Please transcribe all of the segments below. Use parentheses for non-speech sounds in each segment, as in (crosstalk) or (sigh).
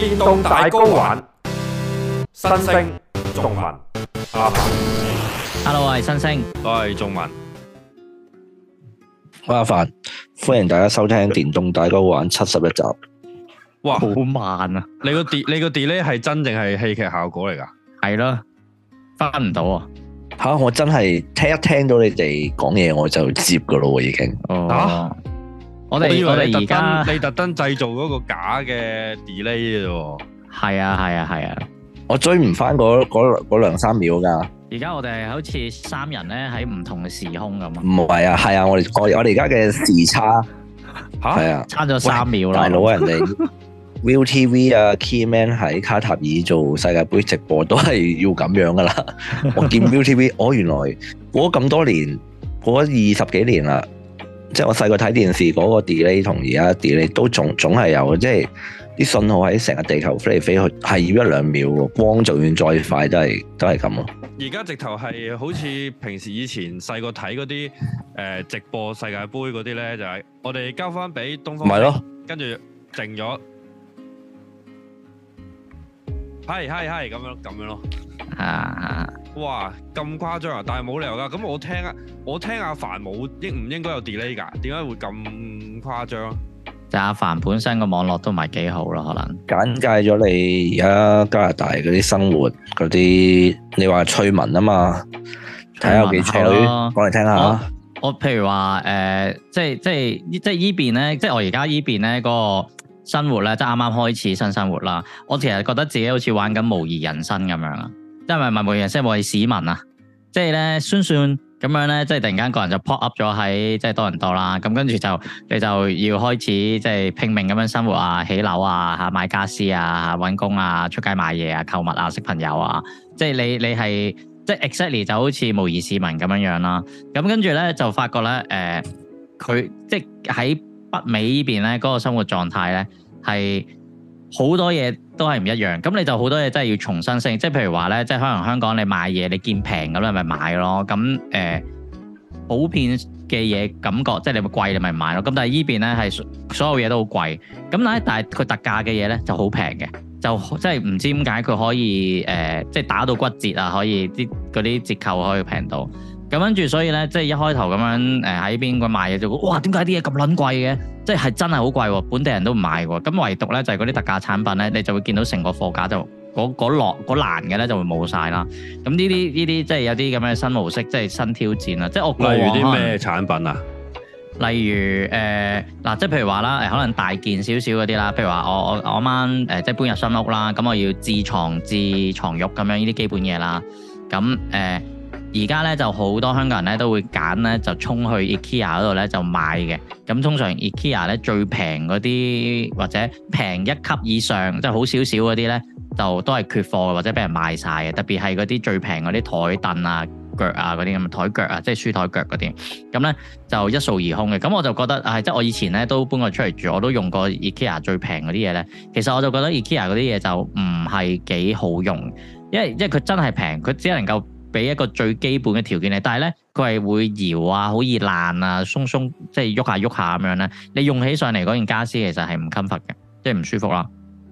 電動大高玩，新星仲文阿凡，Hello，我係新星，我係仲文，啊、Hello, 我文好阿凡，歡迎大家收聽電動大高玩七十一集。哇，好慢啊！你個跌，你個 delay 係真正係戲劇效果嚟噶？係啦 (laughs) ，翻唔到啊！吓、啊，我真係聽一聽到你哋講嘢，我就接噶啦我已經。哦、啊。啊我哋以為你而家你特登製造嗰個假嘅 delay 啫喎，係啊係啊係啊，啊，啊，我追唔翻嗰兩三秒噶。而家我哋好似三人咧喺唔同嘅時空咁 (laughs) 啊。唔係啊，係啊，我哋我哋而家嘅時差嚇係啊，差咗三秒啦。大佬，人哋 ViuTV 啊，Key Man 喺卡塔爾做世界盃直播都係要咁樣噶啦。 (laughs) (laughs) 我見 ViuTV，我、哦、原來過咗咁多年，過咗二十幾年啦。即係我細個睇電視嗰個 delay 同而家 delay 都仲總係有，即係啲信號喺成個地球飛嚟飛去係要一兩秒嘅，光就算再快都係都係咁咯。而家直頭係好似平時以前細個睇嗰啲誒直播世界盃嗰啲咧，就係我哋交翻俾東方，跟住靜咗，係係係咁樣咁樣咯。啊！哇，咁誇張啊！但係冇理由㗎。咁我聽啊，我聽阿凡冇應唔應該有 delay 㗎？點解會咁誇張？就阿凡本身個網絡都唔係幾好咯，可能簡介咗你而家加拿大嗰啲生活嗰啲，你話趣聞啊嘛，睇下有幾趣，講嚟聽下啦。我譬如話誒、呃，即係即係即係依邊咧，即係我而家依邊咧、嗰個生活咧，即係啱啱開始新生活啦。我其實覺得自己好似玩緊模擬人生咁樣啊～即係咪模擬人生模擬市民啊？即係咧，算算咁樣咧，即係突然間個人就 pop up 咗喺即係多倫多啦，咁跟住就你就要開始即係拼命咁樣生活啊，起樓啊，嚇買家私啊，嚇揾工啊，出街買嘢啊，購物啊，識朋友啊，即係你你係即係 exactly 就好似模擬市民咁樣樣、啊、啦。咁跟住咧就發覺咧，誒、呃、佢即係喺北美呢邊咧嗰個生活狀態咧係。好多嘢都係唔一樣，咁你就好多嘢真係要重新升，即係譬如話咧，即係可能香港你買嘢你見平咁樣咪買咯，咁誒、呃、普遍嘅嘢感覺即係你咪貴你咪買咯，咁但係依邊咧係所有嘢都好貴，咁但係但係佢特價嘅嘢咧就好平嘅，就，就即係唔知點解佢可以誒、呃、即係打到骨折啊，可以啲嗰啲折扣可以平到。咁跟住，所以咧，即係一開頭咁樣，誒喺邊個賣嘢就哇，點解啲嘢咁撚貴嘅？即係真係好貴喎，本地人都唔買喎。咁唯獨咧就係嗰啲特價產品咧，你就會見到成個貨架就嗰嗰落嗰欄嘅咧就會冇晒啦。咁呢啲呢啲即係有啲咁嘅新模式，即係新挑戰啦。即係我例如啲咩產品啊？例如誒嗱，即係譬如話啦，誒可能大件少少嗰啲啦，譬如話我我我啱誒即係搬入新屋啦，咁我要置牀置牀褥咁樣呢啲基本嘢啦，咁誒。而家咧就好多香港人咧都會揀咧就衝去 IKEA 嗰度咧就買嘅。咁通常 IKEA 咧最平嗰啲或者平一級以上，即係好少少嗰啲咧，就都係缺貨或者俾人賣晒嘅。特別係嗰啲最平嗰啲台凳啊、腳啊嗰啲咁啊，台腳啊，即係書台腳嗰啲。咁咧就一掃而空嘅。咁我就覺得啊，即係我以前咧都搬過出嚟住，我都用過 IKEA 最平嗰啲嘢咧。其實我就覺得 IKEA 嗰啲嘢就唔係幾好用，因為因為佢真係平，佢只能夠。俾一個最基本嘅條件咧，但係呢，佢係會搖啊，好易爛啊，鬆鬆即係喐下喐下咁樣。你用起上嚟嗰件傢俬其實係唔襟瞓嘅，即係唔舒服啦。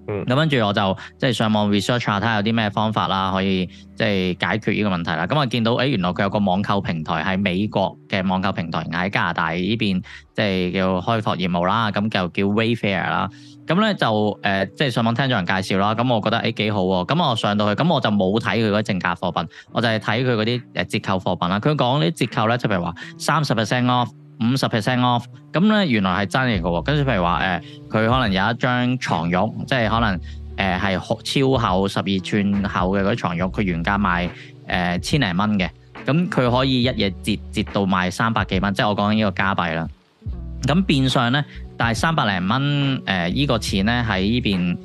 咁跟住我就即係上網 research 下，睇下有啲咩方法啦，可以即係解決呢個問題啦。咁啊見到誒原來佢有個網購平台喺美國嘅網購平台，喺加拿大呢邊即係叫開拓業務啦。咁就叫 Wayfair 啦。咁咧就誒即係上網聽咗人介紹啦。咁我覺得誒幾好喎。咁我上到去，咁我就冇睇佢嗰啲正價貨品，我就係睇佢嗰啲誒折扣貨品啦。佢講啲折扣咧，就譬如話三十 percent off。五十 percent off，咁咧原來係真嘅喎。跟住譬如話誒，佢、呃、可能有一張床褥，即係可能誒係、呃、超厚十二寸厚嘅嗰啲牀褥，佢原價賣誒、呃、千零蚊嘅，咁佢可以一嘢折折到賣三百幾蚊，即係我講緊呢個加幣啦。咁變相咧，但係三百零蚊誒依個錢咧喺呢邊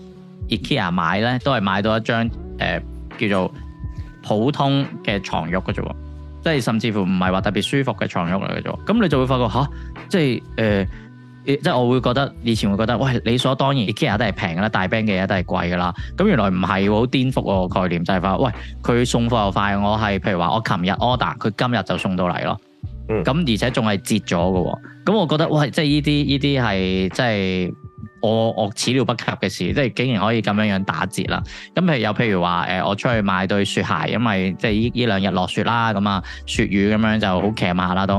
IKEA 買咧，都係買到一張誒、呃、叫做普通嘅床褥嘅啫喎。即係甚至乎唔係話特別舒服嘅床褥嚟嘅咗，咁你就會發覺吓，即係誒、呃，即係我會覺得以前會覺得，喂，理所當然 IKEA 都係平嘅啦，大 Bang 嘅嘢都係貴㗎啦，咁原來唔係喎，好顛覆我個概念，就係、是、發，喂，佢送貨又快，我係譬如話，我琴日 order，佢今日就送到嚟咯，咁、嗯、而且仲係折咗嘅喎，咁我覺得，喂，即係依啲依啲係即係。我我始料不及嘅事，即係竟然可以咁樣樣打折啦。咁譬如又譬如話，誒、呃、我出去買對雪鞋，因為即係呢依兩日落雪啦，咁、嗯、啊雪雨咁樣就好騎馬啦都。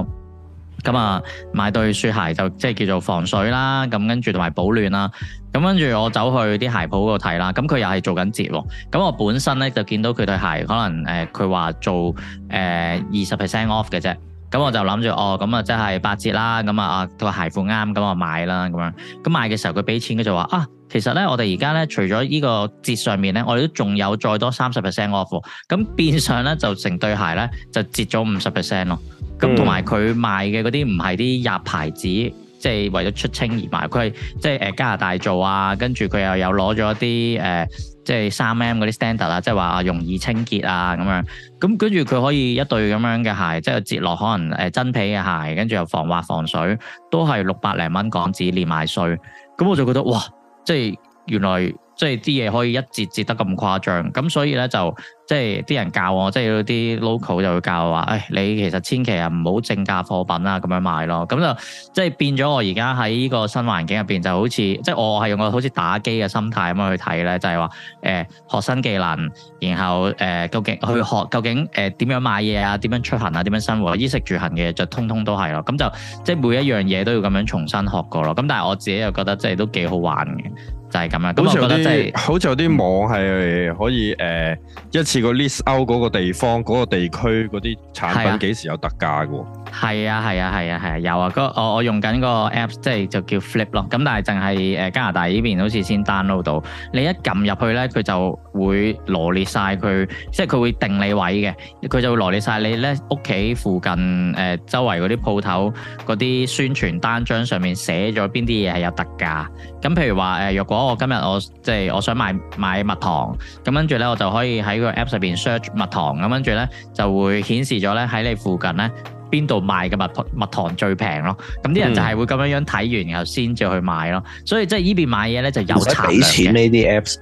咁、嗯、啊、嗯、買對雪鞋就即係叫做防水啦，咁、嗯、跟住同埋保暖啦。咁、嗯、跟住我走去啲鞋鋪度睇啦，咁佢又係做緊折喎。咁、嗯、我本身咧就見到佢對鞋可能誒佢話做誒二十 percent off 嘅啫。咁我就諗住哦，咁啊即係八折啦，咁啊佢個鞋款啱，咁我買啦咁樣。咁買嘅時候佢俾錢，佢就話啊，其實咧我哋而家咧除咗依個折上面咧，我哋都仲有再多三十 percent off。咁變相咧就成對鞋咧就折咗五十 percent 咯。咁同埋佢賣嘅嗰啲唔係啲日牌子，即係為咗出清而賣，佢係即係誒加拿大做啊，跟住佢又有攞咗一啲誒、呃即係三 M 嗰啲 standard 啦，即係話容易清潔啊咁樣，咁跟住佢可以一對咁樣嘅鞋，即係折落可能誒真皮嘅鞋，跟住又防滑防水，都係六百零蚊港紙連埋稅，咁我就覺得哇，即係原來即係啲嘢可以一折折得咁誇張，咁所以咧就。即係啲人教我，即係有啲 local 就會教我話，誒你其實千祈啊唔好正價貨品啦、啊，咁樣賣咯。咁就即係變咗我而家喺呢個新環境入邊，就好似即係我係用個好似打機嘅心態咁樣去睇咧，就係話誒學新技能，然後誒、欸、究竟去學究竟誒點、欸、樣買嘢啊，點樣出行啊，點樣生活，衣食住行嘅嘢就通通都係咯。咁就即係每一樣嘢都要咁樣重新學過咯。咁但係我自己又覺得即係都幾好玩嘅，就係咁啦。咁好似有啲好似有啲網係可以誒、呃、一，似個 list out 嗰個地方，嗰、嗰個地區嗰啲產品幾時有特價㗎？喎係啊，係啊，係啊，係啊，有啊！我我用緊個 apps 即係就叫 Flip 咯。咁但係淨係誒加拿大呢邊好似先 download 到。你一撳入去咧，佢就會羅列晒佢，即係佢會定你位嘅，佢就會羅列晒你咧屋企附近誒、呃、周圍嗰啲鋪頭嗰啲宣傳單張上面寫咗邊啲嘢係有特價。咁譬如話誒，若、呃、果我今日我即係我想買買蜜糖，咁跟住咧我就可以喺個、APP 入邊 search 蜜糖咁，跟住咧就會顯示咗咧喺你附近咧邊度賣嘅蜜蜜糖最平咯。咁啲人就係會咁樣樣睇完，然後先至去買咯。所以即係呢邊買嘢咧就有呢俾錢嘅。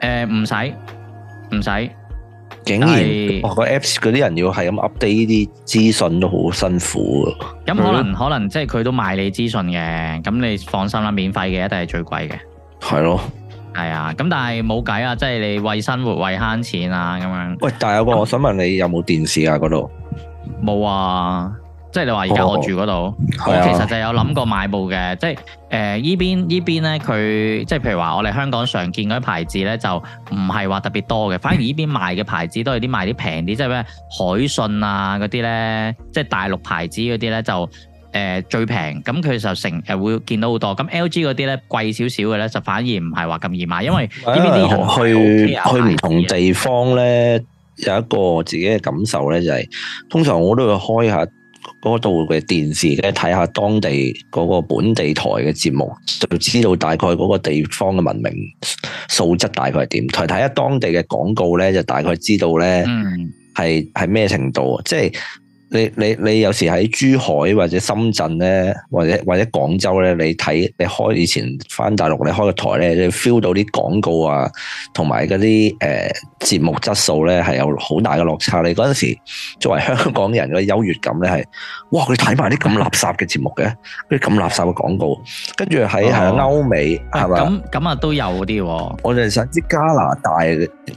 誒，唔使唔使，竟然我個 apps 嗰啲人要係咁 update 呢啲資訊都好辛苦嘅。咁可能的可能即係佢都賣你資訊嘅，咁你放心啦，免費嘅一定係最貴嘅。係咯。係啊，咁但係冇計啊，即係你為生活為慳錢啊，咁樣。喂，但係有個我想問你，有冇電視啊？嗰度冇啊，即係你話而家我住嗰度，哦、其實就有諗過買部嘅的、呃，即係誒依邊依邊咧，佢即係譬如話我哋香港常見嗰啲牌子咧，就唔係話特別多嘅，反而依邊賣嘅牌子都係啲賣啲平啲，即係咩海信啊嗰啲咧，即係大陸牌子嗰啲咧就。誒最平咁，佢就成誒會見到好多咁 LG 嗰啲咧，貴少少嘅咧就反而唔係話咁易買，因為去去唔同地方咧有一個自己嘅感受咧就係通常我都會開下嗰度嘅電視咧睇下當地嗰個本地台嘅節目，就知道大概嗰個地方嘅文明素質大概係點，同埋睇下當地嘅廣告咧就大概知道咧嗯係係咩程度，即係。你你你有時喺珠海或者深圳咧，或者或者廣州咧，你睇你開以前翻大陸你開個台咧，你 feel 到啲廣告啊，同埋嗰啲誒節目質素咧係有好大嘅落差。你嗰陣時作為香港人嘅優越感咧係哇！你睇埋啲咁垃圾嘅節目嘅，啲咁 (laughs) 垃圾嘅廣告，跟住喺喺歐美係咪咁咁啊都有啲喎。我哋想知加拿大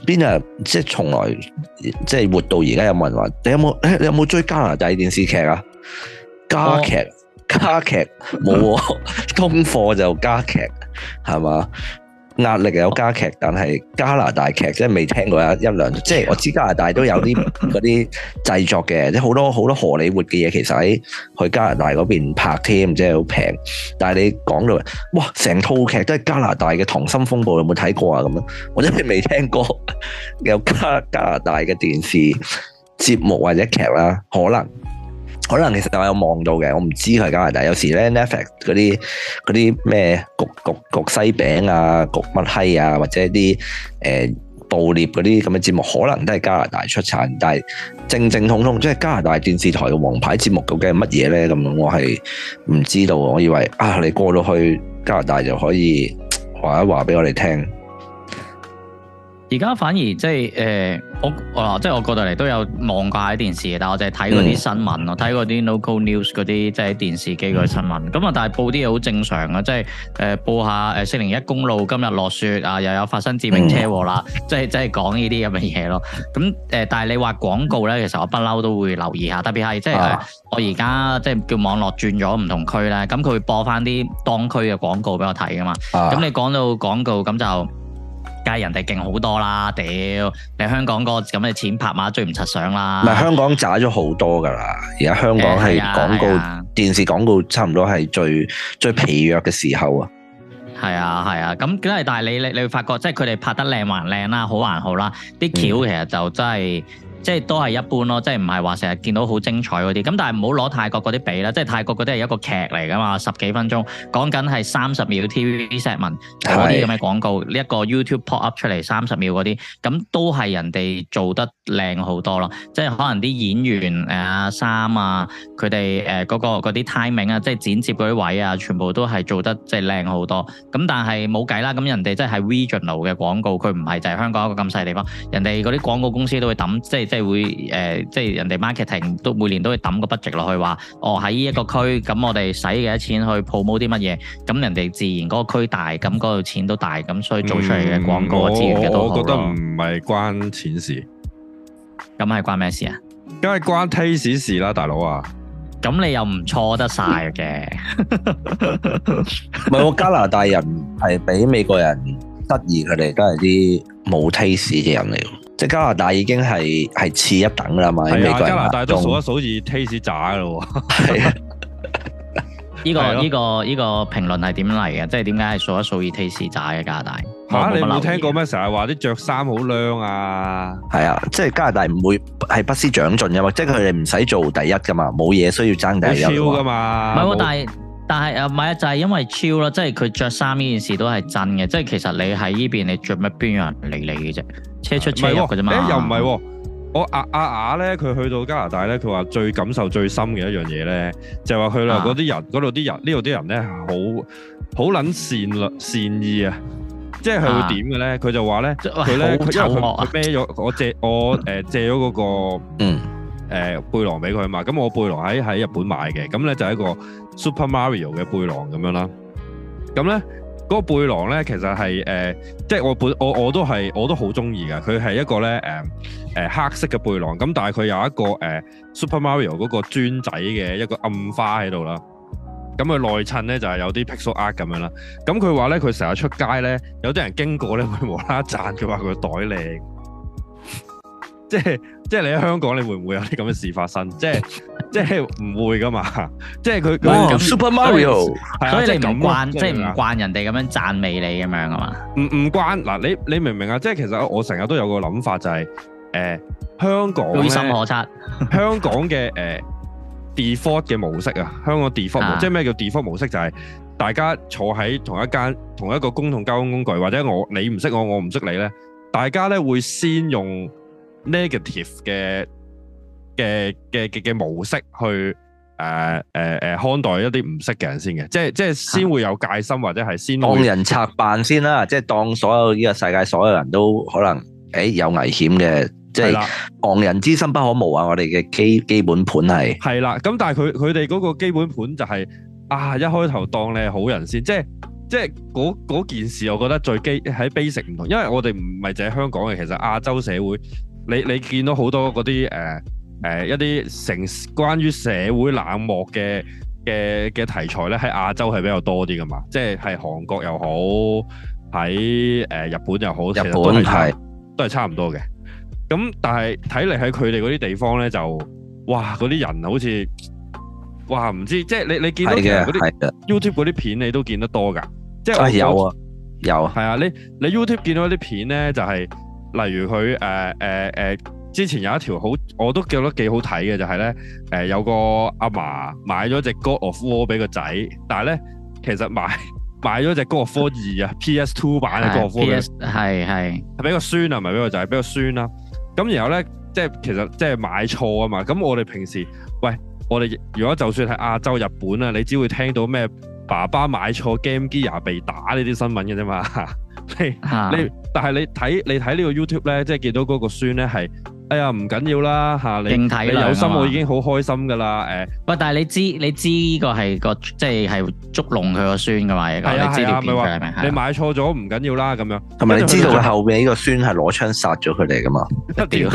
邊啊，即係從來即係活到而家有冇人話你有冇？誒你有冇追加？加，加，加，加，加拿大電視劇啊，加劇加劇冇，功課就加劇係嘛？壓力有加劇，但係加拿大劇即係未聽過一一兩，即係我知加拿大都有啲嗰啲製作嘅，即係好多好多荷里活嘅嘢，其實喺去加拿大嗰邊拍添，即係好平。但係你講到哇，成套劇都係加拿大嘅《溏心風暴》有有，有冇睇過啊？咁樣我真係未聽過有加加拿大嘅電視。節目或者劇啦，可能可能其實我有望到嘅，我唔知佢係加拿大。有時咧 Netflix 嗰啲嗰啲咩焗焗焗西餅啊，焗乜閪啊，或者啲誒捕獵嗰啲咁嘅節目，可能都係加拿大出產。但係正正統統即係加拿大電視台嘅王牌節目究竟係乜嘢咧？咁樣我係唔知道。我以為啊，你過到去加拿大就可以話一話俾我哋聽。而家反而即係誒、呃，我我即係我過到嚟都有望架喺電視嘅，但係我淨係睇嗰啲新聞咯，睇嗰啲 local news 嗰啲即係電視機啲新聞。咁啊、嗯，但係報啲嘢好正常嘅，即係誒、呃、報下誒四零一公路今日落雪啊，又有發生致命車禍啦、嗯，即係即係講呢啲咁嘅嘢咯。咁誒，但係你話廣告咧，其實我不嬲都會留意下，特別係即係、啊、我而家即係叫網絡轉咗唔同區咧，咁佢會播翻啲當區嘅廣告俾我睇噶嘛。咁你講到廣告咁就。梗係人哋勁好多啦，屌、啊！你香港個咁嘅錢拍馬追唔及上啦。唔係香港差咗好多㗎啦，而家香港係廣告、啊啊、電視廣告差唔多係最最疲弱嘅時候啊。係啊係啊，咁梗係，但係你你你會發覺即係佢哋拍得靚還靚啦，好還好啦，啲橋其實就真係。嗯即係都係一般咯，即係唔係話成日見到好精彩嗰啲。咁但係唔好攞泰國嗰啲比啦，即係泰國嗰啲係一個劇嚟㗎嘛，十幾分鐘講緊係三十秒 TVB 新聞嗰啲咁嘅廣告，呢一個 YouTube pop up 出嚟三十秒嗰啲，咁都係人哋做得靚好多咯。即係可能啲演員誒衫啊，佢哋誒嗰個嗰啲 timing 啊，啊那個、tim ing，即係剪接嗰啲位啊，全部都係做得即係靚好多。咁但係冇計啦，咁人哋即係 Regional 嘅廣告，佢唔係就係香港一個咁細地方，人哋嗰啲廣告公司都會揼即係。即係會誒、呃，即係人哋 marketing 都每年都會抌個 budget 落去話，哦，喺呢一個區，咁我哋使幾多錢去 promote 啲乜嘢，咁人哋自然嗰個區大，咁嗰度錢都大，咁所以做出嚟嘅廣告啊，資、嗯、源我，我覺得唔係關錢事，咁係關咩事啊？梗係關 taste 事啦，大佬啊！咁你又唔錯得晒嘅，唔係我加拿大人係比美國人得意，佢哋都係啲冇 taste 嘅人嚟。即係加拿大已經係係次一等啦嘛，係啊！加拿大都數一數二 taste 渣咯，係啊！呢個呢個呢個評論係點嚟嘅？即係點解係數一數二 taste 渣嘅加拿大？嚇、啊、你冇聽過咩？成日話啲着衫好靚啊！係啊，即係加拿大唔會係不思長進噶嘛，即係佢哋唔使做第一噶嘛，冇嘢需要爭第一㗎嘛，唔係喎，但係。但係誒唔係啊，就係因為超咯，即係佢着衫呢件事都係真嘅，即係其實你喺呢邊你着乜邊有人理你嘅啫，車出車入嘅啫嘛。誒、啊啊欸、又唔係喎，我阿阿雅咧，佢、啊啊、去到加拿大咧，佢話最感受最深嘅一樣嘢咧，就係話去到嗰啲人，嗰度啲人呢度啲人咧，好好撚善善意啊，即係佢會點嘅咧？佢、啊、就話咧，佢咧，因為佢佢孭咗我借我誒、呃、借咗、嗰個。嗯誒、呃、背囊俾佢啊嘛，咁我背囊喺喺日本買嘅，咁咧就係一個 Super Mario 嘅背囊咁樣啦。咁咧嗰個背囊咧，其實係誒、呃，即係我本我我都係我都好中意嘅。佢係一個咧誒誒黑色嘅背囊，咁但係佢有一個誒、呃、Super Mario 嗰個磚仔嘅一個暗花喺度啦。咁佢內襯咧就係、是、有啲 Pixel Art 咁樣啦。咁佢話咧，佢成日出街咧，有啲人經過咧，會無啦啦讚佢，話佢個袋靚。即係即係你喺香港你會唔會有啲咁嘅事發生？即係即係唔會噶嘛？即係佢佢 Super Mario 所以你，即係唔慣，即係唔慣人哋咁樣讚美你咁樣啊嘛？唔唔慣嗱，你你明唔明啊？即係其實我成日都有個諗法就係、是、誒、呃，香港人心可測、 (laughs) 呃，香港嘅誒 default 嘅模式啊，香港 default 即係咩叫 default 模式？就係、是、大家坐喺同一間同一個公共交通工具，或者我你唔識我，我唔識，識你咧，大家咧會先用，用用 negative 嘅嘅嘅嘅模式去誒誒誒看待一啲唔識嘅人先嘅，即係即係先會有戒心、啊、或者係先當人賊辦先啦，即係當所有呢個世界所有人都可能誒、欸、有危險嘅，即係的當人之心不可無啊！我哋嘅基基本盤係係啦，咁但係佢佢哋嗰個基本盤就係、是、啊一開頭當你係好人先，即係即係嗰件事，我覺得最基喺 basic 唔同，因為我哋唔係淨係香港嘅，其實亞洲社會。你你見到好多嗰啲誒誒一啲成關於社會冷漠嘅嘅嘅題材咧，喺亞洲係比較多啲㗎嘛？即係喺韓國又好，喺誒、呃、日本又好，其實都係都係差唔多嘅。咁但係睇嚟喺佢哋嗰啲地方咧，就哇嗰啲人好似哇唔知即係你你見到嘅啲 YouTube 嗰啲片你都見得多㗎，即係有啊有啊，係啊你你，你 YouTube 見到啲片咧就係、是。例如佢誒誒誒，之前有一條好我都叫得幾好睇嘅，就係咧誒有個阿嫲買咗隻 God of War 俾個仔，但係咧其實買買咗隻 God of War 二啊 PS Two 版嘅 God of War，係係俾個孫啊，唔係俾個仔，俾個孫啦。咁然後咧，即係其實即係買錯啊嘛。咁我哋平時喂，我哋如果就算喺亞洲、日本啊，你只會聽到咩爸爸買錯 Game Gear 被打呢啲新聞嘅啫嘛。你，你，但係你睇，你睇呢個 YouTube 咧，即係見到嗰個孫咧係，哎呀唔緊要啦吓，你你有心我已經好開心噶啦，誒，喂，但係你知，你知呢個係個，即係係捉弄佢個孫噶嘛？你知啊，唔係話你買錯咗唔緊要啦，咁樣，同埋你知道佢後邊呢個孫係攞槍殺咗佢哋噶嘛？屌，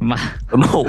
唔係，咁好，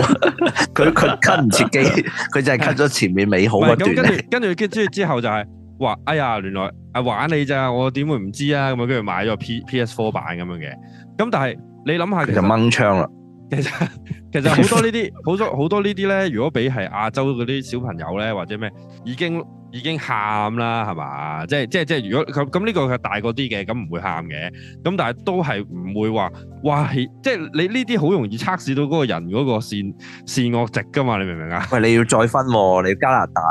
佢佢 cut 唔切機，佢就係 cut 咗前面美好嗰段跟住跟住跟住之後就係。話哎呀，原來啊玩你咋，我點會唔知啊？咁樣，跟住買咗 PS4 版咁樣嘅。咁但係你諗下，其實掹槍啦。其實其實好多， (laughs) 多，多呢啲，好多好多呢啲咧，如果俾係亞洲嗰啲小朋友咧，或者咩已經。已經喊啦，係嘛？即係即係即係，如果咁咁呢個係大個啲嘅，咁唔會喊嘅。咁但係都係唔會話哇！即係你呢啲好容易測試到嗰個人嗰個善善惡值㗎嘛？你明唔明啊？喂，你要再分，你加拿大，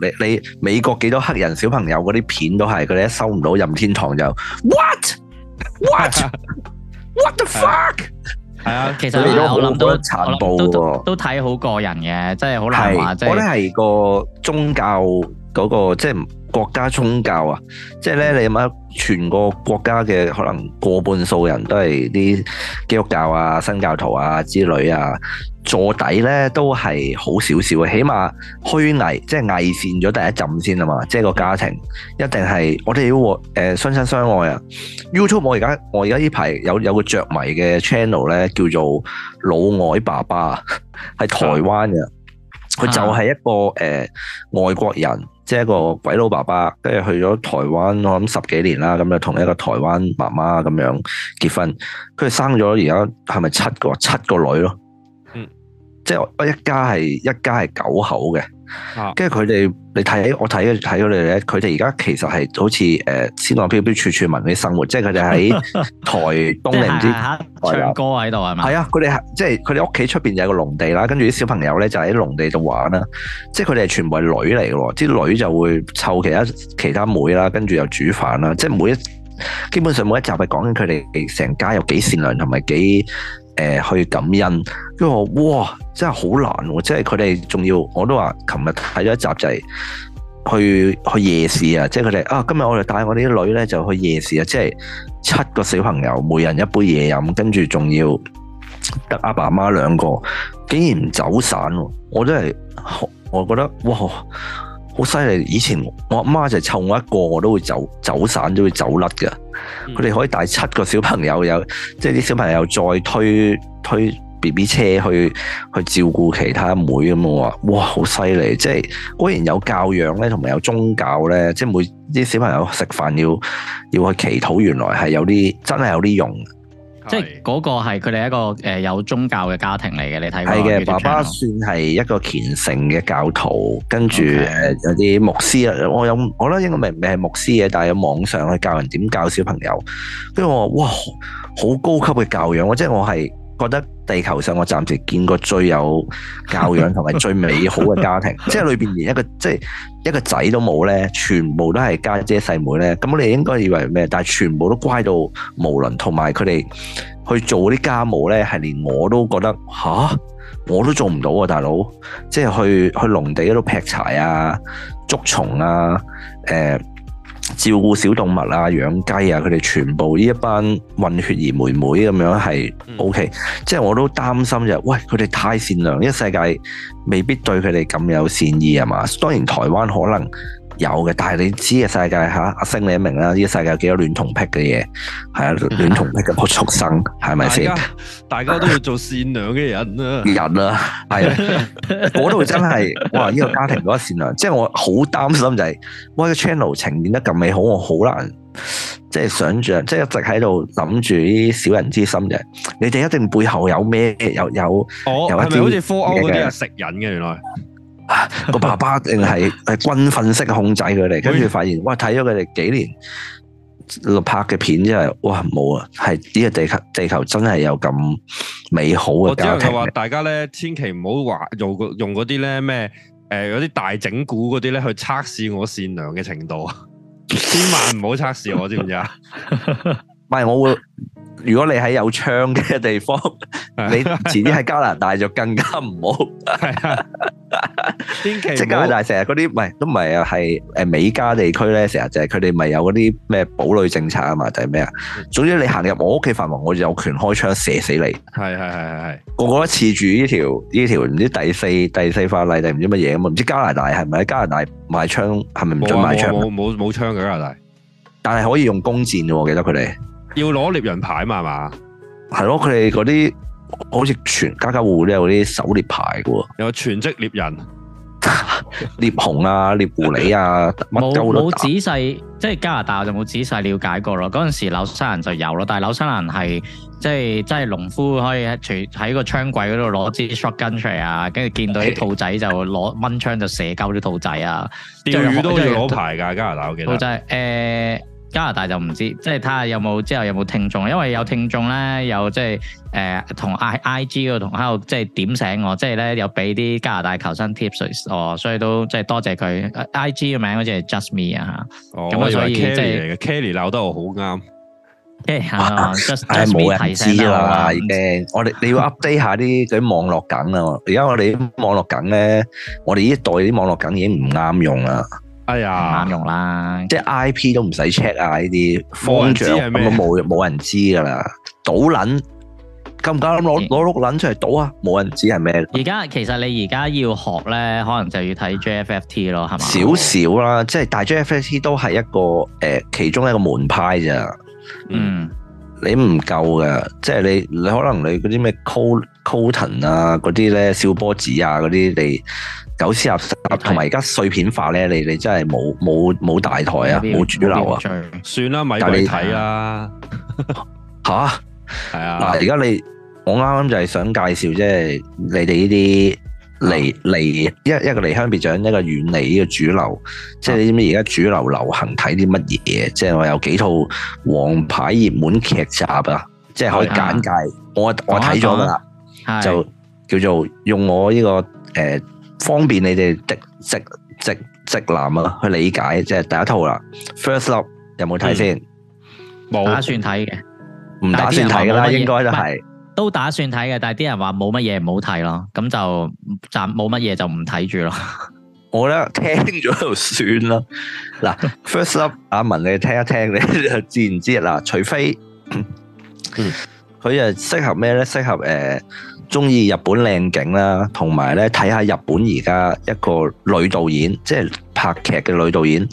你你美國幾多黑人小朋友嗰啲片都係，佢哋一收唔到任天堂就 what what what the fuck？係啊，其實你都好殘暴喎，都睇好個人嘅，真係好難話。我覺得係個宗教。嗰、那個即係國家宗教啊！即係咧，你有冇全個國家嘅可能過半數人都係啲基督教啊、新教徒啊之類啊，坐底咧都係好少少嘅，起碼虛偽即係偽善咗第一陣先啊嘛！即係個家庭一定係我哋要誒親、呃、相親相愛啊！YouTube 我而家我而家呢排有有個着迷嘅 channel 咧，叫做老外爸爸，喺台灣嘅，佢、嗯、就係一個誒、呃、外國人。即係一個鬼佬爸爸，跟住去咗台灣，我諗十幾年啦，咁就同一個台灣媽媽咁樣結婚，跟住生咗而家係咪七個七個女咯？即係一家係一家係九口嘅，跟住佢哋，你睇我睇睇佢哋咧，佢哋而家其實係好似誒先浪飄飄處處聞嘅生活，即係佢哋喺台東定唔知唱歌喺度係嘛？係啊，佢哋即係佢哋屋企出邊有個農地啦，跟住啲小朋友咧就喺農地度玩啦。即係佢哋係全部係女嚟嘅喎，啲女就會湊其他其他妹啦，跟住又煮飯啦。嗯、即係每一基本上每一集係講緊佢哋成家有幾善良同埋幾。誒去感恩，跟住我哇，真係好難喎、啊！即係佢哋仲要，我都話，琴日睇咗一集就係去去夜市啊！即係佢哋啊，今日我哋帶我啲女咧就去夜市啊！即係七個小朋友，每人一杯嘢飲，跟住仲要得阿爸媽兩個，竟然唔走散喎！我真係我覺得哇，好犀利！以前我阿媽就係湊我一個，我都會走走散，都會走甩嘅。佢哋可以帶七個小朋友，有即係啲小朋友再推推 BB 車去去照顧其他妹，咁我話：哇，好犀利！即係果然有教養咧，同埋有宗教咧，即係每啲小朋友食飯要要去祈禱，原來係有啲真係有啲用。即係嗰個係佢哋一個誒有宗教嘅家庭嚟嘅，你睇係嘅。爸爸算係一個虔誠嘅教徒，跟住誒 Okay.、呃、有啲牧師啊，我有我覺得應該唔係牧師嘅，但係有網上去教人點教小朋友，跟住我話哇，好高級嘅教養啊！即係我係。覺得地球上我暫時見過最有教養同埋最美好嘅家庭， (laughs) 即係裏邊連一個即係一個仔都冇咧，全部都係家姐細妹咧。咁我哋應該以為咩？但係全部都乖到無倫，同埋佢哋去做啲家務咧，係連我都覺得吓，我都做唔到啊，大佬！即係去去農地嗰度劈柴啊、捉蟲啊、誒、呃。照顧小動物啊，養雞啊，佢哋全部呢一班混血兒妹妹咁樣係 OK，即係我都擔心就係，喂，佢哋太善良，呢個世界未必對佢哋咁有善意啊嘛？當然台灣可能。有嘅，但係你知嘅世界嚇，阿、啊、星你都明啦。呢、這個世界有幾多亂同癖嘅嘢？係啊，亂同癖嘅畜生，係咪先？大家大家都要做善良嘅人啊！人啊，係啊，嗰度 (laughs) (laughs) 真係哇！呢、這個家庭嗰個善良，即係我好擔心就係，哇！個 channel 呈現得咁美好，我好難即係想象，即係一直喺度諗住啲小人之心嘅。你哋一定背後有咩？有有哦，係咪一好似科歐嗰啲啊？食人嘅原來。 (laughs) 個、啊、爸爸定係係軍訓式控制佢哋，跟住發現哇，睇咗佢哋幾年錄拍嘅片真係哇，冇啊，係呢個地球地球真係有咁美好嘅家庭。我之前係話大家咧，千祈唔好話用用嗰啲咧咩誒，啲、呃、大整蠱嗰啲咧去測試我善良嘅程度，千萬唔好測試我， (laughs) 知唔知啊？唔係 (laughs) 我會。如果你喺有槍嘅地方，你遲啲喺加拿大就更加唔好。即加拿大成日嗰啲唔係都唔係啊，係誒美加地區咧，成日就係佢哋咪有嗰啲咩堡壘政策啊嘛，就係咩啊？總之你行入我屋企範圍，就我有權開槍射死你。係係係係係個個都持住呢條呢條唔知第四第四法例定唔知乜嘢啊嘛？唔知加拿大係咪喺加拿大賣槍係咪唔準賣槍？冇冇冇槍嘅加拿大，但係可以用弓箭嘅喎，記得佢哋。要攞獵人牌嘛，係嘛？係咯，佢哋嗰啲好似全家家戶戶都有啲狩獵牌噶。有全職獵人、獵熊啊、獵狐狸啊，乜嘢都，冇仔細，即係加拿大就冇仔細了解過咯。嗰陣時紐西蘭就有咯，但係紐西蘭係即係即係農夫可以除喺個槍櫃嗰度攞支 shotgun 出嚟啊，跟住見到啲兔仔就攞蚊槍就射鳩啲兔仔啊。釣魚都要攞牌噶，加拿大我記得。就係誒。加拿大就唔知，即係睇下有冇之後有冇聽眾，因為有聽眾咧，有即係誒同 I I G 個同喺度即係點醒我，即係咧有俾啲加拿大求生 tips 哦，所以都即係多謝佢 I G 嘅名好似係 Just Me 啊嚇，咁所以即係 Kelly 鬧得我好啱，即係冇人知啦。我哋你要 update 下啲嗰啲網絡梗啊！而家我哋啲網絡梗咧，我哋呢一代啲網絡梗已經唔啱用啦。哎呀，啱用啦！即係 I P 都唔使 check 啊，呢啲方知係冇冇人知噶啦，賭捻，夠唔夠攞攞碌捻出嚟賭啊！冇人知係咩？而家其實你而家要學咧，可能就要睇 J F F T 咯，係咪、嗯？少少吧啦，即係但 J F F T 都係一個誒、呃、其中一個門派咋，嗯，你唔夠噶，即係你你可能你嗰啲咩 Coulton 啊，嗰啲咧小波子啊，嗰啲你。有私下，同埋而家碎片化咧，你哋真係冇冇冇大台啊，冇沒主流啊，算啦，咪你睇啦，吓，係啊。嗱，而家你我啱啱就係想介紹，即係你哋呢啲離離一一個離鄉別井，一個遠離呢個主流，啊、即係你知唔知而家主流流行睇啲乜嘢？啊、即係我有幾套王牌熱門劇集啊，即係可以簡介。啊、我我睇咗噶啦，說說就叫做用我呢、這個誒。呃呃方便你哋直直直直男啊去理解，即係第一套啦。First love，有冇睇先？冇、嗯、打算睇嘅，唔但 打算睇噶啦，應該都係都打算睇嘅，但係啲人話冇乜嘢唔好睇咯，咁就暫冇乜嘢就唔睇住咯。 (laughs) 我咧聽咗就算啦。嗱 (laughs) ，First love，阿文你聽一聽，你自然知啦。除非佢係適合咩咧？適合誒。呃中意日本靚景啦，同埋咧睇下日本而家一個女導演，即係拍劇嘅女導演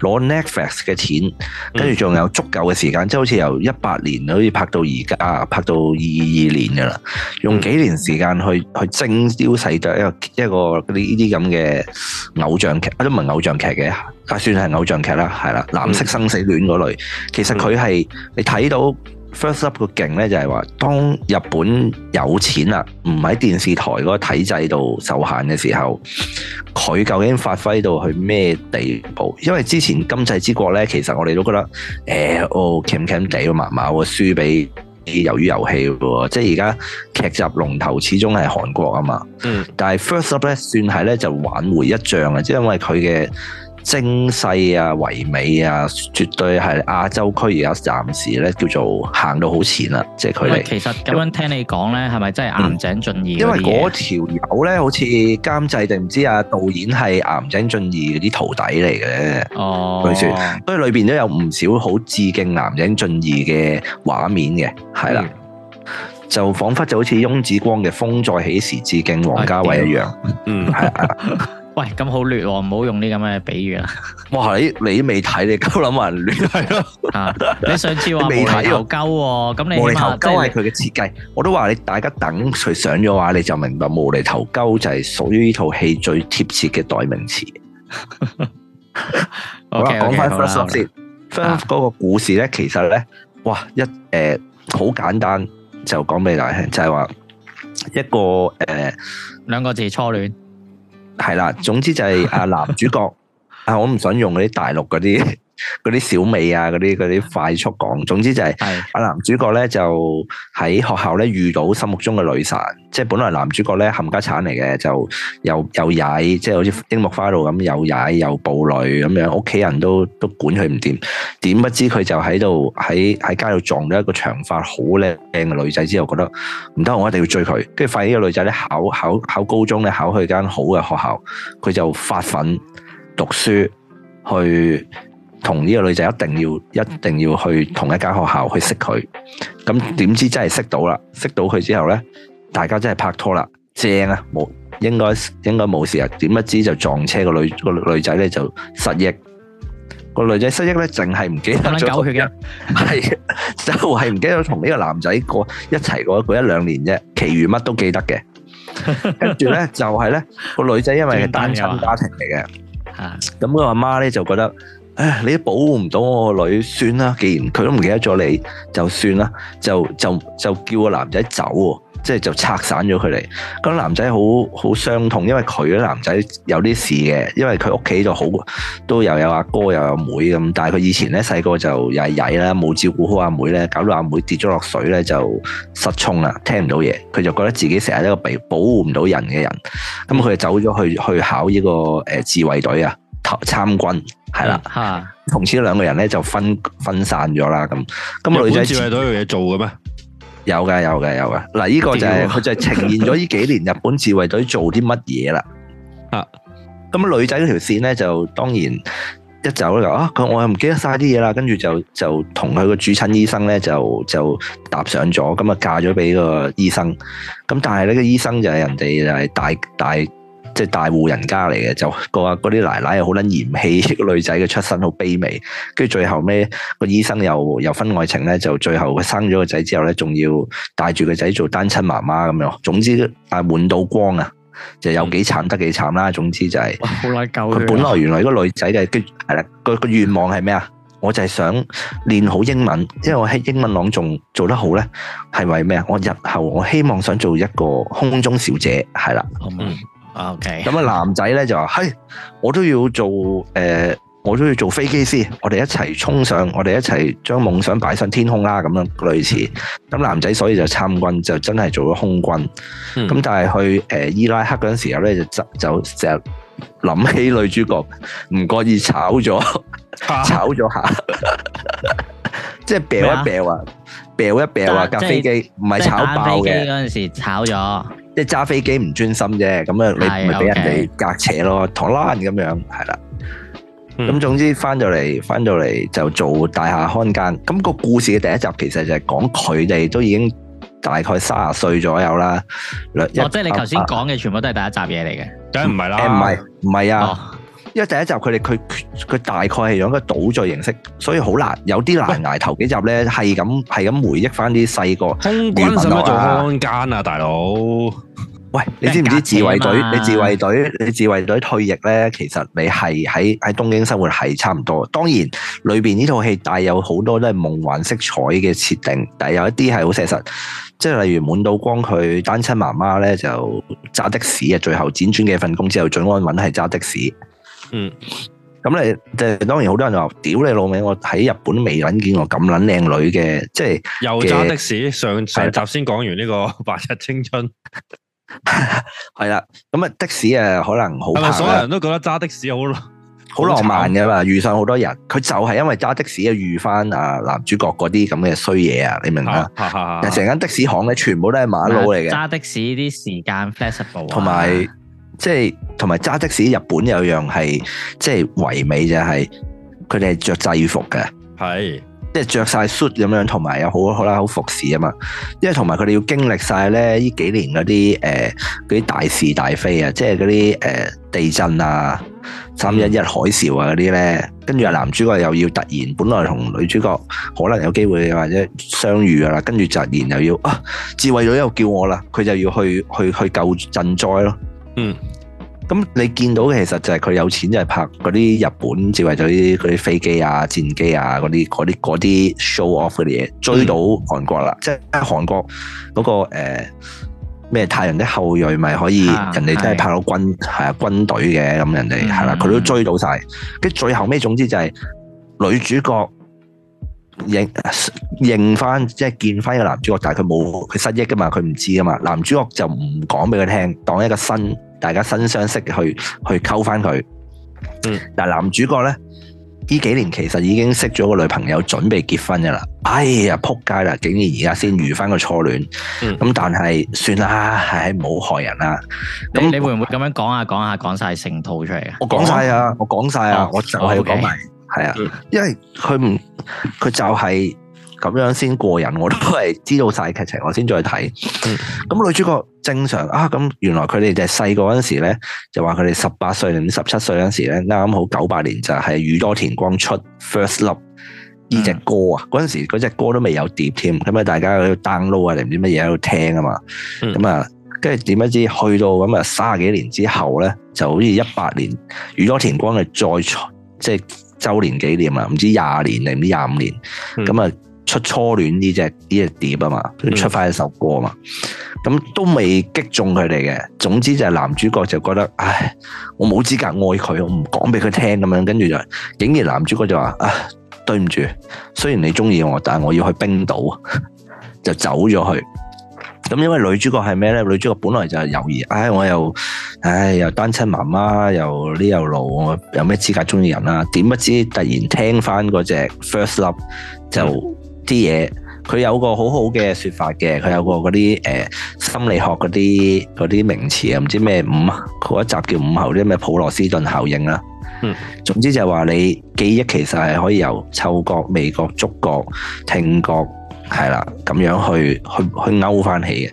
攞 Netflix 嘅錢，跟住仲有足夠嘅時間，嗯、即係好似由一八年好似拍到而家，拍到二二年嘅啦，用幾年時間去去精雕細琢一個一個呢啲咁嘅偶像劇，都唔係偶像劇嘅，啊算係偶像劇啦，係啦，藍色生死戀嗰類，其實佢係、嗯、你睇到。First Love 個勁咧就係、是、話，當日本有錢啦，唔喺電視台嗰個體制度受限嘅時候，佢究竟發揮到去咩地步？因為之前今際之國咧，其實我哋都覺得，誒、哎，我 cam cam 地，麻麻，我輸俾啲魷魚遊戲喎。即係而家劇集龍頭始終係韓國啊嘛。嗯，但係 First Love 咧，算係咧就挽回一仗啊！即係因為佢嘅。精細啊，唯美啊，絕對係亞洲區而家暫時咧叫做行到好前啦，即係佢哋。其實咁樣聽你講咧，係咪為真係岩井俊二？因為嗰條友咧，好似監製定唔知啊導演係岩井俊二啲徒弟嚟嘅哦。據傳，所以裏邊都有唔少好致敬岩井俊二嘅畫面嘅，係啦，嗯、就仿佛就好似翁子光嘅《風再起時》致敬王家衛一樣。嗯，係啊、嗯。 (laughs) 喂，咁好劣喎，唔好用啲咁嘅比喻啦。哇，你你未睇你鳩諗話亂係咯？你上次話無厘頭鳩喎，咁你無厘頭鳩係佢嘅設計。我都話你大家等佢上咗話，你就明白無厘頭鳩就係屬於呢套戲最貼切嘅代名詞。好啦，講返 First Love 先，First Love 嗰個故事咧，其實咧，哇一誒好簡單就講俾大家聽，就係話一個誒兩個字初戀。係啦，總之就係、是、啊男主角， (laughs) 啊我唔想用啲大陸嗰啲。嗰啲小美啊，嗰啲啲快速講，總之就係、係、阿是的 男主角咧就喺學校咧遇到心目中嘅女神，即係本來男主角咧冚家鏟嚟嘅，就又又曳，即係好似櫻木花道咁又曳又暴女咁樣，屋企人都都管佢唔掂，點不知佢就喺度喺喺街度撞到一個長髮好靚嘅女仔之後，覺得唔得，我一定要追佢，跟住發現呢個女仔咧考考，考考高中咧考去間好嘅學校，佢就發奮讀書去。去同呢個女仔一定要一定要去同一間學校去識佢，咁點知真係識到啦？識到佢之後咧，大家真係拍拖啦，正啊，冇應該應該冇事啊，點不知就撞車個女個女仔咧就失憶，個女仔失憶咧，淨係唔記得咗狗血嘅，係就係唔記得同呢個男仔過一齊過嗰一兩年啫，其餘乜都記得嘅，跟住咧就係咧個女仔因為係單親家庭嚟嘅，咁個阿媽咧就覺得。唉，你都保護唔到我個女，算啦。既然佢都唔記得咗你，就算啦。就就就叫個男仔走喎，即係就拆散咗佢哋。咁、個、男仔好好傷痛，因為佢個男仔有啲事嘅，因為佢屋企就好，都又有阿哥又有妹咁。但係佢以前咧細個就又係曳曳啦，冇照顧好阿妹咧，搞到阿妹，妹跌咗落水咧就失聰啦，聽唔到嘢。佢就覺得自己成日都一個被保護唔到人嘅人，咁佢就走咗去去考呢、個誒自衞隊啊，參軍。係啦，吓，同時兩個人咧就分分散咗啦，咁、咁、咁、個、女仔自衛隊有嘢做嘅咩？有嘅，有嘅，有嘅。嗱，呢個就係、是、佢 (laughs) 就係呈現咗呢幾年日本自衛隊做啲乜嘢啦。啊， (laughs) 咁女仔嗰條線咧就當然一走咧就啊，佢我又唔記得晒啲嘢啦，跟住就就同佢個主診醫生咧就就搭上咗，咁啊嫁咗俾個醫生。咁但係呢、呢個醫生就係人哋就係大大。大大即係大戶人家嚟嘅，就個啊嗰啲奶奶又好撚嫌棄個女仔嘅出身好卑微，跟住最後咩個醫生又又婚外情咧，就最後佢生咗個仔之後咧，仲要帶住個仔做單親媽媽咁樣。總之，但係換到光啊，就有幾慘得幾慘啦。總之就係，好耐救佢。本來原來個女仔嘅，跟係啦，個個願望係咩啊？我就係想練好英文，因為我喺英文朗誦做得好咧，係為咩啊？我日後我希望想做一個空中小姐，係啦，嗯。咁啊 Okay. 男仔咧就話，嘿、hey,，我都要做誒、呃，我都要做飛機師，我哋一齊衝上，我哋一齊將夢想擺上天空啦，咁樣類似。咁、嗯、男仔所以就參軍，就真係做咗空軍。咁、嗯、但係去誒伊拉克嗰陣時候咧，就就成日諗起女主角，唔覺意炒咗，啊、炒咗下，即係病一病啊！掉一掉話架飛機唔係炒爆嘅嗰陣時炒咗，即係揸飛機唔專心啫，咁樣你咪俾人哋隔扯咯，同拉咁樣係啦。咁總之翻到嚟，翻到嚟就做大廈看更。咁個故事嘅第一集其實就係講佢哋都已經大概卅歲左右啦。哦，即係你頭先講嘅全部都係第一集嘢嚟嘅，梗係唔係啦，唔係唔係啊！因為第一集佢哋佢佢大概係用一個倒敍形式，所以好難有啲難捱。喂頭幾集咧係咁係咁回憶返啲細個。原來關、啊、做看監啊，大佬！喂，你知唔知自衛隊？你自衛隊？你自衛隊退役咧，其實你係喺喺東京生活係差唔多。當然，裏邊呢套戲帶有好多都係夢幻色彩嘅設定，但係有一啲係好寫實，即係例如滿島光佢單親媽媽咧就揸的士啊，最後輾轉幾份工之後，最安穩係揸的士。嗯，咁你即係當然，好多人就話屌你老味，我喺日本未捻見過咁捻靚女嘅，即係又揸的士，的上集先講完呢個《白日青春》 (laughs) 係啦，咁啊的士啊可能好，係咪所有人都覺得揸的士好好浪漫噶嘛？遇上好多人，佢就係因為揸的士啊遇翻啊男主角嗰啲咁嘅衰嘢啊，你明唔明啊成間的士行咧，全部都係馬佬嚟嘅，揸的士呢啲時間 flexible，同埋。即係同埋揸的士，日本有樣係即係唯美就係佢哋係着制服嘅，係即係着晒恤咁樣，同埋又好好啦好服侍啊嘛。因為同埋佢哋要經歷晒咧呢幾年嗰啲誒嗰啲大是大非啊，即係嗰啲誒地震啊，三一一海嘯啊嗰啲咧。跟住啊男主角又要突然，本來同女主角可能有機會或者相遇噶啦，跟住突然又要啊自衛隊又叫我啦，佢就要去去去救賑災咯。嗯，咁你見到嘅其實就係佢有錢就係拍嗰啲日本自衛隊啲嗰啲飛機啊、戰機啊嗰啲嗰啲啲 show off 嘅嘢，追到韓國啦，嗯、即係韓國嗰、嗰個咩、呃、太陽的後裔咪可以，啊、人哋都係拍到軍係是、啊、軍隊嘅，咁人哋係啦，佢、嗯啊、都追到晒。跟住、嗯、最後尾總之就係女主角。認認翻即係見翻個男主角，但係佢冇佢失憶噶嘛，佢唔知噶嘛。男主角就唔講俾佢聽，當一個新大家新相識去去溝翻佢。嗯，但係男主角咧呢幾年其實已經識咗個女朋友，準備結婚噶啦。哎呀，撲街啦！竟然而家先遇翻個初戀。嗯，咁但係算啦，係冇害人啦。咁你會唔會咁樣講下講下講晒成套出嚟嘅？我講晒啊，我講晒啊，我就係要講埋。係啊，因為佢唔佢就係咁樣先過癮，我都係知道晒劇情，我先再睇。咁、嗯、女主角正常啊，咁原來佢哋就係細個嗰陣時咧，就話佢哋十八歲定十七歲嗰陣時咧，啱好九八年就係宇多田光出 First Love 呢隻歌啊，嗰陣、嗯、時嗰隻歌都未有碟添，咁啊大家喺度 download 啊定唔知乜嘢喺度聽啊嘛，咁啊跟住點樣知去到咁啊卅幾年之後咧，就好似一八年宇多田光係再即係。就是周年紀念啊，唔知廿年定唔知廿五年，咁啊、嗯、出初戀呢隻呢隻碟啊嘛，嗯、出翻一首歌嘛，咁都未擊中佢哋嘅。總之就係男主角就覺得，唉，我冇資格愛佢，我唔講俾佢聽咁樣，跟住就，竟然男主角就話，唉，對唔住，雖然你中意我，但係我要去冰島， (laughs) 就走咗去。咁因為女主角係咩咧？女主角本來就係猶豫，唉，我又唉，又單親媽媽，又呢又老，我有咩資格中意人啦、啊？點不知突然聽翻嗰隻 First Love 就啲嘢，佢有個好好嘅説法嘅，佢有個嗰啲誒心理學嗰啲嗰啲名詞啊，唔知咩五啊，嗰一集叫五侯啲咩普洛斯頓效應啦、啊。嗯，總之就係話你記憶其實係可以由嗅覺、味覺、觸覺、聽覺。係啦，咁樣去去去勾翻起嘅。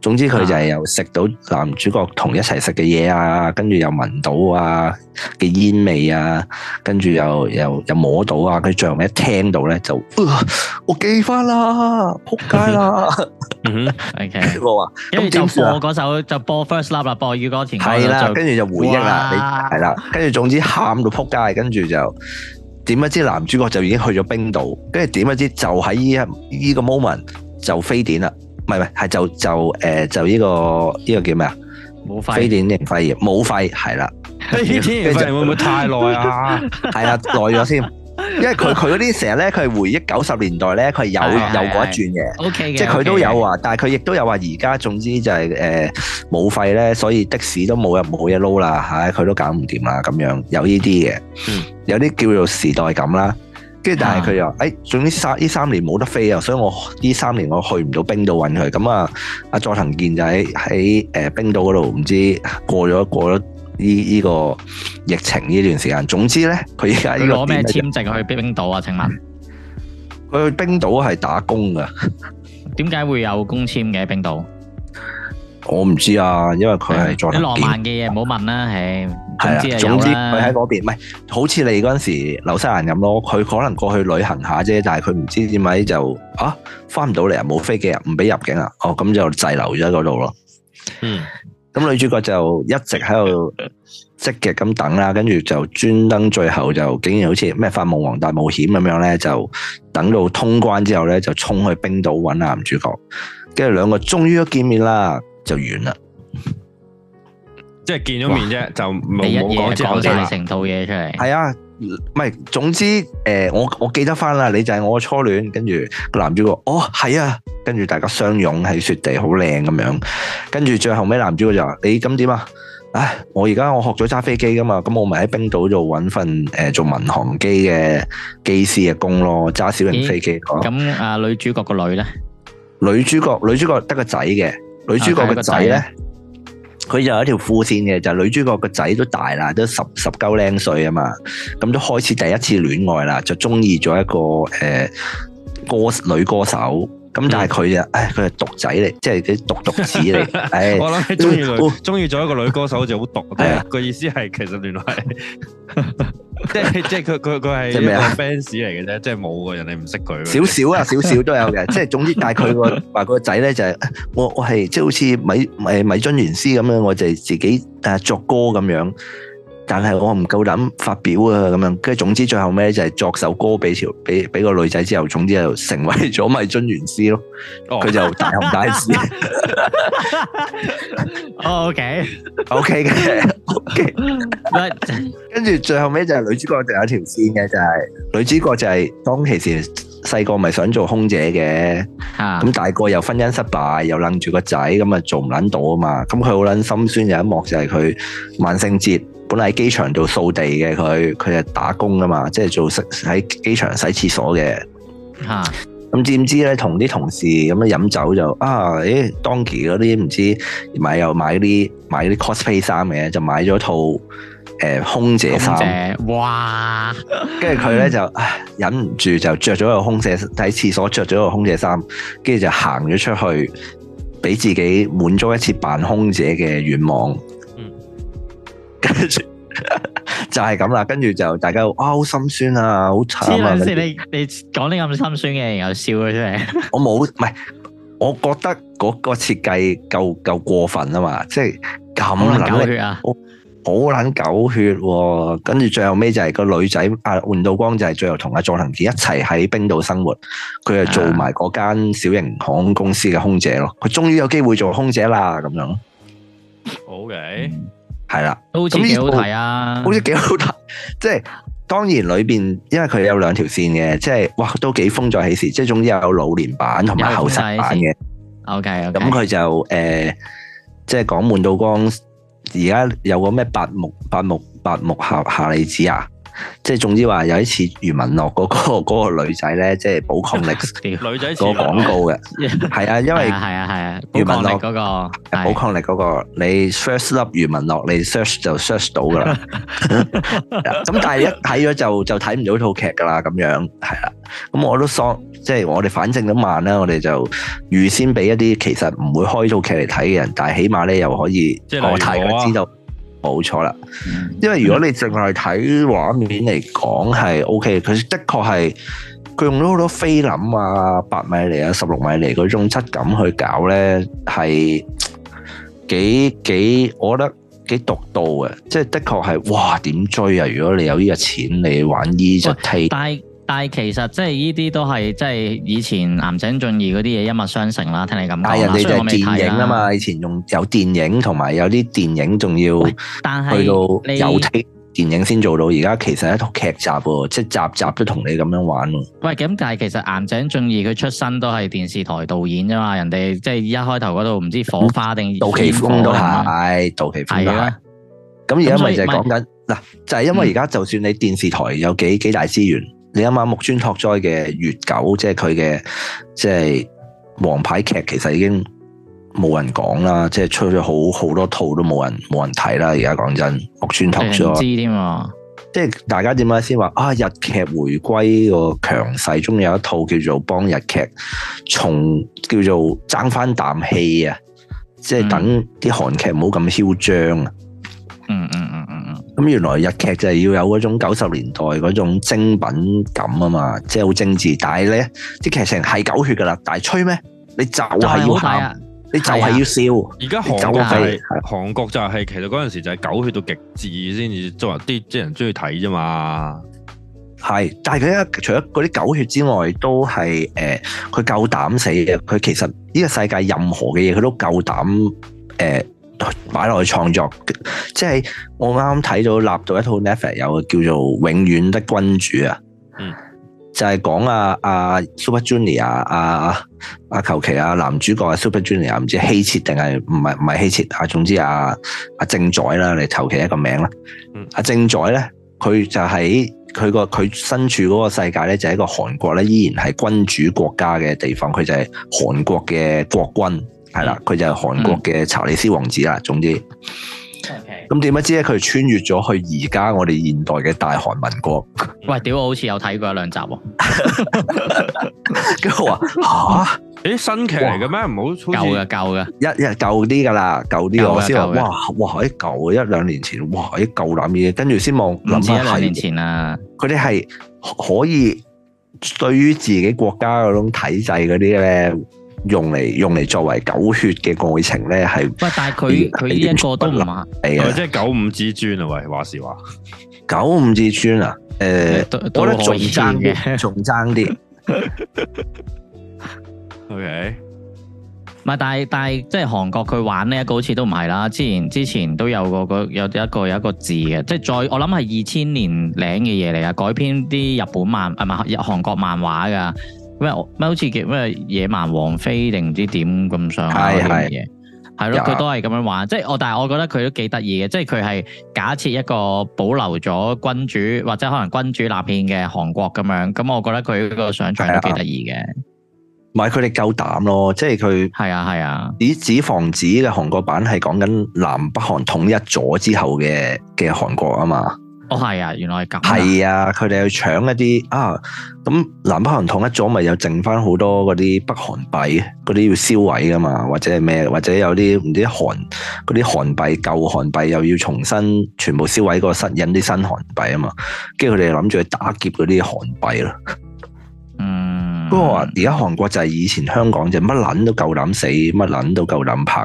總之佢就係又食到男主角同一齊食嘅嘢啊，跟住又聞到啊嘅煙味啊，跟住又又又摸到啊，佢最後咪一聽到咧就、呃，我記翻啦，撲街啦。嗯 OK 我話咁就播嗰首就播 First Love 啦，播宇多田嘅啦，跟住就回憶啦，係啦哇，跟住總之喊到撲街，跟住就。點一知男主角就已經去咗冰島，跟住點一知就喺呢一呢個 moment 就非典啦，唔係唔係係就就誒就呢個呢個叫咩啊？非典型肺炎，冇肺係啦。跟住會唔會太耐啊？係啦，耐咗先。 (laughs) 因為佢佢嗰啲成日咧，佢係回憶九十年代咧，佢係有有，有過一轉嘅，是是是是即係佢都有話，okay 但係佢亦都有話，而家總之就係誒冇飛咧，所以的士都冇又冇嘢撈啦，嚇佢、哎、都搞唔掂啦咁樣，有呢啲嘅，嗯、有啲叫做時代感啦。跟住但係佢又誒，總之三呢三年冇得飛啊，所以我呢三年我去唔到冰島揾佢，咁啊阿佐藤健就喺喺冰島嗰度，唔知過咗過咗。過呢呢個疫情呢段時間，總之咧，佢依家攞咩簽證去冰島啊？請問佢去冰島係打工噶？點解會有工簽嘅冰島？我唔知啊，因為佢係做浪漫嘅嘢，唔好問啦，唉。總之總之佢喺嗰邊，唔係好似你嗰陣時紐西蘭咁咯。佢可能過去旅行下啫，但係佢唔知點解就啊，翻唔到嚟啊，冇飛機啊，唔俾入境啊。哦，咁就滯留咗喺嗰度咯。嗯。咁、呃、女主角就一直喺度積極咁等啦，跟住就專登最後就竟然好似咩《發夢王大冒險》咁樣咧，就等到通關之後咧，就衝去冰島搵男主角，跟住兩個終於都見面啦，就完啦，即係見咗面啫，哇就冇冇講講晒成套嘢出嚟，係啊。唔係，總之誒、呃，我我記得翻啦，你就係我嘅初戀，跟住個男主角，哦係啊，跟住大家相擁喺雪地，好靚咁樣，跟住最後尾，男主角就話，你咁點啊？唉，我而家我學咗揸飛機噶嘛，咁我咪喺冰島度搵份誒、呃、做民航機嘅機師嘅工咯，揸小型飛機。咁啊咦，哦、女主角個女咧？女主角，女主角得個仔嘅，女主角個仔咧？哦佢就有一條副線嘅，就女主角個仔都大啦，都十十鳩零歲啊嘛，咁都開始第一次戀愛啦，就中意咗一個誒歌女歌手，咁但係佢就，誒佢係獨仔嚟，即係啲獨獨子嚟。我諗你中意女，中意咗一個女歌手就好毒，個意思係其實原來。 (laughs) 即係即係佢佢佢係 fans 嚟嘅啫，即係冇嘅人哋唔識佢，少少啊少少都有嘅， (laughs) 即係總之，但係佢個話個仔咧就係、是、我我係即係好似米誒米，米津玄師咁樣，我就係自己誒、啊、作歌咁樣。但係我唔夠膽發表啊，咁樣，跟住總之最後尾就係作首歌俾條俾俾個女仔之後，總之就成為咗米津玄師咯，佢就大紅大紫。哦，OK，OK 嘅，OK，跟住最後尾就係女主角就有一條線嘅，就係女主角就係當其時細個咪想做空姐嘅，咁大個又婚姻失敗，又楞住個仔，咁啊做唔捻到啊嘛，咁佢好捻心酸，有一幕就係佢萬聖節。本嚟喺機場度掃地嘅佢，佢係打工㗎嘛，即係做喺機場洗廁所嘅。嚇、啊，咁點知咧，同啲同事咁樣飲酒就啊，誒、欸，當期嗰啲唔知買又買啲買啲 cosplay 衫嘅，就買咗套誒、呃、空姐衫。哇！跟住佢咧就唉忍唔住就着咗個空姐喺廁所着咗個空姐衫，跟住就行咗出去，俾自己滿足一次扮空姐嘅願望。跟住就係咁啦，跟住就大家啊好心酸啊，好慘啊！你你講啲咁心酸嘅，然後笑咗出嚟。我冇，唔係，我覺得嗰個設計夠夠過分啊嘛！即係咁捻好撚狗血。跟住最後尾就係個女仔啊，換道光就係最後同阿佐藤健一齊喺冰島生活。佢係做埋嗰間小型航空公司嘅空姐咯。佢終於有機會做空姐啦，咁樣。好嘅。係啦，好似幾是好睇啊，好似幾好睇，即係當然裏邊，因為佢有兩條線嘅，即係哇，都幾豐富啟示，即係總之有老年版同埋後生版嘅。O K，咁佢就誒、呃，即係講《滿島光》，而家有個咩八木八木八木莉可子啊。即係總之話有一次余文樂嗰、那個、那個女仔咧，即係寶礦力廣 (laughs) 女仔個廣告嘅，係啊，因為係啊係啊余文樂嗰、 (laughs) 那個寶礦 (laughs) 力嗰、那個，你 search up 余文樂，你 search 就 search 到噶啦。咁 (laughs) 但係一睇咗就就睇唔到套劇噶啦，咁樣係啦。咁我都想即係、就是、我哋反正咁慢啦，我哋就預先俾一啲其實唔會開套劇嚟睇嘅人，但係起碼咧又可以我太、啊、佢知道。冇錯啦，嗯、因為如果你淨係睇畫面嚟講係 O K，佢的確係佢用咗好多菲林啊、八米釐啊、十六米釐嗰種質感去搞咧，係幾幾，我覺得幾獨到嘅，即係的確係哇點追啊！如果你有呢個錢，你玩呢隻 T。Z T 但係其實即係依啲都係即係以前岩井俊二嗰啲嘢一脈相承啦。聽你咁講，但係人哋就電影啊嘛，以前仲有電影同埋有啲電影仲要，但係去到有睇電影先做到。而家其實一套劇集喎，即係集集都同你咁樣玩喎。喂，咁但係其實岩井俊二佢出身都係電視台導演啫嘛，人哋即係一開頭嗰度唔知火花定杜琪峰都係杜琪峰。啊。咁而家咪就係講緊嗱，就係是因為而家就算你電視台有幾幾大資源。你諗下木村拓哉嘅月九，即係佢嘅即係王牌劇，其實已經冇人講啦，即係出咗好好多套都冇人冇人睇啦。而家講真，木村拓哉，未知添啊！即係大家點解先話啊日劇回歸個強勢中有一套叫做幫日劇從叫做爭翻啖氣啊！即係等啲韓劇唔好咁囂張啊、嗯！嗯嗯。咁原來日劇就係要有嗰種九十年代嗰種精品感啊嘛，即係好精緻。但係咧，啲劇情係狗血噶啦，但係吹咩？你就係要喊，就啊、你就係要笑。而家韓國韓、啊、國就係、是、其實嗰陣時就係狗血到極致先至，作為啲即人中意睇啫嘛。係，但係佢依家除咗嗰啲狗血之外，都係誒，佢夠膽死嘅。佢其實呢個世界任何嘅嘢，佢都夠膽誒。擺落去創作，即係我啱啱睇到立到一套 Netflix 有個，叫做《永遠的君主》嗯、啊。嗯、啊，就係講啊阿 Super Junior 啊，阿阿求其啊，男主角啊 Super Junior 唔知希澈定係唔係唔係希澈啊，總之啊，阿、啊、正、啊、宰啦，你求其一個名啦。嗯、啊，阿正宰咧，佢就喺佢個佢身處嗰個世界咧，就係一個韓國咧依然係君主國家嘅地方，佢就係韓國嘅國君。係啦，佢就係韓國嘅查理斯王子啦。總之，咁點解知咧？佢穿越咗去而家我哋現代嘅大韓民國。喂，屌！我好似有睇過一兩集，哦。我話吓？誒、欸，新劇嚟嘅咩？唔哇好舊像嘅，舊嘅，一一舊啲㗎喇，舊啲的我先話的。哇哇，啲舊嘅一兩年前，哇啲舊諗嘢，跟住先望諗下係。年前啊，佢哋係可以對於自己國家嗰種體制嗰啲咧。用嚟用嚟作為狗血嘅愛情咧，係喂，但係佢佢呢一個都唔係，誒、啊，即係九五至尊啊！喂，話時話九五至尊啊！誒、欸，都我覺得仲爭嘅，仲爭啲。OK，唔係，但係但係即係韓國佢玩呢一個好似都唔係啦。之前之前都有個有一個有一個有一個字嘅，即係再我諗係二千年領嘅嘢嚟啊，改編啲日本漫啊唔係日韓國漫畫噶。咩咩好似叫咩野蠻王妃定唔知點咁上想嘅嘢，係咯，佢都係咁樣玩，即係我但係我覺得佢都幾得意嘅，即係佢係假設一個保留咗君主或者可能君主立憲嘅韓國咁樣，咁我覺得佢呢個想象都幾得意嘅。唔係佢哋夠膽咯，即係佢係啊係啊。以紙房子嘅韓國版係講緊南北韓統一咗之後嘅嘅韓國啊嘛。都係、哦、啊，原來係咁。係啊，佢哋去搶一啲啊，咁南北韓統一咗，咪有剩翻好多嗰啲北韓幣，嗰啲要銷毀噶嘛，或者係咩，或者有啲唔知韓啲韓幣舊韓幣又要重新全部銷毀個新印啲新韓幣啊嘛，跟住佢哋又諗住去打劫嗰啲韓幣咯。嗯。不過話而家韓國，就係以前香港就乜撚都夠膽死，乜撚都夠膽拍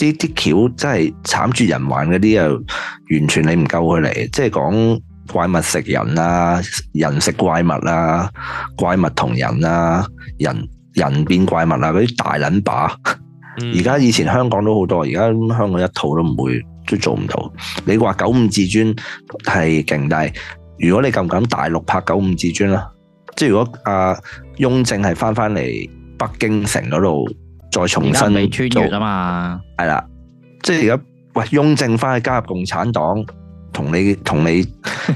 啲啲橋真係慘絕人寰嗰啲又完全你唔夠佢嚟，即係講怪物食人啊，人食怪物啊，怪物同人啊，人人變怪物啊嗰啲大撚把。而家、嗯、以前香港都好多，而家香港一套都唔會都做唔到。你話九五至尊係勁，但係如果你敢唔敢大陸拍九五至尊啦，即係如果阿、啊、雍正係翻翻嚟北京城嗰度。再重新未穿越啊嘛，係啦， (music) 即係而家喂雍正翻去加入共產黨，同你同你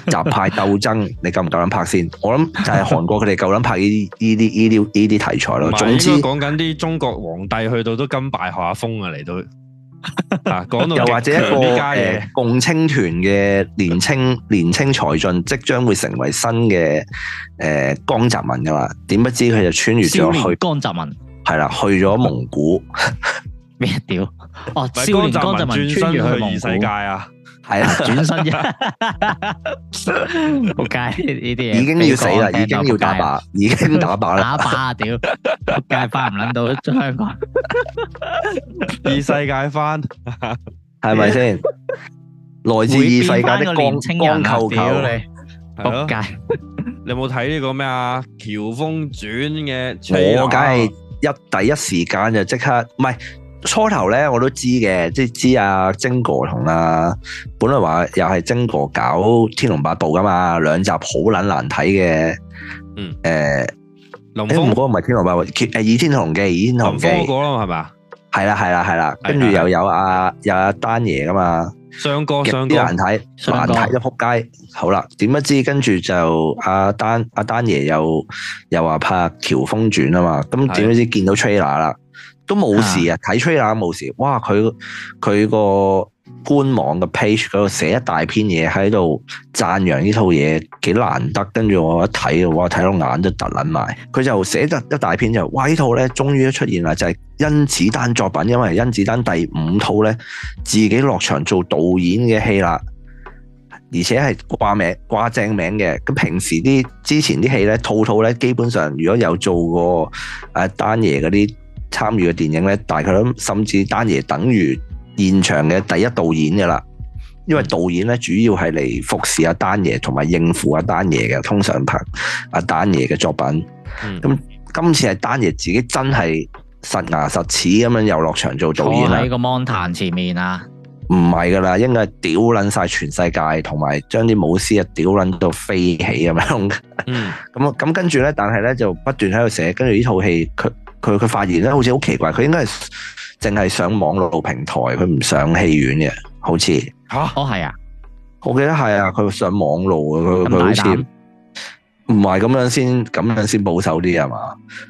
習派鬥爭，你夠唔夠膽拍先？我諗就係韓國佢哋夠膽拍呢啲呢啲呢啲呢啲題材咯。 (laughs) 總之講緊啲中國皇帝去到都甘拜下，啊、風啊嚟到、到，啊、 (laughs) 又或者一個家共青團嘅年青年青才俊，即將會成為新嘅誒、呃、江澤民噶嘛？點不知佢就穿越咗去江澤民。係啦，去咗蒙古咩屌？哦，少年光就轉身去異世界啊！係啊，轉身嘅仆街呢啲嘢已經要死啦，已經要打靶，已經打靶啦！打靶啊屌！仆街翻唔捻到喺香港異世界翻係咪先？來自異世界的光青人啊屌你！仆街，你有冇睇呢個咩啊？《喬峰傳》嘅我梗係。一第一時間就即刻，唔係初頭咧我都知嘅，即係知阿精哥同阿本來話又係精哥搞《天龍八部》噶嘛，兩集好撚難睇嘅，呃、嗯誒，龍風嗰個唔係《欸、天龍八部》啊，誒《倚天屠龍記》嘅、那個《倚天屠龍記》嗰個係嘛？係啦係啦係啦，跟住又有阿有阿丹爺噶嘛。上過上過，難睇難睇一仆街，過好啦，點不知跟住就阿丹阿丹爺又又話拍《喬峰傳》啊嘛，咁點、啊、不知見到 trailer 啦，都冇事啊，睇 trailer 冇事，哇，佢佢個。官網嘅 page 嗰度寫一大篇嘢喺度讚揚呢套嘢幾難得，跟住我一睇，嘅話睇到眼都突撚埋。佢就寫得一大篇就話呢套咧，終於都出現啦，就係、是、甄子丹作品，因為甄子丹第五套咧自己落場做導演嘅戲啦，而且係掛名掛正名嘅。咁平時啲之前啲戲咧，套套咧基本上如果有做過誒、啊、丹爺嗰啲參與嘅電影咧，大概諗甚至丹爺等於。現場嘅第一導演嘅啦，因為導演咧主要係嚟服侍阿丹爺同埋應付阿丹爺嘅，通常拍阿丹爺嘅作品。咁、嗯、今次係丹爺自己真係實牙實齒咁樣又落場做導演啦。坐喺個 mon 壇前面啊？唔係噶啦，應該係屌撚晒全世界，同埋將啲武師啊屌撚到飛起咁樣。咁咁、嗯 (laughs) 嗯、跟住咧，但係咧就不斷喺度寫，跟住呢套戲佢佢佢發現咧，好似好奇怪，佢應該係。淨係上網絡平台，佢唔上戲院嘅，好似吓，哦係啊，我記得係啊，佢上網絡，佢佢好似唔係咁樣先，咁樣先保守啲啊。嘛，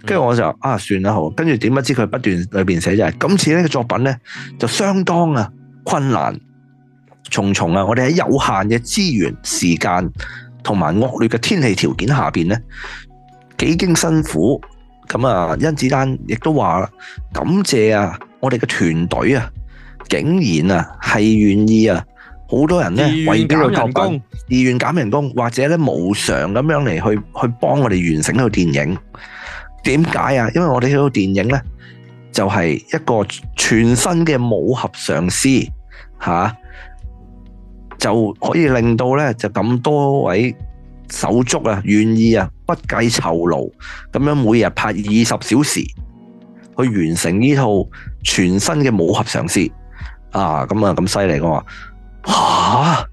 跟住、嗯、我就啊，算啦好，跟住點不知佢不斷裏邊寫就係、是，今次呢個作品咧就相當啊困難重重啊，我哋喺有限嘅資源、時間同埋惡劣嘅天氣條件下邊咧幾經辛苦，咁啊甄子丹亦都話感謝啊。我哋嘅團隊啊，竟然啊係願意啊，好多人咧意願減人工為，意願減人工，或者咧無償咁樣嚟去去幫我哋完成呢套電影。點解啊？因為我哋呢套電影咧，就係、是、一個全新嘅武俠嘗試，嚇、啊，就可以令到咧就咁多位手足啊願意啊不計酬勞咁樣每日拍二十小時。去完成呢套全新嘅武俠嘗試啊！咁啊咁犀利嘅喎，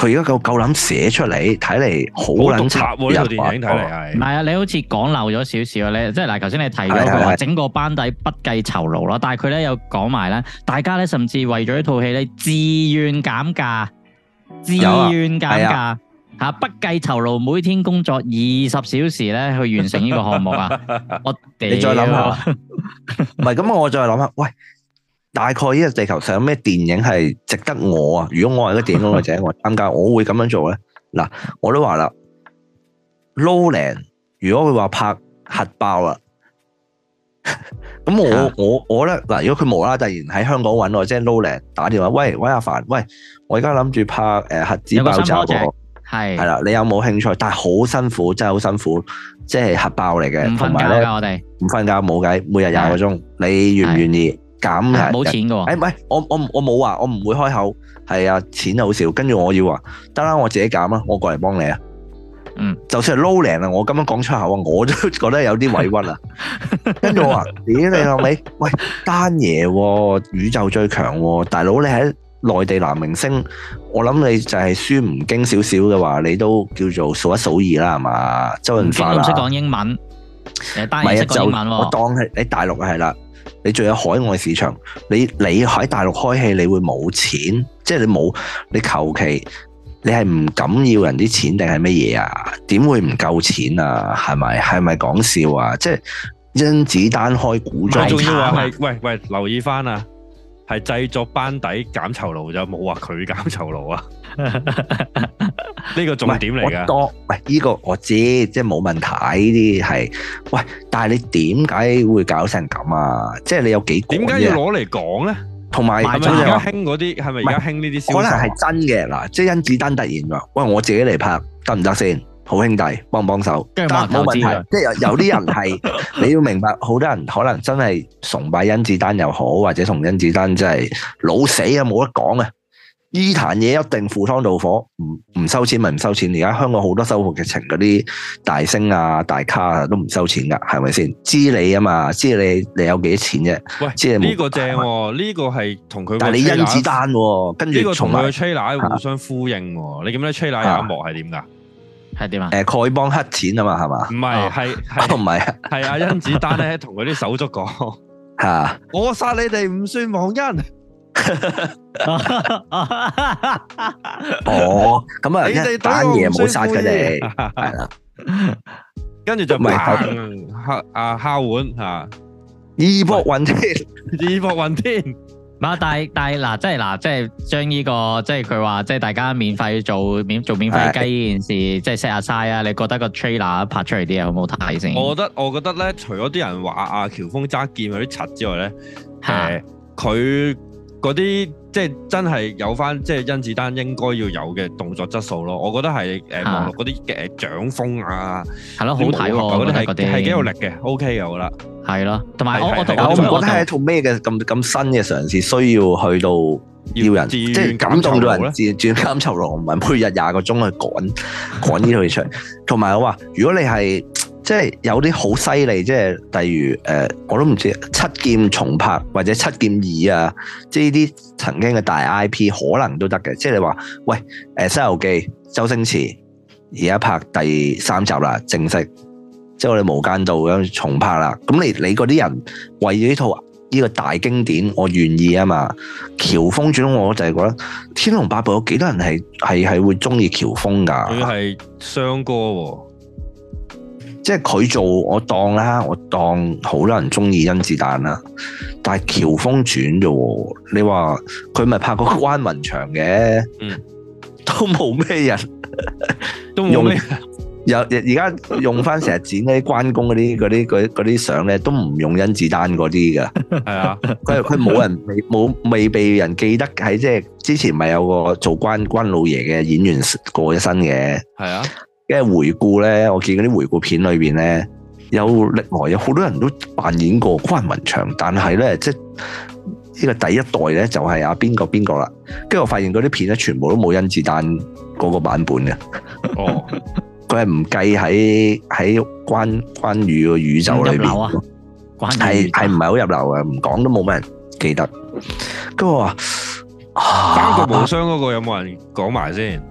佢而家夠夠膽寫出嚟，睇嚟好撚拆呢套電影睇嚟，唔係、哦、啊！啊你好似講漏咗少少啊！你即係嗱，頭先你提咗佢話整個班底不計酬勞啦，但係佢咧又講埋咧，大家咧甚至為咗呢套戲咧，自願減價，啊、自願減價。吓，不計酬勞，每天工作二十小時咧，去完成呢個項目啊！我 (laughs) 你再諗下，唔係咁，我再諗下。喂，大概呢個地球上有咩電影係值得我啊？如果我係一個電影工作者，我參加，我會咁樣做咧。嗱，我都話啦，Lowland，如果佢話拍核爆啦，咁 (laughs) 我我我咧嗱，如果佢無啦啦突然喺香港搵我，即係 Lowland 打電話，喂，喂，喂阿凡，喂，我而家諗住拍誒核子爆炸。係係啦，你有冇興趣？但係好辛苦，真係好辛苦，即係核爆嚟嘅。唔瞓覺噶，我哋唔瞓覺冇計，每日廿個鐘，你願唔願意減？冇錢噶？誒，唔係，我我我冇話，我唔會開口。係啊，錢好少，跟住我要話，得啦，我自己減啦，我過嚟幫你啊。嗯，就算係撈零啦，我咁樣講出口啊，我都覺得有啲委屈啊。跟住我話，咦，你係咪？喂，丹爺，宇宙最強，大佬你喺？內地男明星，我諗你就係輸唔經少少嘅話，你都叫做數一數二啦，係嘛？周潤發啦。唔識講英文，係是單人講英文喎。我當喺你大陸係啦，你仲有海外市場。你你喺大陸開戲，你會冇錢，即係你冇，你求其，你係唔敢要人啲錢定係乜嘢啊？點會唔夠錢啊？係咪？係咪講笑啊？即係甄子丹開古裝，仲要話係、啊、喂喂，喂，留意翻啊！係製作班底減酬勞啫，冇話佢減酬勞啊！呢 (laughs) 個 (laughs) 重點嚟㗎。多喂，呢、這個我知，即係冇問題。呢啲係喂，但係你點解會搞成咁啊？即係你有幾？點解要攞嚟講咧？同埋有，係咪而家興嗰啲？係咪而家興呢啲？可能係真嘅嗱，即係甄子丹突然話。喂，我自己嚟拍得唔得先？行好兄弟，幫唔幫手？但冇問題，即係有啲人係你要明白，好多人可能真係崇拜甄子丹又好，或者同甄子丹真係老死啊，冇得講啊！呢壇嘢一定赴湯蹈火，唔唔收錢咪唔收錢。而家香港好多收復劇情嗰啲大星啊、大咖啊都唔收錢噶，係咪先？知你啊嘛，知你你有幾多錢啫？喂，呢個正喎，呢個係同佢但你甄子丹喎，跟住呢個同佢吹奶互相呼應喎。你咁樣吹奶，有一幕 y 眼係點噶？係點啊？誒，丐幫、呃、黑錢啊嘛，係嘛？唔係，係係唔係？係阿甄子丹咧，同佢啲手足講吓， (laughs) 我殺你哋唔算忘恩。 (laughs) (laughs) 哦，咁啊，你哋單嘢唔好殺佢哋，係啦。跟住就爆黑啊，敲碗吓，啊、 (laughs) (laughs) 義薄雲天，義薄雲天。唔 (laughs) 但係但係嗱、啊，即係嗱，即係將呢個即係佢話，即係大家免費做免做免費雞呢件事，唉即係 set 下晒啊！你覺得個 trailer 拍出嚟啲嘢好唔好睇先？我覺得我覺得咧，除咗啲人話阿、啊、喬峰揸劍嗰啲柒之外咧，誒佢嗰啲即係真係有翻即係甄子丹應該要有嘅動作質素咯。我覺得係誒嗰啲誒掌風啊，係咯好睇喎、啊，嗰啲係係幾有力嘅，OK 嘅我覺得。係啦，同埋我的我唔的覺得係一套咩嘅咁咁新嘅嘗試，需要去到要，要人即係感動到人知，轉金囚牢唔係每日廿個鐘去趕趕呢套嘢出。同埋 (laughs) 我話，如果你係即係有啲好犀利，即係例如誒、呃，我都唔知七劍重拍或者七劍二啊，即係呢啲曾經嘅大 I P 可能都得嘅。即係你話，喂誒《西遊記》，周星馳而家拍第三集啦，正式。即係我哋無間道咁重拍啦，咁你你嗰啲人為咗呢套呢個大經典，我願意啊嘛！喬峰傳我就係覺得天龍八部有幾多人係係係會中意喬峰噶？佢係雙哥喎，即係佢做我當啦，我當好多人中意甄子丹啦，但係喬峰傳咋？你話佢咪拍過關雲長嘅？嗯，都冇咩人，都冇咩。有而家用翻成日剪嗰啲關公嗰啲啲啲相咧，都唔用甄子丹嗰啲噶。係啊， (laughs) 佢佢冇人未冇未被人記得喺即係之前，咪有個做關關老爺嘅演員過咗身嘅。係啊，因為回顧咧，我見嗰啲回顧片裏邊咧，有歷來有好多人都扮演過關雲長，但係咧即係呢、這個第一代咧就係阿邊個邊個啦。跟住我發現嗰啲片咧全部都冇甄子丹嗰個版本嘅。哦。 (laughs) (laughs) 佢係唔計喺喺關關羽個宇宙裏邊，係係唔係好入流嘅？唔講都冇咩人記得。咁我話三個無雙嗰個有冇人講埋先？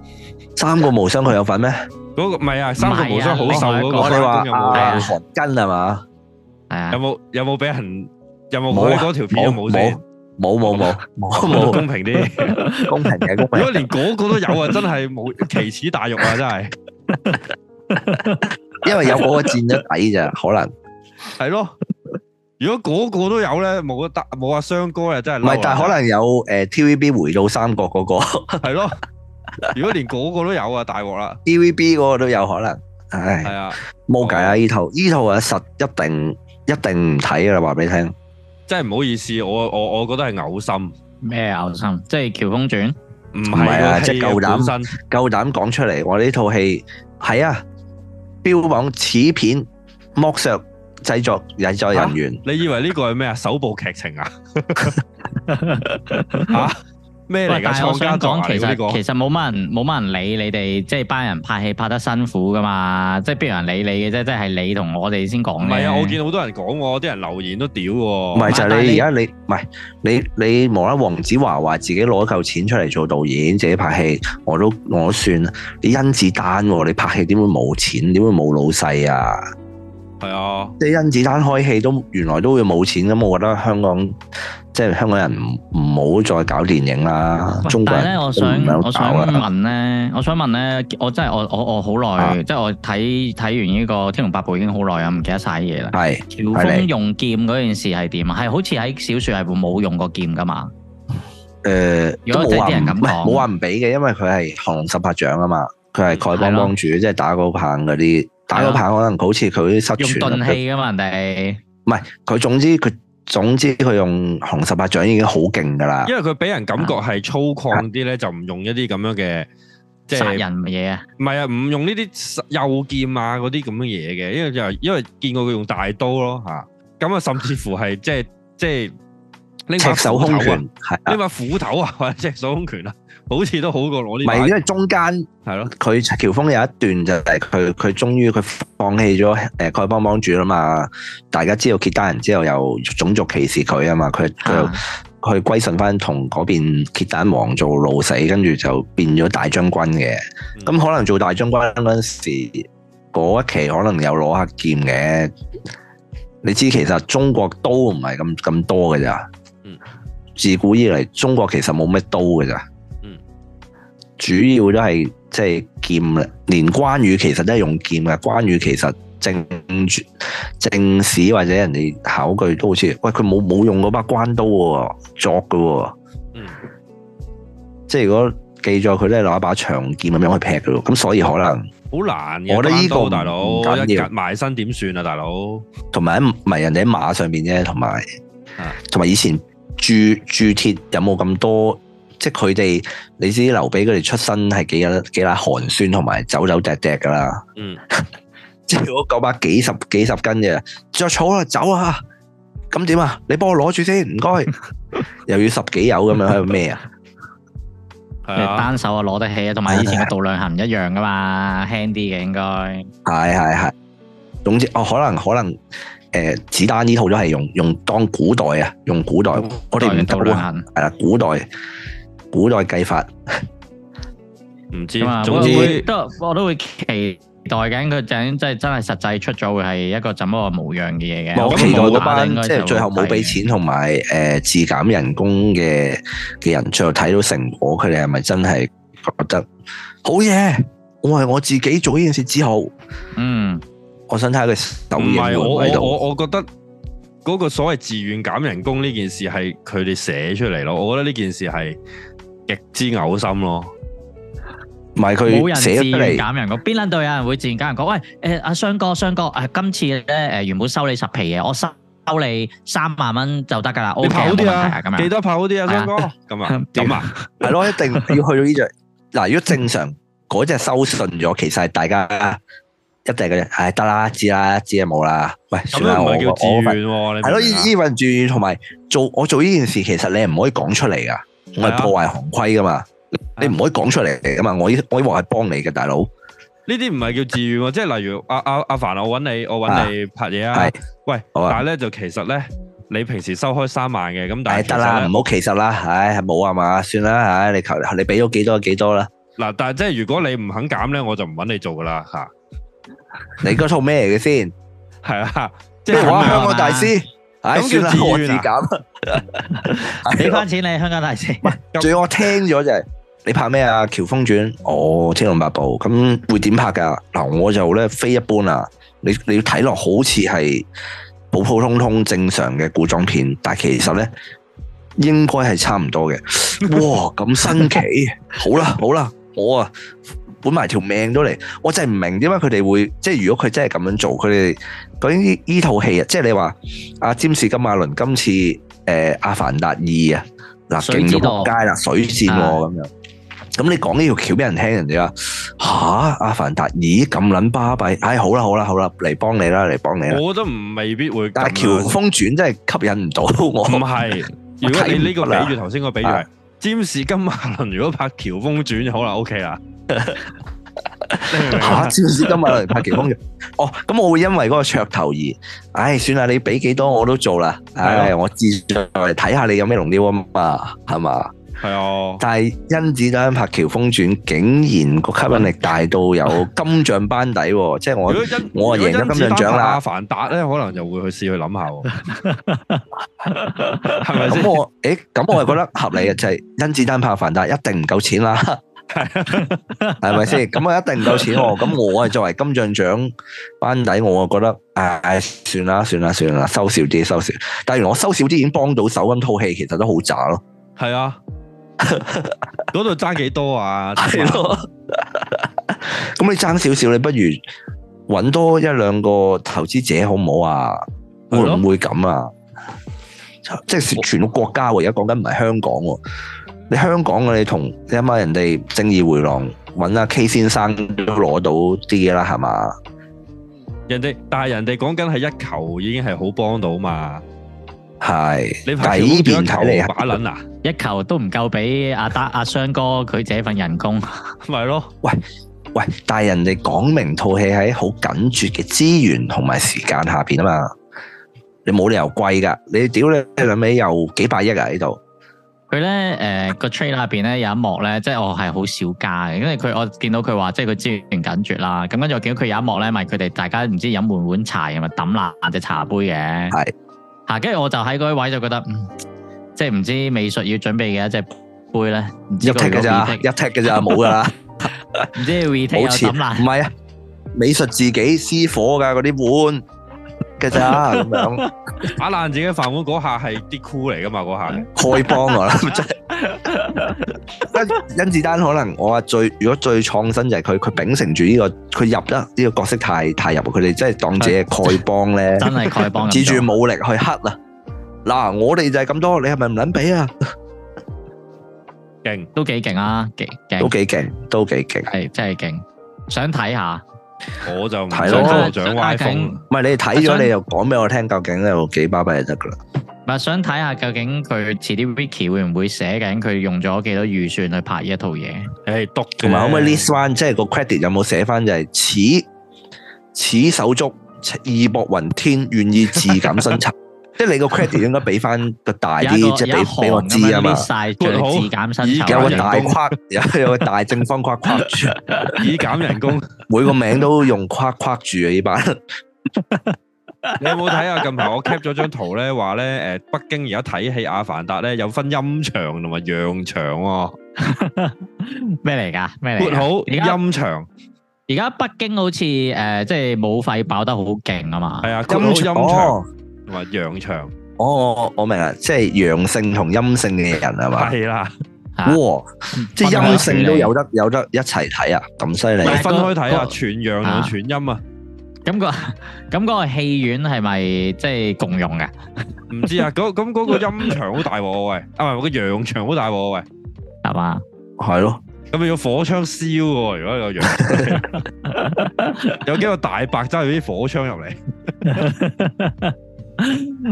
三個無雙佢有份咩？嗰個唔係啊，三個無雙好瘦嗰個咧，講有冇韓庚係嘛？有冇有冇俾人有冇冇嗰條片冇先？冇冇冇冇公平啲，公平嘅如果連嗰個都有啊，真係冇奇恥大辱啊，真係～ (laughs) 因為有嗰個賤咗底咋，可能係咯。如果嗰個都有咧，冇得冇阿雙哥啊真係。唔係，但係可能有誒、呃、TVB 回到三國嗰個係咯。如果連嗰個都有啊，大鑊啦！TVB 嗰個都有可能，唉，係啊，冇計啊！呢 (laughs) 套呢套啊，實一定一定唔睇啦，話俾你聽。真係唔好意思，我我我覺得係嘔心咩嘔心，即係《喬峰傳》。唔係啊，即係夠膽夠膽講出嚟，我呢套戲係啊，標榜此片剝削製作製作人員。啊、你以為呢個係咩啊？首部劇情啊？ (laughs) (laughs) 啊？咩嚟噶？但係我想講，其實其實冇乜人冇乜人理你哋，即係班人拍戲拍得辛苦噶嘛，即係邊有人理你嘅啫？即係你同我哋先講。唔係啊，我見到好多人講喎，啲人留言都屌喎。唔係就係你而家你唔係你你你無啦，黃子華話自己攞一嚿錢出嚟做導演，自己拍戲，我都我算。你甄子丹喎，你拍戲點會冇錢？點會冇老細啊？係啊，即係甄子丹開戲都原來都會冇錢咁，我覺得香港即係香港人唔好再搞電影啦。但係咧，我想我想問咧，我想問咧，我真係我我、啊、我好耐，即係我睇睇完呢、這個《天龍八部》已經好耐啊，唔記得晒嘢啦。係喬峰用劍嗰件事係點啊？係好似喺小說係冇用過劍噶嘛？誒、呃，如果 都係啲人咁講，冇話唔俾嘅，因為佢係降龍十八掌啊嘛，佢係丐幫幫主，即係的對、就是、打高棒嗰啲。打狗棒可能好似佢失傳，用鈍器嘛人哋，唔係佢總之佢總之佢用降龍十八掌已經好勁噶啦，因為佢俾人感覺係粗獷啲咧，就唔用一啲咁樣嘅殺人嘢啊，唔係啊，唔用呢啲右劍啊嗰啲咁樣嘢嘅，因為就因為見過佢用大刀咯吓，咁啊甚至乎係即係即係。就是就是拎隻手空拳，係拎把斧頭啊，或者隻手空拳啊，好似都好過攞啲。唔係，因為中間係咯，佢喬峰有一段就係佢佢終於佢放棄咗誒丐幫幫主啦嘛。大家知道契丹人之後，又種族歧視佢啊嘛。佢佢佢歸順翻同嗰邊契丹王做老死，跟住就變咗大將軍嘅。咁、嗯、可能做大將軍嗰時嗰一期可能有攞黑劍嘅。你知其實中國都唔係咁咁多嘅咋。自古以嚟，中國其實冇咩刀嘅咋，嗯，主要都係即係劍啦。連關羽其實都係用劍嘅。關羽其實正正史或者人哋考據都好似，喂，佢冇冇用嗰把關刀作嘅，嗯，即係如果記載佢咧攞一把長劍咁樣去劈佢咯。咁所以可能好難。我覺得呢個大佬緊要，埋身點算啊，大佬？同埋唔係人哋喺馬上面啫，同埋同埋以前。鑄鑄鐵有冇咁多？即係佢哋，你知劉備佢哋出身係幾有幾粒寒酸，同埋走走趯趯噶啦。嗯，即係如果九百幾十幾十斤嘅，着草啊走啊，咁點啊？你幫我攞住先，唔該。又要十幾友咁樣喺度咩啊？單手啊，攞得起啊，同埋以前嘅度量衡唔一樣噶嘛，輕啲嘅應該。係係係，總之哦，可能可能。誒，子丹呢套都係用用當古代啊，用古代，我哋唔得啦，係啦，古代古代計法，唔知啊，總之都我都會期待緊佢整，即係真係實際出咗會係一個怎個模樣嘅嘢嘅。我期待嗰班，即係最後冇俾錢同埋誒自減人工嘅嘅人，最後睇到成果，佢哋係咪真係覺得好嘢？我係我自己做呢件事之後，嗯。我想睇下佢。唔係我我我覺得嗰個所謂自願減人工呢件事係佢哋寫出嚟咯，我覺得呢件事係極之嘔心咯。唔係佢冇人自願減人工，邊捻到有人會自願減人工？喂，誒，阿雙哥，雙哥，誒，今次咧，誒，原本收你十皮嘢，我收收你三萬蚊就得噶啦，我跑啲啊，咁啊，記得跑啲啊，雙哥，咁啊，咁啊。係咯，一定要去到呢隻嗱，如果正常嗰隻收信咗，其實係大家。一定嘅，唉得啦，知啦，知啊冇啦，喂，咁又唔係叫自願喎，你係咯，依依份自願同埋做我做呢件事，其實你係唔可以講出嚟噶，我係破壞行規噶嘛，你唔可以講出嚟噶嘛，我以我以為係幫你嘅大佬，呢啲唔係叫自願喎，即係例如阿阿阿凡，我揾你，我揾你拍嘢啊，喂，但係咧就其實咧，你平時收開三萬嘅，咁但係得啦，唔好其實啦，唉冇啊嘛，算啦，唉你求你俾咗幾多幾多啦，嗱，但係即係如果你唔肯減咧，我就唔揾你做噶啦吓。你嗰套咩嘅先？係啊， (laughs) 即係話香港大師，咁算啦了，好，我自願減俾翻錢你香港大師。唔仲有我聽咗就係、是、你拍咩啊？《喬峰傳》 (laughs) 哦，龍《天龍八部》咁會點拍噶？嗱，我就咧非一般啊！你你要睇落好似係普普通通正常嘅古裝片，但係其實咧應該係差唔多嘅。 (laughs) 哇，咁新奇！ (laughs) 好啦，好啦，我啊～好本埋條命都嚟，我真係唔明點解佢哋會即係如果佢真係咁樣做，佢哋究竟呢套戲啊，即係你話阿詹士金馬倫今次誒、呃、阿凡達二啊，嗱勁到撲街啦水線咁樣，咁你講呢條橋俾人聽，人哋話嚇阿凡達二咁撚巴閉，唉、哎，好啦好啦好啦，嚟幫你啦嚟幫你啦，我都唔未必會。但係喬峰傳真係吸引唔到我。咁係是， (laughs) 如果你呢個比住頭先個比喻。啊詹士金馬倫如果拍風《喬峰傳》就好啦，OK 啦。哈！ (laughs) (laughs) 詹士、啊、金馬倫拍風《喬峰傳》哦，咁我會因為嗰個噱頭而，唉、哎，算啦，你畀幾多我都做啦，唉的、哎，我至少嚟睇下，你有咩龍雕啊嘛，係嘛？係啊，但係甄子丹拍《喬峰傳》，竟然個吸引力大到有金像班底，即係我如果 我啊贏咗金像獎啦。阿凡達咧，可能就會去試去諗下，係咪先？咁我誒，咁我係覺得合理嘅，就係、是、甄子丹拍阿凡達一定唔夠錢啦，係咪先？咁啊一定唔夠錢，咁 (laughs) 我係作為金像獎班底，我啊覺得誒、哎，算啦算啦算啦，收少啲收少，但係原來我收少啲已經幫到手咁，套戲其實都好渣咯，係啊。嗰度爭幾多啊？係咯，咁你爭少少，你不如搵多一兩個投資者好唔好的會會啊？會唔會咁啊？即係全個國家喎，而家講緊唔係香港喎。你香港你同你阿媽，人哋爭議回浪搵阿 K 先生都攞到啲嘢啦，係嘛？人哋但係人哋講緊係一球已經係好幫到嘛？係的你改變頭把捻啊！一球都唔夠俾阿達阿雙哥佢自己份工 (laughs) (laughs) 西 (laughs) 人工，咪咯？喂喂，但係人哋講明套戲喺好緊絕嘅資源同埋時間下邊啊嘛，你冇理由貴㗎，你屌你兩尾又幾百億啊喺度？佢咧，誒個 trailer 下邊咧有一幕咧，即係我係好少加嘅，因為佢我見到佢話即係佢資源緊絕啦，咁跟住我見到佢有一幕咧，咪佢哋大家唔知飲滿碗茶，咪抌爛隻茶杯嘅，係嚇，跟住我就喺嗰位就覺得。即係唔知美術要準備嘅一隻杯咧，一踢嘅咋，一踢嘅咋，冇噶啦。唔知要 retake 又抌爛。唔係啊，美術自己私伙噶嗰啲碗，噶咋咁樣打爛自己飯碗嗰下係啲 cool 嚟噶嘛？嗰下嘅丐幫啊，甄甄子丹可能我話最如果最創新就係佢佢秉承住呢個佢入得呢個角色太太入，佢哋真係當自己係丐幫咧，真係丐幫，恃住武力去黑啊！嗱，我哋就係咁多，你係咪唔捻俾啊？勁都幾勁啊，勁勁都幾勁，都幾勁，係真係勁。想睇下，我就睇咯，究竟唔係你睇咗，你就講俾我聽，究竟有幾巴閉就得噶啦？唔係想睇下究竟佢遲啲 Vicky 會唔會寫緊佢用咗幾多預算去拍呢一套嘢？誒，同埋可唔可以呢？One 即係個 credit 有冇寫翻就係、是、此此手足義薄雲天，願意自減薪酬。 (laughs) 即係你個 credit 應該俾翻個大啲，即係俾俾我知啊嘛。有行咁樣俾晒，最好。有個大框，有有個大正方框框住，以減人工。每個名都用框框住啊！依班。你有冇睇啊？近排我 cap 咗張圖咧，話咧誒，北京而家睇戲《阿凡達》咧，有分陰場同埋陽場喎。咩嚟㗎？咩嚟？好陰場。而家北京好似誒，即係武肺爆得好勁啊嘛。係啊，咁好陰場。話陽場哦，我明啦，即係陽性同陰性嘅人係嘛？係啦，哇，即係陰性都有得有得一齊睇啊，咁犀利。分開睇啊，全陽啊，全陰啊，咁個咁嗰個戲院係咪即係共用嘅？唔知啊，咁咁嗰個陰場好大鑊喂，啊唔係，個陽場好大鑊喂，係嘛？係咯，咁咪要火槍燒喎，如果個陽，有幾個大白揸住啲火槍入嚟？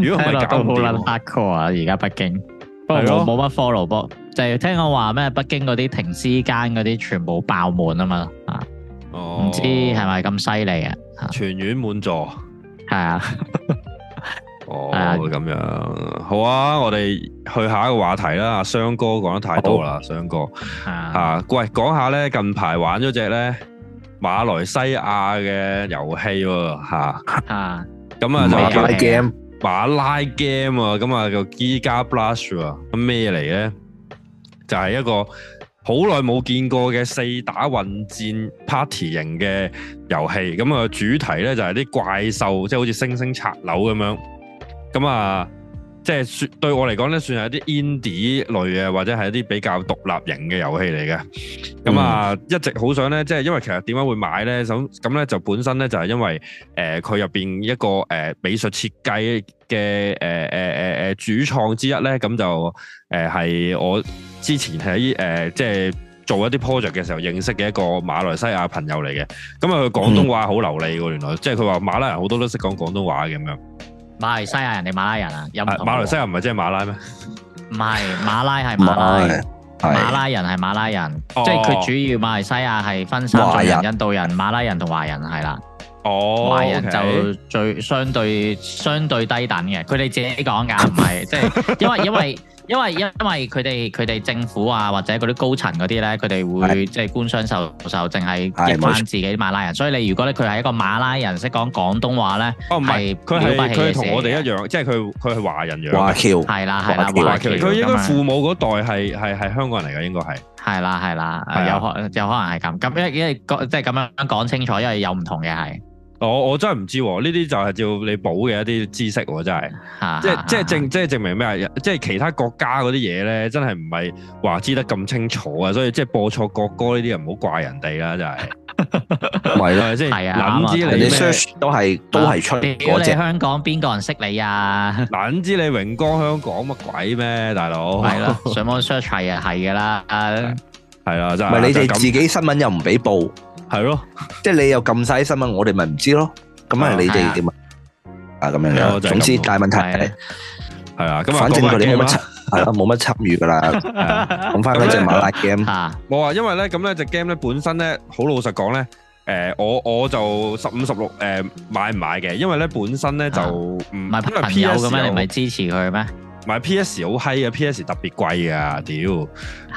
如果係都好難拍 call 啊！而家北京，不過冇冇乜 follow 波，就係聽我話咩？北京嗰啲停屍間嗰啲全部爆滿啊嘛，唔知係咪咁犀利啊？全院滿座，係啊，哦，咁樣好啊！我哋去下一個話題啦，雙哥講得太多啦，雙哥啊，喂，講下咧，近排玩咗隻咧馬來西亞嘅遊戲喎，吓。咁啊，把拉 game，把拉 game 啊！咁啊，個 Gigabash 啊，咩嚟嘅？就係一個好耐冇見過嘅四打混戰 party 型嘅遊戲。咁啊，主題咧就係啲怪獸，即係好似《猩猩拆樓》咁樣。咁啊。即係算對我嚟講咧，算係一啲 indie 類嘅，或者係一啲比較獨立型嘅遊戲嚟嘅。咁啊、嗯嗯，一直好想咧，即係因為其實點解會買咧？咁咁咧就本身咧就係因為誒佢入邊一個誒、呃、美術設計嘅誒誒誒誒主創之一咧，咁就誒係我之前喺誒、呃、即係做一啲 project 嘅時候認識嘅一個馬來西亞朋友嚟嘅。咁、嗯、啊，佢廣東話好流利喎，原來即係佢話馬來人好多都識講廣東話嘅咁樣。馬來西亞人定馬拉人？有啊，印度馬來西亞唔係即係馬拉咩？唔係馬拉係馬拉，馬拉來人係馬拉人。的即係佢主要馬來西亞係分三種人：人印度人、馬拉人同華人係啦。哦，華人就最、哦 okay、相對相對低等嘅，佢哋自己講㗎，唔係即係因為因為。因為因為因因為佢哋佢哋政府啊或者嗰啲高層嗰啲咧，佢哋會的即係官商授受，淨係益翻自己馬拉人。的所以你如果咧佢係一個馬拉人識講廣東話咧，哦唔係佢係佢同我哋一樣，即係佢佢係華人樣華僑橋，係啦係啦華僑。佢應該父母嗰代係係係香港人嚟嘅，應該係係啦係啦，有可有可能係咁咁，因因為即係咁樣講清楚，因為有唔同嘅係。我我真係唔知喎，呢啲就係照你補嘅一啲知識喎，真係，即即證即證明咩啊？即其他國家嗰啲嘢咧，真係唔係話知得咁清楚啊，所以即播錯國歌呢啲，唔好怪人哋啦，真係。唔係，即諗知你哋都係都係出啲。你香港邊個人識你啊？諗知你榮光香港乜鬼咩，大佬？係啦，上網 search 係啊，係㗎啦，係啊，真係。你哋自己新聞又唔俾報。係咯，即係你又咁細心，我哋咪唔知咯。咁係你哋點啊？咁樣樣，總之，大問題係啊，咁啊，反正佢哋冇乜參，係咯，冇乜參與噶啦。講翻嗰隻馬拉 game，冇啊，因為咧，咁咧隻 game 咧本身咧，好老實講咧，誒，我我就十五十六誒買唔買嘅，因為咧本身咧就唔係，因為朋友咁樣，你咪支持佢咩？唔係 PS 好嗨啊！PS 特別貴啊，屌！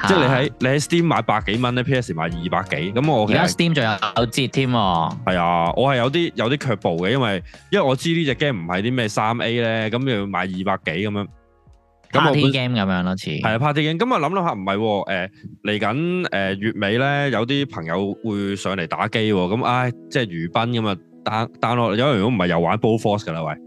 即係你喺你喺 Steam 買百幾蚊咧，PS 買二百幾，咁我而家 Steam 仲有折添喎。係啊，我係有啲有啲卻步嘅，因為因為我知呢隻 game 唔係啲咩三 A 咧，咁要買二百幾咁樣。派對 game 咁樣咯，似係啊，派對 game 咁啊，諗諗下唔係喎，誒嚟緊誒月尾咧，有啲朋友會上嚟打機喎，咁唉、哎、即係娛賓咁啊，down down 落，因為如果唔係又玩《Ball Force》㗎啦，喂。 (laughs)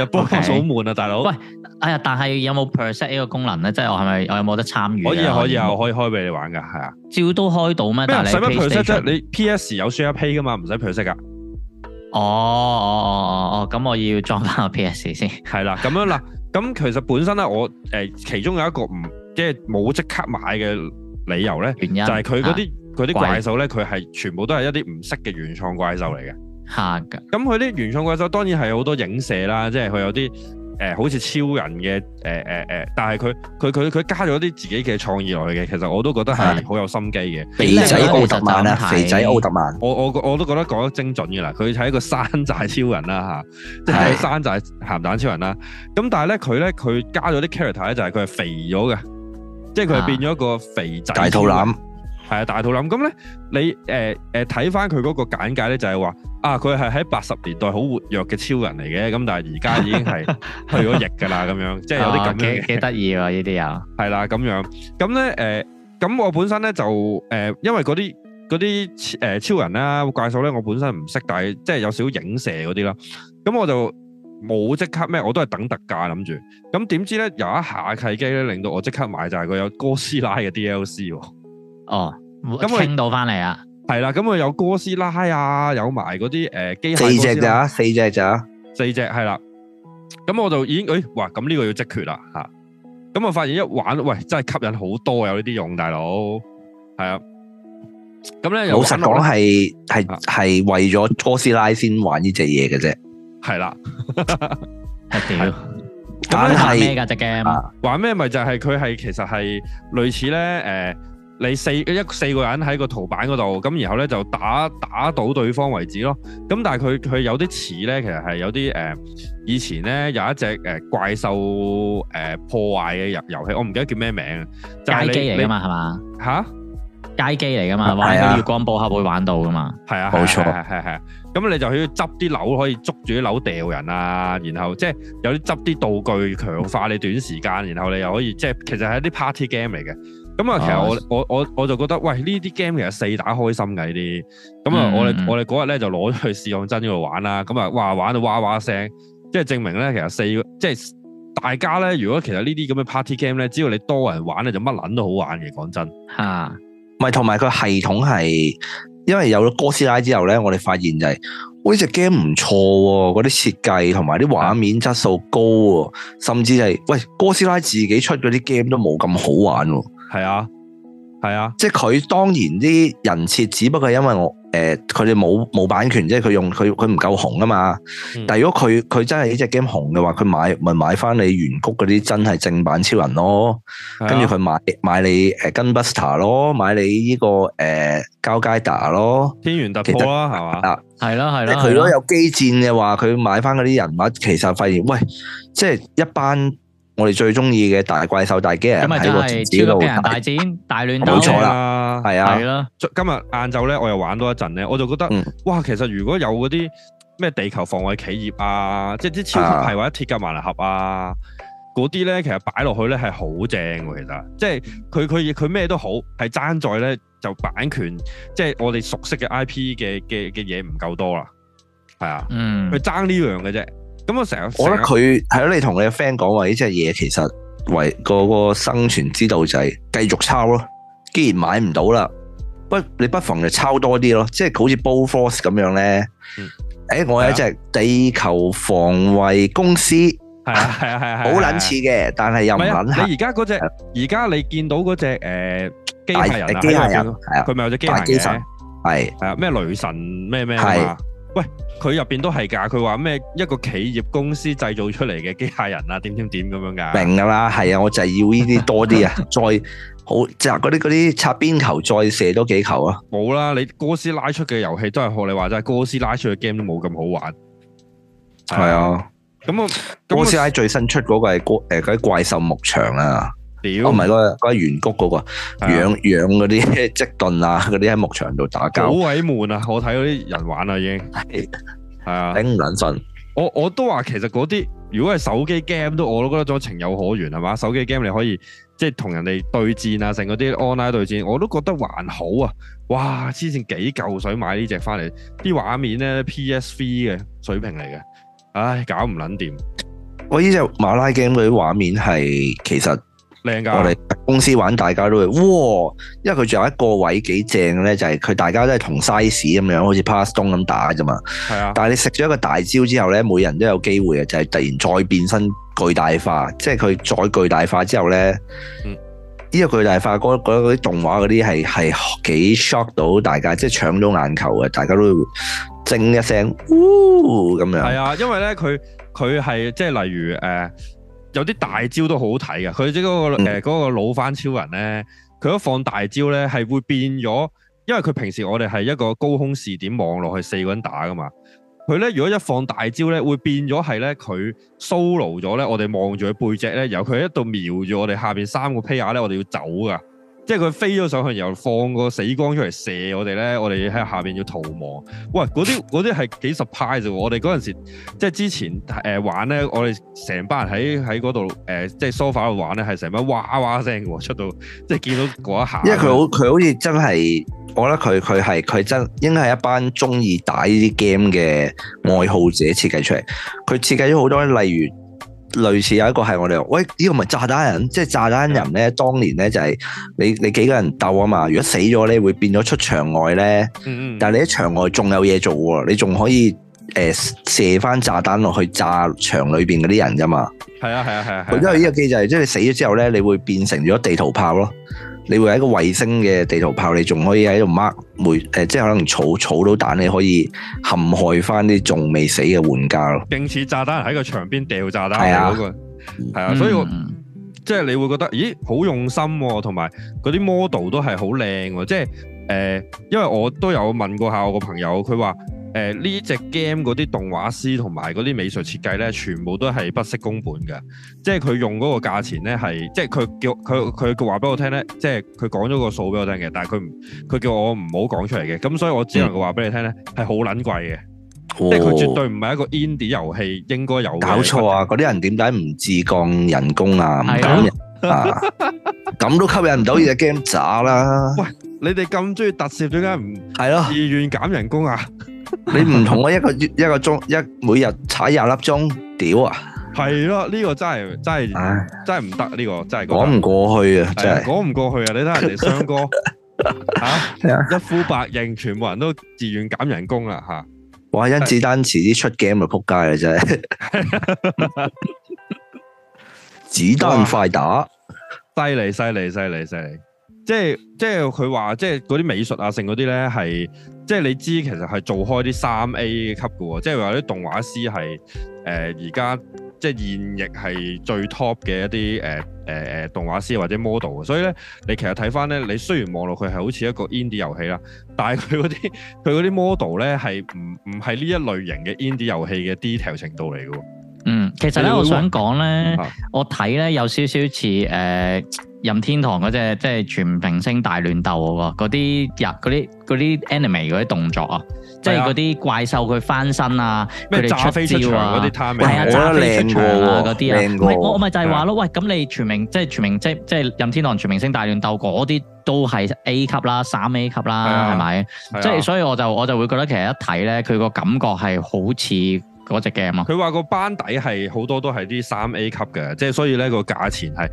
一般怪獸好悶啊，大佬。喂，哎呀，但係有冇 preset 呢個功能咧？即、就、係、是、我係咪我有冇得參與？可以，可以，我可以開俾你玩噶，係、嗯、啊。照都開到咩？使乜 preset 啫？即係你 PS 有 share play 噶嘛？唔使 preset 噶、哦。哦哦哦哦哦，咁、哦、我、哦嗯嗯、要裝翻個 PS 先。係 (laughs) 啦、嗯，咁樣啦。咁其實本身咧，我誒其中有一個唔即係冇即刻買嘅理由咧，原因就係佢嗰啲啲怪獸咧，佢係全部都係一啲唔識嘅原創怪獸嚟嘅。係噶，咁佢啲原創怪獸當然係有好多影射啦，即係佢有啲誒、呃，好似超人嘅誒誒誒，但係佢佢佢佢加咗啲自己嘅創意落去嘅，其實我都覺得係好有心機嘅。肥仔奧特曼啊，肥仔奧特曼，特曼的我我我都覺得講得精準嘅啦，佢係一個山寨超人啦吓，的即係山寨咸蛋超人啦。咁但係咧，佢咧佢加咗啲 character 咧，就係佢係肥咗嘅，即係佢係變咗個肥仔大肚腩。係啊，大肚腩咁咧，你誒誒睇翻佢嗰個簡介咧，就係話啊，佢係喺八十年代好活躍嘅超人嚟嘅。咁但係而家已經係去咗翼噶啦，咁 (laughs) 樣即係有啲咁嘅幾得意啊！依啲啊，係啦，咁樣咁咧誒，咁、呃、我本身咧就誒、呃，因為嗰啲啲誒超人啦、啊、怪獸咧、啊，我本身唔識，但係即係有少少影射嗰啲啦。咁我就冇即刻咩，我都係等特價諗、啊、住。咁點知咧，有一下契機咧，令到我即刻買就係佢有哥斯拉嘅 D L C、啊。哦，咁傾到翻嚟啊，係啦，咁我有哥斯拉啊，有埋嗰啲誒機械四隻咋，四隻咋，四隻，係啦，咁我就已經誒，哇，咁呢個要積缺啦吓，咁、啊、我發現一玩，喂，真係吸引好多有呢啲用大佬，係啊，咁咧老實講，係係係為咗哥斯拉先玩呢隻嘢嘅啫，係啦，係點？咁樣玩咩噶隻 game？玩咩咪、啊、就係佢係其實係類似咧誒。呃你四一四個人喺個圖板嗰度，咁然後咧就打打到對方為止咯。咁但係佢佢有啲似咧，其實係有啲誒、呃、以前咧有一隻誒怪獸誒、呃、破壞嘅遊遊戲，我唔記得叫咩名啊，街機嚟噶嘛係嘛？嚇街機嚟噶嘛？玩喺月光寶盒會玩到噶嘛？係啊，冇、啊、錯，係係係。咁、啊啊啊啊、你就要執啲樓可以捉住啲樓掉人啊，然後即係、就是、有啲執啲道具強化你短時間，然後你又可以即係 (laughs) 其實係一啲 party game 嚟嘅。咁啊，其實我我我我就覺得，喂，呢啲 game 其實四打開心嘅啲咁啊。我哋我哋嗰日咧就攞咗去試用真度玩啦。咁啊，話玩到哇哇聲，即係證明咧，其實四即係大家咧。如果其實呢啲咁嘅 party game 咧，只要你多人玩咧，就乜撚都好玩嘅。講真吓，唔係同埋佢系統係因為有咗哥斯拉之後咧，我哋發現就係、是啊啊嗯、喂，隻 game 唔錯，嗰啲設計同埋啲畫面質素高，甚至係喂哥斯拉自己出嗰啲 game 都冇咁好玩、啊。係啊，係啊，即係佢當然啲人設，只不過係因為我誒，佢哋冇冇版權，即係佢用佢佢唔夠紅啊嘛。嗯、但係如果佢佢真係呢隻 game 紅嘅話，佢買咪買翻你原曲嗰啲真係正版超人咯，跟住佢買買你誒 Gun、呃、buster 咯，買你呢、這個誒、呃、街佳達咯，天元突破啊，係嘛啊，係啦係啦，佢如果有機戰嘅話，佢買翻嗰啲人物，其實發現喂，即、就、係、是、一班。我哋最中意嘅大怪獸大機器人喺個戰之路大戰大亂鬥，冇錯啦，係啊，係咯。今日晏晝咧，我又玩多一陣咧，我就覺得哇，其實如果有嗰啲咩地球防衛企業啊，即係啲超級系或者鐵甲萬能俠啊，嗰啲咧，其實擺落去咧係好正，其實，即係佢佢佢咩都好，係爭在咧就版權，即係我哋熟悉嘅 I P 嘅嘅嘅嘢唔夠多啦，係啊，嗯，佢爭呢樣嘅啫。咁我成日，我覺得佢係咯，你同你嘅 friend 講話，呢啲嘢其實為個個生存之道就係繼續抄咯。既然買唔到啦，不你不妨就抄多啲咯。即係好似 ball force 咁樣咧。誒，我有一隻地球防衞公司，係啊，係啊，係啊好撚似嘅，但係又唔撚。你而家嗰隻，而家你見到嗰隻誒機械人啊？機械人，佢咪有隻機械係係啊，咩雷神咩咩啊喂，佢入邊都係噶，佢話咩一個企業公司製造出嚟嘅機械人啊，點點點咁樣噶？明噶啦，係啊，我就係要呢啲多啲啊， (laughs) 再好即係嗰啲嗰啲插邊球，再射多幾球啊！冇啦，你哥斯拉出嘅遊戲都係學你話齋，哥斯拉出嘅 game 都冇咁好玩。係啊的，咁我、嗯、哥斯拉最新出嗰個係誒嗰啲怪獸牧場啊。屌，唔係嗰個嗰個圓谷嗰個養養嗰啲積頓啊，嗰啲喺牧場度打交。好鬼悶啊！我睇嗰啲人玩啊，已經係啊頂唔撚順。我我都話其實嗰啲如果係手機 game 都我都覺得仲情有可原係嘛？手機 game 你可以即係同人哋對戰啊，成嗰啲 online 對戰我都覺得還好啊。哇！之前幾嚿水買呢隻翻嚟，啲畫面咧 PSV 嘅水平嚟嘅，唉搞唔撚掂。我呢隻馬拉 game 嗰啲畫面係其實。啊、我哋公司玩，大家都會哇，因為佢仲有一個位幾正嘅咧，就係、是、佢大家都係同 size 咁樣，好似 pass 冬咁打啫嘛。係啊。但係你食咗一個大招之後咧，每人都有機會嘅，就係突然再變身巨大化，即係佢再巨大化之後咧，呢、嗯、個巨大化嗰啲動畫嗰啲係係幾 shock 到大家，即係搶咗眼球嘅，大家都驚一聲，嗚、呃、咁樣。係啊，因為咧佢佢係即係例如誒。呃有啲大招都好好睇嘅，佢即嗰個誒、呃嗰個、老番超人咧，佢一放大招咧係會變咗，因為佢平時我哋係一個高空視點望落去四個人打噶嘛，佢咧如果一放大招咧會變咗係咧佢 solo 咗咧，我哋望住佢背脊咧，由佢喺度瞄住我哋下邊三個 player 咧，我哋要走噶。即係佢飛咗上去，然後放個死光出嚟射我哋咧，我哋喺下邊要逃亡。喂，嗰啲啲係幾十派咋？我哋嗰陣時即係之前誒、呃、玩咧，我哋成班人喺喺嗰度誒，即係 sofa 度玩咧，係成班哇哇聲嘅，出到即係見到嗰一下。因為佢好，佢好似真係，我覺得佢佢係佢真應該係一班中意打呢啲 game 嘅愛好者設計出嚟。佢設計咗好多例如。類似有一個係我哋話，喂，呢個咪炸彈人，即係炸彈人咧。當年咧就係你你幾個人鬥啊嘛？如果死咗咧，會變咗出場外咧。嗯嗯。但係你喺場外仲有嘢做喎，你仲可以誒射翻炸彈落去炸場裏邊嗰啲人啫嘛。係啊係啊係啊。因為呢個機制，即係你死咗之後咧，你會變成咗地圖炮咯。你會喺一個衛星嘅地圖炮，你仲可以喺度 mark 每誒，即係可能儲儲到彈，你可以陷害翻啲仲未死嘅玩家咯。勁似炸彈喺個牆邊掉炸彈嗰是、啊那個，係、嗯、啊，所以我即係你會覺得，咦，好用心喎、啊，同埋嗰啲 model 都係好靚喎，即係誒、呃，因為我都有問過下我個朋友，佢話。誒呢隻 game 嗰啲動畫師同埋嗰啲美術設計咧，全部都係不惜工本嘅，即係佢用嗰個價錢咧，係即係佢叫佢佢話俾我聽咧，即係佢講咗個數俾我聽嘅，但係佢唔佢叫我唔好講出嚟嘅，咁所以我只能話俾你聽咧，係好撚貴嘅，即係佢絕對唔係一個 indie 遊戲，應該有搞錯啊！嗰啲人點解唔自降人工啊？咁咁都吸引唔到呢隻 game 渣啦！喂，你哋咁中意特攝點解唔係咯？自願減人工啊？你唔同我一個一個鐘一個每日踩廿粒鐘屌啊！係咯，呢個真係真係真係唔得，呢個真係講唔過去，過去 (laughs) 啊！真係講唔過去啊！你睇下人哋雙哥吓一呼百應，全部人都自願減人工啦吓！啊、哇！甄子丹遲啲出 game 就仆街啦，真係！子丹， (laughs) 子丹快打，犀利犀利犀利犀利！即係即係佢話即係嗰啲美術啊，剩嗰啲咧係。即係你知，其實係做開啲三 A 級嘅喎、哦，即係話啲動畫師係誒而家即係現役係最 top 嘅一啲誒誒誒動畫師或者 model，所以咧你其實睇翻咧，你雖然望落去係好似一個 indie 遊戲啦，但係佢嗰啲佢啲 model 咧係唔唔係呢一類型嘅 indie 遊戲嘅 detail 程度嚟嘅。嗯，其實咧，我想講咧，啊、我睇咧有少少似誒、呃《任天堂嗰隻即係全明星大亂鬥》喎，嗰啲入嗰啲嗰啲 enemy 嗰啲動作啊，即係嗰啲怪獸佢翻身啊，佢麼、啊、炸出飛出場嗰啲、啊，係啊、嗯，炸飛出場嗰啲啊，啊我、哦、啊我咪就係話咯，的喂，咁你全明即係全明星即名即係《任天堂全明星大亂鬥》嗰啲都係 A 級啦，三 A 級啦，係咪？即係的所以我就我就會覺得其實一睇咧，佢個感覺係好似。嗰隻 game 啊！佢話個班底係好多都係啲三 A 級嘅，即係所以咧個價錢係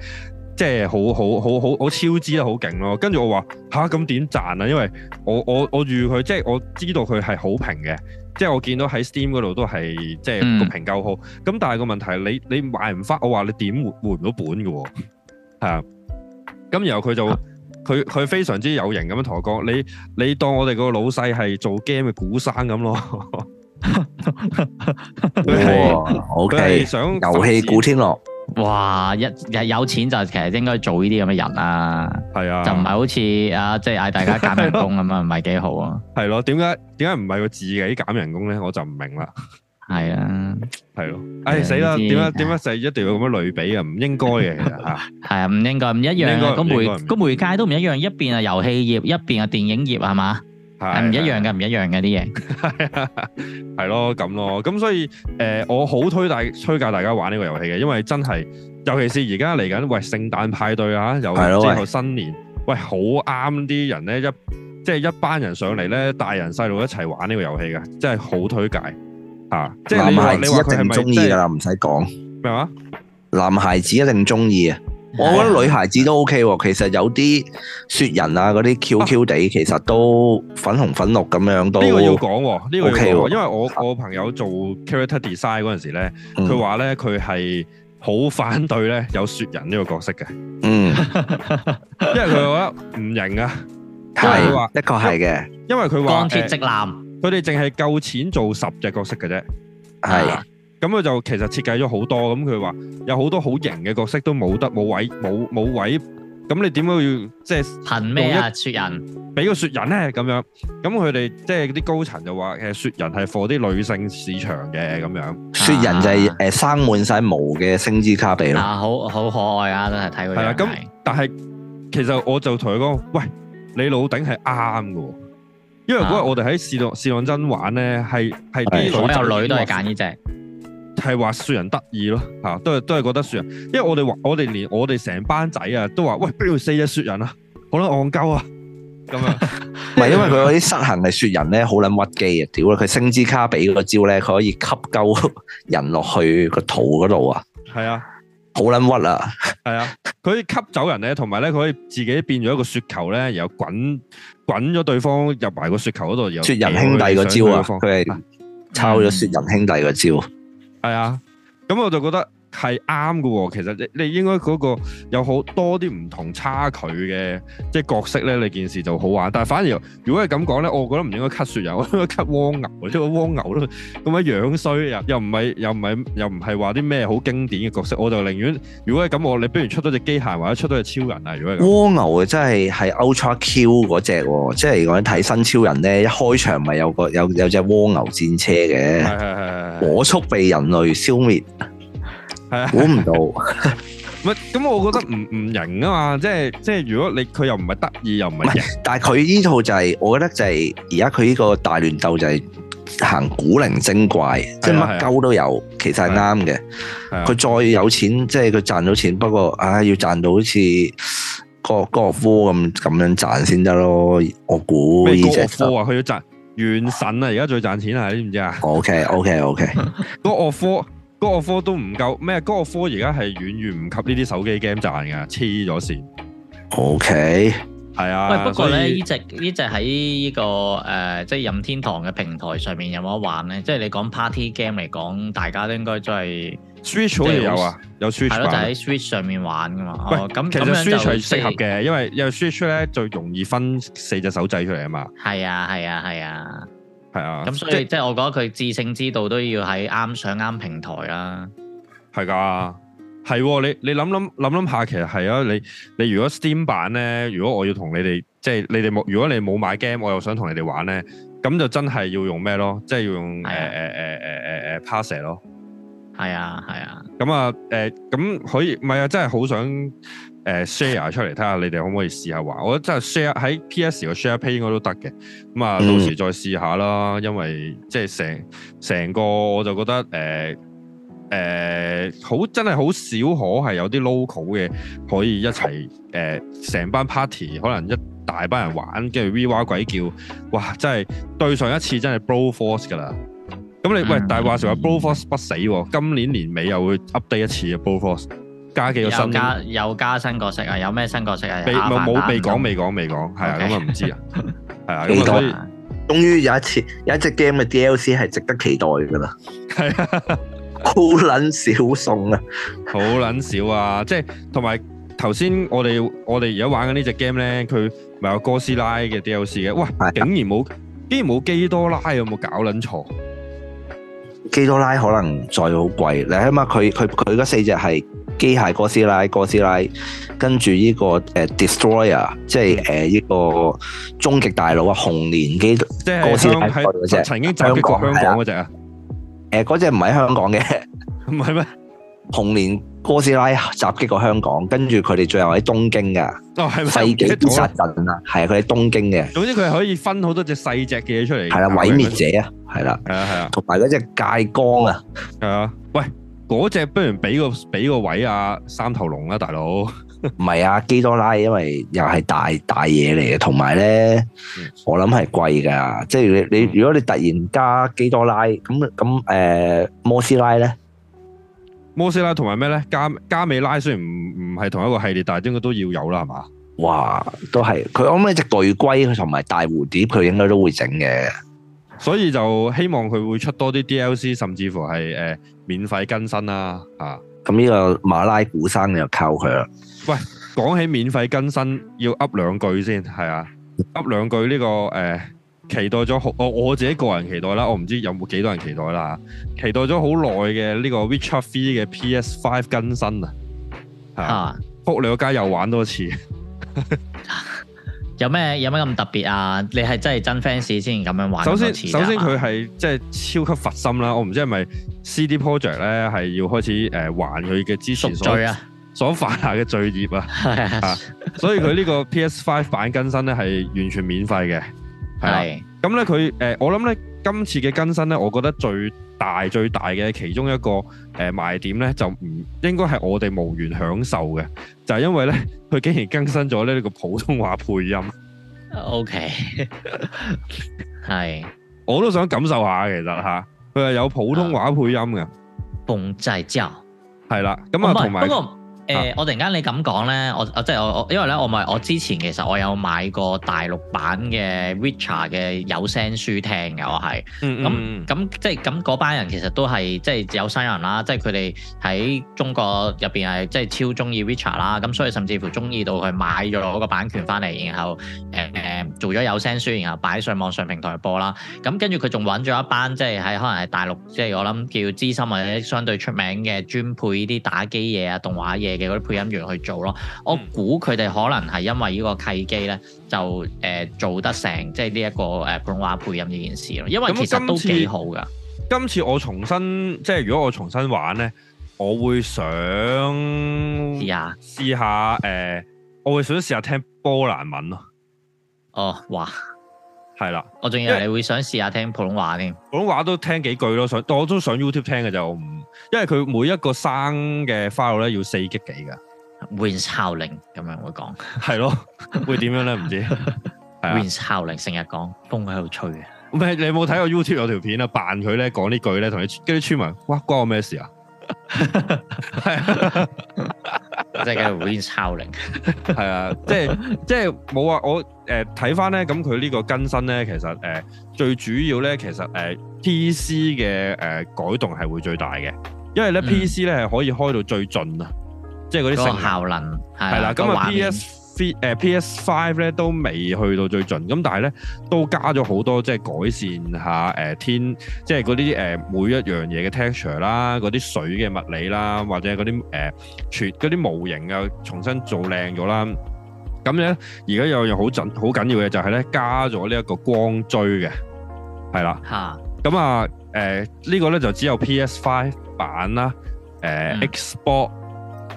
即係好好好好好超支得好勁咯！跟住我話吓，咁點賺啊？因為我我我，我預佢即係我知道佢係好平嘅，即係我見到喺 Steam 嗰度都係即係個評夠好。咁但係個問題係你你買唔翻，我話你點回回唔到本嘅喎？係啊，咁然後佢就佢佢、啊、非常之有型咁同我講：你你，你當我哋個老細係做 game 嘅股生咁咯。 (laughs) 佢係佢係想遊戲古天樂哇！一有有錢就其實應該做呢啲咁嘅人啊，係啊，就唔係好似啊，即係嗌大家減人工咁樣啊，唔係幾好啊，係咯？點解點解唔係佢自己減人工咧？我就唔明啦。係啊，係咯，哎死啦！點解點解就一定要咁樣類比啊？唔應該嘅，其實，係啊，係啊，唔應該，唔一樣。個媒個媒介都唔一樣，一邊係遊戲業，一邊係電影業，係嘛？係唔一樣嘅，唔一樣嘅啲嘢，係咯咁咯，咁所以誒，我好推大推介大家玩呢個遊戲嘅，因為真係，尤其是而家嚟緊喂聖誕派對啊，又之後新年，喂好啱啲人咧，一即係一班人上嚟咧，大人細路一齊玩呢個遊戲㗎，真係好推介啊！即係你話你話佢係咪中意噶啦？唔使講咩話，男孩子一定中意啊！我覺得女孩子都 OK 喎、啊，其實有啲雪人啊嗰啲 Q Q 地，啊、其實都粉紅粉綠咁樣都。呢個要講喎、啊，呢、呢個、啊、OK 喎、啊，因為我我朋友做 character design 嗰陣時咧，佢話咧佢係好反對咧有雪人呢個角色嘅。嗯，因為佢覺得唔型啊。係。的確係嘅。因為佢話。鋼、呢個、鐵直男、欸。佢哋淨係夠錢做十隻角色嘅啫。係的。咁佢就其實設計咗好多，咁佢話有好多好型嘅角色都冇得冇位冇冇位，咁你點解要即係冇一雪人？俾個雪人咧咁樣。咁佢哋即係嗰啲高層就話，其實雪人係 for 啲女性市場嘅咁樣。雪人就係誒生滿曬毛嘅星之卡比咯。啊，好好可愛啊，真係睇佢真係。咁但係其實我就同佢講，喂，你老頂係啱嘅，因為嗰日我哋喺試當試當真玩咧，係係啲所有女都係揀呢隻。係話雪人得意咯吓，都係都係覺得雪人，因為我哋話我哋連我哋成班仔啊都話喂，不如四隻雪人啦，好捻戇鳩啊，咁啊，唔係因為佢嗰啲失衡嘅雪人咧，好捻屈機啊，屌佢星之卡比嗰招咧，佢可以吸鳩人落去個肚嗰度啊，係啊，好捻屈啊，係 (laughs) 啊，佢吸走人咧，同埋咧，佢可以自己變咗一個雪球咧，然後滾滾咗對方入埋個雪球嗰度，然後然後雪人兄弟個招啊，佢係抄咗雪人兄弟個招，啊。啊嗯係啊，咁我就覺得。係啱㗎，其實你你應該嗰個有好多啲唔同差距嘅即係角色咧，你件事就好玩。但係反而如果係咁講咧，我覺得唔應該 cut 雪油，我應該 cut 蝸牛，即係個蝸牛都咁樣樣衰啊，又唔係又唔係又唔係話啲咩好經典嘅角色。我就寧願如果係咁，我你不如出多隻機械或者出多隻超人啊！如果蝸牛嘅真係係 Ultra Q 嗰隻，即係如果你睇新超人咧，一開場咪有個有有，有隻蝸牛戰車嘅，的的火速被人類消滅。係啊，估唔不到。唔咁，我覺得唔唔型啊嘛，即係即係如果你佢又唔係得意，又唔係但係佢呢套就係、是，我覺得就係而家佢呢個大亂鬥就係行古靈精怪，啊、即係乜鳩都有，啊、其實係啱嘅。佢、啊、再有錢，即係佢賺到錢，不過唉、啊，要賺到好似、那個、那個科咁咁樣賺先得咯。我估呢隻科啊，佢、er、都要賺原神啊，而家最賺錢啊，你知唔知啊？OK OK OK，個科。嗰個科都唔夠咩？嗰個科而家係遠遠唔及呢啲手機 game 賺㗎，黐咗線。OK，係啊。喂，不過咧，呢隻呢隻喺呢個誒，即係任天堂嘅平台上面有冇得玩咧？即係你講 party game 嚟講，大家都應該都係 Switch 好似有啊，有 Switch。係咯，就喺 Switch 上面玩噶嘛。喂，咁其實 Switch 適合嘅，因為因為 Switch 咧最容易分四隻手掣出嚟啊嘛。係啊，係啊，係啊。係啊，咁所以即係我覺得佢致勝之道都要喺啱上啱平台啦。係噶，係你你諗諗諗諗下，其實係啊。你你如果 Steam 版咧，如果我要同你哋即係你哋冇，如果你冇買 game，我又想同你哋玩咧，咁就真係要用咩咯？即係要用誒誒誒誒誒誒 p a s、哎哎、s e r 咯。係啊，係啊。咁啊，誒、嗯，咁可以唔係啊？真係好想。yeah 誒 share、呃、出嚟睇下你哋可唔可以試下玩，我覺得真係 share 喺 PS 個 share page 應該都得嘅。咁啊，到時再試下啦，因為即係成成個我就覺得誒誒好真係好少可係有啲 local 嘅可以一齊誒成班 party 可能一大班人玩，跟住 v 哇鬼叫，哇真係對上一次真係 blow force 㗎啦！咁你喂，但係話成話、嗯、blow force 不死，今年年尾又會 update 一次嘅 blow force。加幾個新有加有加新角色啊？有咩新角色 Okay. 啊？未咪冇未講未講未講，係啊咁啊唔知啊係啊咁啊所以終於有一次有一隻 game 嘅 DLC 係值得期待噶啦，係啊好捻少送啊好捻少啊，即係同埋頭先我哋我哋而家玩緊呢隻 game 咧，佢咪有哥斯拉嘅 DLC 嘅。喂竟然冇竟然冇基多拉有冇搞捻錯？ (laughs) 基多拉可能再好貴，你起碼佢佢佢嗰四隻係。機械哥斯拉、哥斯拉，跟住呢個誒 Destroyer，即係誒呢個終極大佬啊，紅蓮機哥斯拉嗰隻，曾經襲擊香港嗰隻啊。誒，嗰隻唔係香港嘅。唔係咩？紅蓮哥斯拉襲擊過香港，跟住佢哋最後喺東京噶。哦，係咪？世紀屠殺陣啦，係啊，佢喺東京嘅。總之佢可以分好多隻細隻嘅嘢出嚟。係啦，毀滅者啊，係啦，係啊，係啊，同埋嗰隻介光啊，係啊。嗰隻不如俾個俾個位阿、啊、三頭龍啦、啊，大佬。唔 (laughs) 係啊，基多拉，因為又係大大嘢嚟嘅，同埋咧， (laughs) 我諗係貴噶。即係你你如果你突然加基多拉，咁咁誒，摩斯拉咧，摩斯拉同埋咩咧？加加美拉雖然唔唔係同一個系列，但係應該都要有啦，係嘛？哇，都係。佢我諗你隻巨龜，佢同埋大蝴蝶佢應該都會整嘅。所以就希望佢會出多啲 DLC，甚至乎係誒、呃、免費更新啦，吓，咁呢個馬拉古生就靠佢啦。喂，講起免費更新，要噏兩句先，係啊，噏 (laughs) 兩句呢、這個誒、呃、期待咗好，我、哦、我自己個人期待啦，我唔知有冇幾多人期待啦，期待咗好耐嘅呢個《Witcher 3》嘅 PS5 更新啊，吓、啊，仆你個街又玩多次。 (laughs) 有咩有咩咁特別啊？你係真係真 fans 先咁樣玩。首先，首先佢係即係超級佛心啦。我唔知係咪 CD Project 咧係要開始誒還佢嘅之前所、啊、所，所犯下嘅罪孽啊。係，所以佢呢個 PS5 版更新咧係完全免費嘅。係。咁咧佢誒，我諗咧今次嘅更新咧，我覺得最大最大嘅其中一個誒、呃、賣點咧，就唔應該係我哋無緣享受嘅，就係、是、因為咧，佢竟然更新咗咧呢個普通話配音。OK，係，我都想感受下其實吓，佢係有普通話配音嘅。風、呃、在叫，係啦，咁、嗯、啊，同埋、哦。有誒，uh, 我突然間你咁講咧，我我即係我我，因為咧我咪我之前其實我有買過大陸版嘅 Witcher 嘅有聲書聽嘅，我係，咁咁、mm hmm. 即係咁嗰班人其實都係即係有聲人啦，即係佢哋喺中國入邊係即係超中意 Witcher 啦，咁所以甚至乎中意到佢買咗個版權翻嚟，然後誒誒、呃、做咗有聲書，然後擺上網上平台播啦，咁跟住佢仲揾咗一班即係喺可能係大陸，即係我諗叫資深或者相對出名嘅專配啲打機嘢啊、動畫嘢。嘅嗰啲配音員去做咯，我估佢哋可能係因為呢個契機咧，就誒、呃、做得成即係呢一個誒、呃、普通話配音呢件事咯。因為其實都幾好噶。今次我重新即係如果我重新玩咧，我會想試下試下誒、呃，我會想試下聽波蘭文咯。哦，哇！係啦，我仲以為你會想試下聽普通話添，普通話都聽幾句咯，想我都想 YouTube 聽嘅就，因為佢每一個生嘅 file 咧要四億幾噶，wind howling 咁樣會講，係 (laughs) 咯，會點樣咧唔知，wind howling 成日講風喺度吹，唔係 (laughs) 你有冇睇過 YouTube 有條片啊，扮佢咧講呢句咧同你，跟啲村民，哇關我咩事啊？係 (laughs) 啊， (laughs) (laughs) 即係 Win 超零，係啊，即係即係冇啊！我誒睇翻咧，咁、呃、佢呢個更新咧，其實誒、呃、最主要咧，其實誒、呃、PC 嘅誒、呃、改動係會最大嘅，因為咧 PC 咧係可以開到最盡啊，即係嗰啲效能係啦，今日 PS。嗯嗯 P 誒 PS Five 咧都未去到最盡，咁但係咧都加咗好多，即係改善下誒天，即係嗰啲誒每一樣嘢嘅 texture 啦，嗰啲水嘅物理啦，或者嗰啲誒全嗰啲模型啊，又重新做靚咗啦。咁咧而家有樣好準好緊要嘅就係咧加咗呢一個光追嘅，係啦。嚇！咁啊誒呢個咧就只有 PS Five 版啦，誒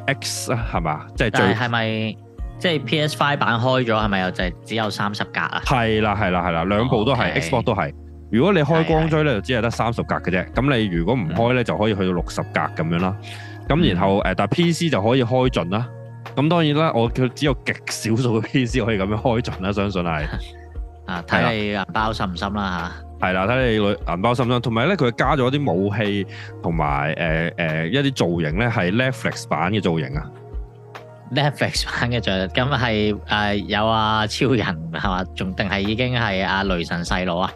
Xbox 啊係嘛，即係最係咪？即係 PS Five 版開咗係咪又就只有三十格啊？係啦係啦係啦，兩部都係 Okay. Xbox 都係。如果你開光追咧，的就只係得三十格嘅啫。咁你如果唔開咧，的就可以去到六十格咁樣啦。咁然後誒，嗯、但係 PC 就可以開盡啦。咁當然啦，我佢只有極少數嘅 PC 可以咁樣開盡啦，相信係啊，睇 (laughs) 你銀包深唔深啦嚇。係啦，睇你銀包深唔深。同埋咧，佢加咗啲武器同埋誒誒一啲造型咧，係 Netflix 版嘅造型啊。Netflix 版嘅著，咁係誒有啊超人係嘛，仲定係已經係阿雷神細佬啊？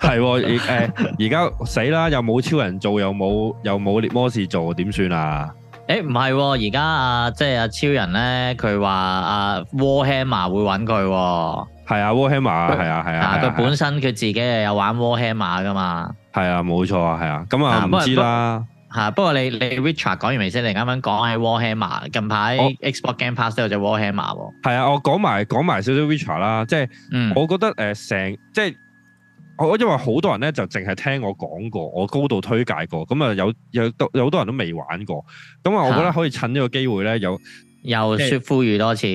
係，誒，而家死啦，又冇超人做，又冇又冇獵魔士做，點算啊？誒，唔係，而家啊，即係阿超人咧，佢話阿 Warhammer 會搵佢。係啊，Warhammer，係啊，係啊。佢本身佢自己係有玩 Warhammer 噶嘛？係啊，冇錯啊，係啊，咁啊唔知啦。嚇、啊！不過你你 Witcher 講完未先？你啱啱講係 Warhammer 近排 Xbox Game Pass 都有隻 Warhammer 喎。係啊，我講埋講埋少少 Witcher 啦，即係我覺得誒成即係我因為好多人咧就淨係聽我講過，我高度推介過，咁啊有有有好多人都未玩過，咁啊我覺得可以趁呢個機會咧，有、啊、又説呼籲多次，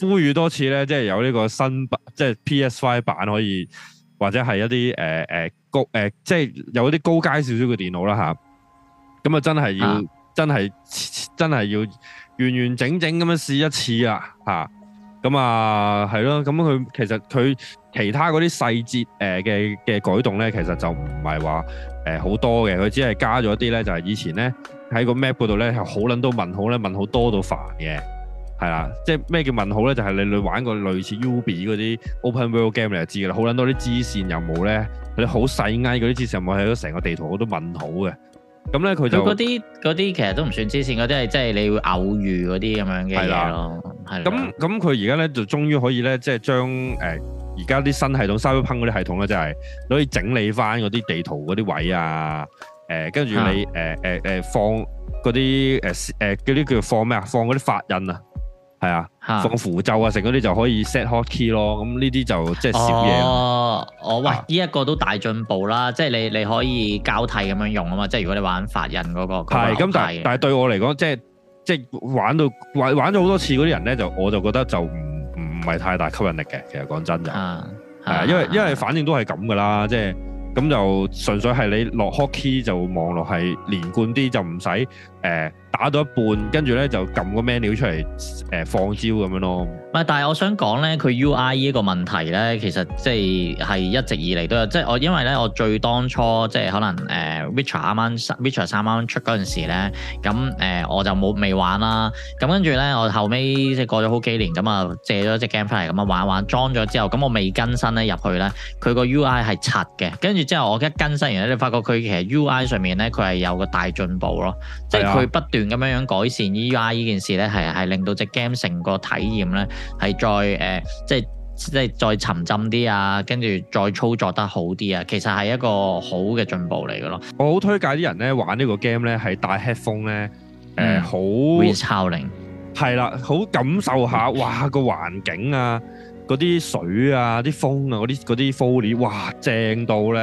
呼籲多次咧，即係有呢個新版，即係 PS5 版可以，或者係一啲誒誒高誒，即係有一啲高階少少嘅電腦啦嚇。啊咁啊，真係要，真係真係要完完整整咁樣試一次啊，吓咁啊，係咯。咁佢其實佢其他嗰啲細節誒嘅嘅改動咧，其實就唔係話誒好多嘅，佢只係加咗啲咧，就係、是、以前咧喺個 map 嗰度咧係好撚都問號咧，問號多到煩嘅係啦。即係咩叫問號咧？就係、是、你你玩過類似 UBI 嗰啲 Open World Game 你就知㗎啦，好撚多啲支線任務咧，佢好細埃嗰啲支線任務喺成個地圖好多問號嘅。咁咧佢就嗰啲嗰啲其實都唔算支線，嗰啲係即係你會偶遇嗰啲咁樣嘅嘢咯。係咁咁佢而家咧就終於可以咧，即、就、係、是、將誒而家啲新系統，三一烹嗰啲系統咧、就是，就係可以整理翻嗰啲地圖嗰啲位啊。誒、呃，跟住你誒誒誒放嗰啲誒誒嗰啲叫放咩啊？呃呃、放嗰啲、呃、發印啊，係啊。放符咒啊，食嗰啲就可以 set hot key 咯，咁呢啲就即係小嘢。哦，我、啊、哇，呢、這、一個都大進步啦，即係你你可以交替咁樣用啊嘛，即係如果你玩法印嗰、那個係咁的，但係但係對我嚟講，即係即係玩到玩玩咗好多次嗰啲人咧，就我就覺得就唔唔係太大吸引力嘅，其實講真就係啊，因為、啊、因為反正都係咁噶啦，即係咁就純粹係你落 hot key 就望落係連貫啲，就唔使誒。打到一半，跟住咧就撳個 menu 出嚟，誒、呃、放招咁樣咯。唔係，但係我想講咧，佢 UI 呢一個問題咧，其實即係係一直以嚟都有。即係我因為咧，我最當初即係可能誒 Witcher 啱啱 Witcher 三啱啱出陣時咧，咁誒、呃、我就冇未玩啦。咁跟住咧，我後尾即係過咗好幾年，咁啊借咗隻 game 翻嚟咁啊玩一玩，裝咗之後咁我未更新咧入去咧，佢個 UI 係柒嘅。跟住之後我一更新完咧，你發覺佢其實 UI 上面咧，佢係有個大進步咯，即係佢不斷。咁樣樣改善 UI 呢件事咧，係係令到隻 game 成個體驗咧，係再誒，即係即係再沉浸啲啊，跟住再操作得好啲啊，其實係一個好嘅進步嚟嘅咯。我好推介啲人咧玩呢個 game 咧、嗯，係戴 headphone 咧，誒，好 Wind's Howling，係啦，好感受下，哇，個環境啊，嗰啲水啊，啲風啊，嗰啲嗰啲 foley，哇，正到咧，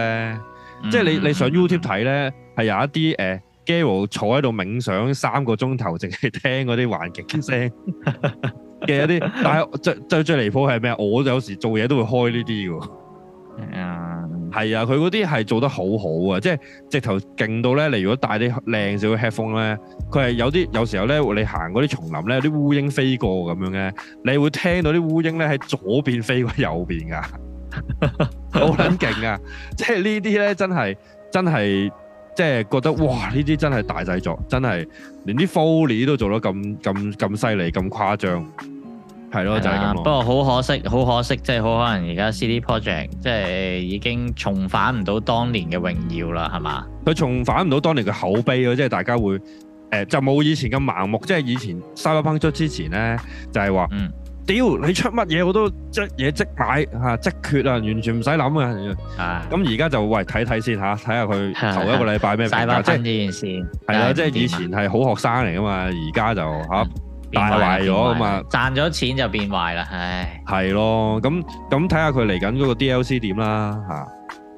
嗯、即係你你上 YouTube 睇咧，係有一啲誒。呃 Gary 坐喺度冥想三個鐘頭，淨係聽嗰啲環境聲嘅一啲， (laughs) 但係最最最離譜係咩啊？我有時做嘢都會開呢啲嘅。係、嗯、啊，係啊，佢嗰啲係做得好好啊！即係直頭勁到咧，你如果帶啲靚少少嘅 headphone 咧，佢係有啲有時候咧，你行嗰啲叢林咧，有啲烏蠅飛過咁樣嘅，你會聽到啲烏蠅咧喺左邊飛過右邊噶，好撚 (laughs) 勁啊！ (laughs) 即係呢啲咧，真係真係。真即係覺得哇！呢啲真係大製作，真係連啲 foley 都做得咁咁咁犀利、咁誇張，係咯的，就係咁咯，不過好可惜，好可惜，即係好可能而家 CD Project 即係已經重返唔到當年嘅榮耀啦，係嘛？佢重返唔到當年嘅口碑咯，即係大家會誒、呃、就冇以前咁盲目，即係以前賽博朋克出之前咧，就係話。屌，你出乜嘢我都即嘢即買吓，即決啊，完全唔使諗嘅。咁而家就喂睇睇先吓，睇下佢頭一個禮拜咩。西伯坤呢件事係啦，啊、即係以前係好學生嚟噶嘛，而家就吓、啊、大壞咗啊嘛。賺咗錢就變壞啦，唉。係咯，咁咁睇下佢嚟緊嗰個 DLC 點啦吓。啊，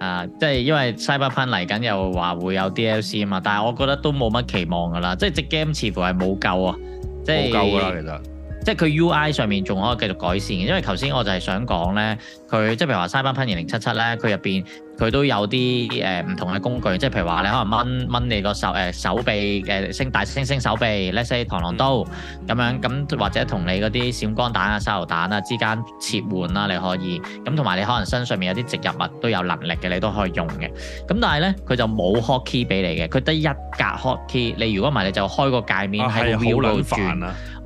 啊即係因為西伯坤嚟緊又話會有 DLC 啊嘛，但係我覺得都冇乜期望噶啦，即係隻 game 似乎係冇夠啊，就是、即係冇夠啦其實。即係佢 UI 上面仲可以繼續改善，因為頭先我就係想講咧，佢即係譬如話《Cyberpunk 2077》咧，佢入邊佢都有啲誒唔同嘅工具，即係譬如話你可能掹掹你個手誒手臂嘅升大升升手臂，甩、呃、西螳螂刀咁樣，咁或者同你嗰啲閃光彈啊、沙油彈啊之間切換啦，你可以咁，同埋你可能身上面有啲植入物都有能力嘅，你都可以用嘅。咁但係咧，佢就冇 hot key 俾你嘅，佢得一格 hot key。你如果唔係，你就開個界面喺嗰度轉。啊。戇鳩啊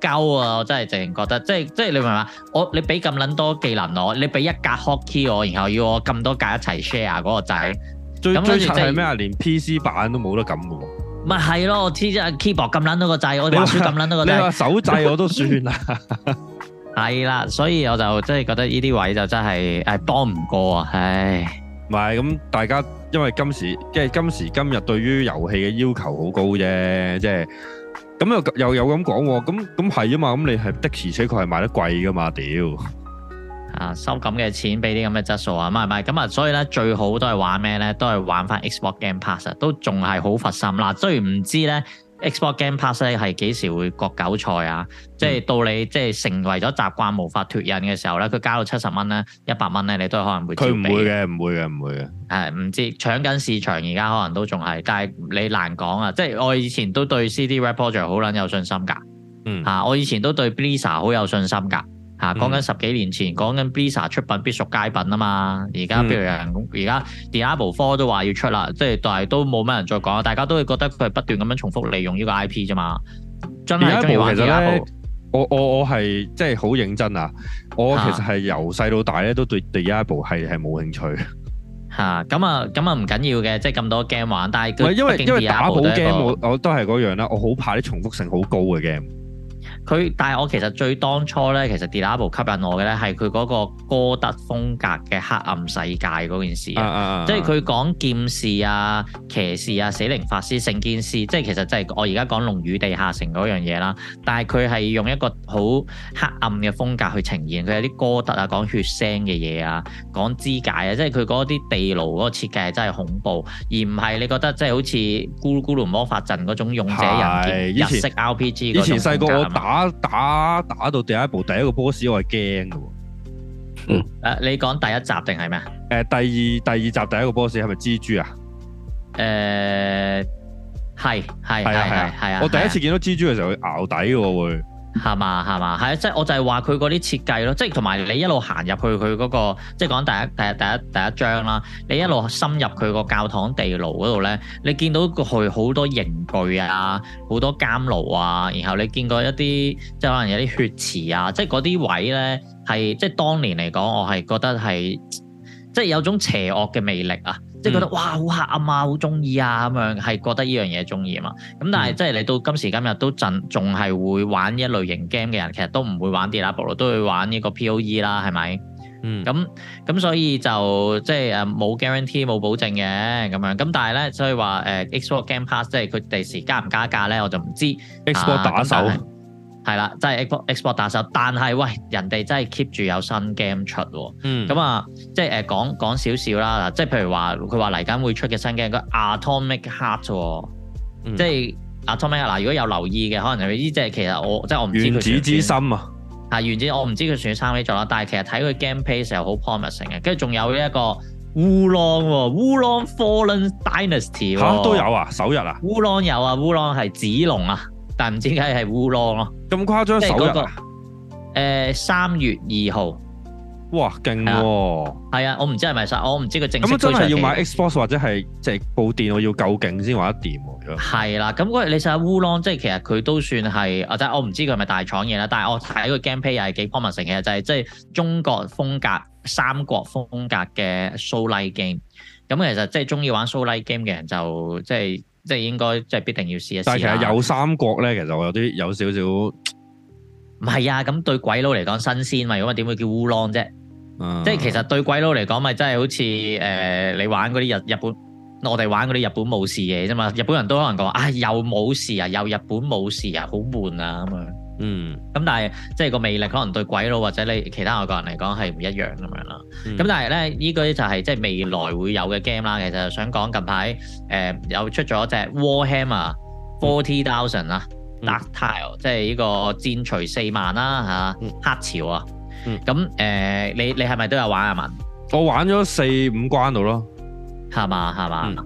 ！Go，我真係淨係覺得，即係即係你明嘛？我你俾咁撚多技能我，你俾一格 hot key 我，然後要我咁多格一齊 share 嗰個掣，最最慘係咩啊？就是，連 PC 版都冇得咁嘅喎。咪係咯，keyboard 咁撚多個掣，我滑鼠撳撚多個掣， (laughs) 你手掣我都算啦。係啦， (laughs) (laughs) 所以我就真係覺得呢啲位就真係誒當唔過啊！唉，唔係咁大家，因為今時即係今時今日，對於遊戲嘅要求好高啫，即係。咁又又有咁講喎，咁咁係啊嘛，咁你係的而且確係賣得貴噶嘛屌！啊收咁嘅錢俾啲咁嘅質素啊，唔咪，唔係，咁啊所以咧最好都係玩咩咧？都係玩翻 Xbox Game Pass 啊，都仲係好佛心，啊。嗱，雖然唔知咧。Xbox Game Pass 咧係幾時會割韭菜啊？嗯、即係到你即係成為咗習慣，無法脫癮嘅時候咧，佢加到七十蚊咧、一百蚊咧，你都可能會。佢唔會嘅，唔會嘅，唔會嘅。係唔、啊、知搶緊市場，而家可能都仲係，但係你難講啊！即係我以前都對 CD Projekt Red 好撚有信心㗎，嗯嚇、啊，我以前都對 Blizzard 好有信心㗎。啊，講緊十幾年前講緊《Visa 出品必屬佳品啊嘛，而家邊度有人？而家、嗯《Diablo IV 都話要出啦，即係但係都冇乜人再講，大家都會覺得佢不斷咁樣重複利用呢個 IP 啫嘛。《Diablo 其實我我我係即係好認真啊！我其實係由細到大咧都對《Diablo、啊》係係冇興趣。嚇、啊！咁啊咁啊唔緊要嘅，即係咁多 game 玩，但係唔係因為因為打寶 game 我我都係嗰樣啦，我好怕啲重複性好高嘅 game。佢但係我其實最當初咧，其實《Diablo》吸引我嘅咧係佢嗰個哥德風格嘅黑暗世界嗰件事 uh, uh, uh, uh, 即係佢講劍士啊、騎士啊、死靈法師、聖劍士，即係其實即係我而家講龍與地下城嗰樣嘢啦。但係佢係用一個好黑暗嘅風格去呈現，佢有啲歌德啊，講血腥嘅嘢啊，講肢解啊，即係佢嗰啲地牢嗰個設計真係恐怖，而唔係你覺得即係好似咕嚕咕嚕魔法陣嗰種勇者人嘅日式 RPG。以前細個打打打到第一部第一個 boss，我係驚嘅。嗯，誒，你講第一集定係咩？誒，第二第二集第一個 boss 係咪蜘蛛啊？誒、呃，係係係啊係啊！我第一次見到蜘蛛嘅時候，會咬、啊啊、底嘅會。係嘛？係嘛？係啊！即係我就係話佢嗰啲設計咯，即係同埋你一路行入去佢嗰個，即係講第一、第第一、第一章啦。你一路深入佢個教堂地牢嗰度咧，你見到佢好多刑具啊，好多監牢啊，然後你見過一啲即係可能有啲血池啊，即係嗰啲位咧係即係當年嚟講，我係覺得係即係有種邪惡嘅魅力啊！即係覺得哇，好黑啊嘛，好中意啊，咁、啊、樣係覺得呢樣嘢中意啊嘛。咁但係即係嚟到今時今日都盡仲係會玩一類型 game 嘅人，其實都唔會玩 Diablo，都會玩呢個 P O E 啦，係咪、嗯？嗯。咁咁所以就即係誒冇 guarantee 冇保證嘅咁樣。咁但係咧，所以話誒、呃、Xbox Game Pass 即係佢第時加唔加價咧，我就唔知。Xbox 打手、啊。係啦，真係 export 打手，但係喂，人哋真係 keep 住有新 game 出喎。咁、嗯、啊，即係誒講講少少啦。嗱，即係譬如話，佢話嚟緊會出嘅新 game，佢 Atomic Heart 喎。Heart，嗯、即係 Atomic 嗱，如果有留意嘅，可能呢啲即係其實我即係我唔知佢。原子之心啊，係原子，我唔知佢算三 A 作啦。但係其實睇佢 game pace 又好 promising 嘅。跟住仲有一、呢個烏龍喎，烏龍 Fallen Dynasty、啊、都有啊，首日啊，烏龍有啊，烏龍係子龍啊。但唔知點解係烏龍咯？咁誇張手腳？誒三、那個呃、月二號，哇勁喎！係啊，啊，啊，我唔知係咪實，我唔知佢正式。咁真係要買 Xbox 或者係即係部電腦要夠勁先玩得掂喎、啊！如果係啦，咁嗰日、啊那個、你試下烏龍，即係其實佢都算係，或者我唔知佢係咪大廠嘢啦。但係我睇個 gameplay 又係幾 promising 嘅，就係即係中國風格、三國風格嘅 Soul like game。咁其實即係中意玩 Soul like game 嘅人就即係。即係應該，即係必定要試一試。但係其實有三國咧，其實我有啲有少少唔係啊！咁對鬼佬嚟講新鮮嘛，如果唔係點會叫烏龍啫？ (coughs) 即係其實對鬼佬嚟講，咪真係好似誒、呃、你玩嗰啲日日本，我哋玩嗰啲日本武士嘅啫嘛。日本人都可能講，啊，又武士啊，又日本武士啊，好悶啊咁樣。嗯，咁但係即係個魅力可能對鬼佬或者你其他外國人嚟講係唔一樣咁樣啦。咁但係咧依個就係即係未來會有嘅 game 啦。其實想講近排誒有出咗隻 Warhammer Forty Thousand 啦，Darktide，即係呢個戰錘四萬啦嚇，黑潮啊。咁誒你你係咪都有玩啊文？我玩咗四五關度咯，係嘛係嘛。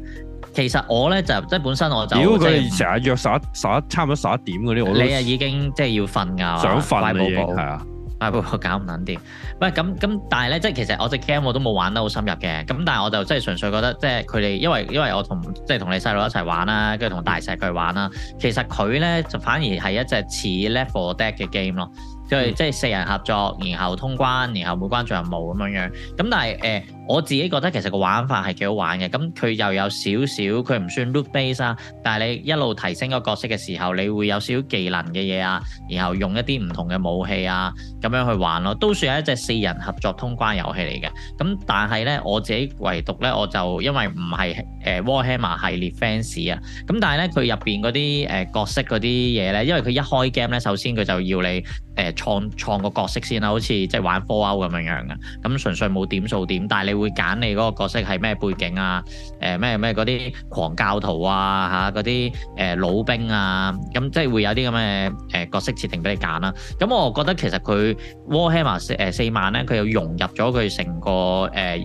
其實我咧就即係本身我就如果佢哋成日約十一十一差唔多十一點嗰啲，我你啊已經即係要瞓啊，想瞓嘅啊，係啊，搞唔撚掂。喂，咁咁但係咧，即係其實我隻 game 我都冇玩得好深入嘅。咁但係我就即係純粹覺得，即係佢哋因為因為我同即係同你細路一齊玩啦，跟住同大細佢玩啦。嗯、其實佢咧就反而係一隻似 Left 4 Dead 嘅 game 咯，即係即係四人合作，然後通關，然後每關任務咁樣樣。咁但係誒。我自己覺得其實個玩法係幾好玩嘅，咁佢又有少少佢唔算 root base 啊，但係你一路提升個角色嘅時候，你會有少少技能嘅嘢啊，然後用一啲唔同嘅武器啊，咁樣去玩咯，都算係一隻四人合作通關遊戲嚟嘅。咁但係呢，我自己唯獨呢，我就因為唔係誒 Warhammer 系列 fans 啊，咁但係呢，佢入邊嗰啲誒角色嗰啲嘢呢，因為佢一開 game 呢，首先佢就要你誒、呃、創創個角色先啦，好似即係玩 f o r 咁樣樣嘅，咁純粹冇點數點，但係你。會揀你嗰個角色係咩背景啊？誒咩咩嗰啲狂教徒啊吓，嗰啲誒老兵啊，咁即係會有啲咁嘅誒角色設定俾你揀啦、啊。咁我覺得其實佢 Warhammer 四誒、呃、四萬咧，佢又融入咗佢成個誒、呃、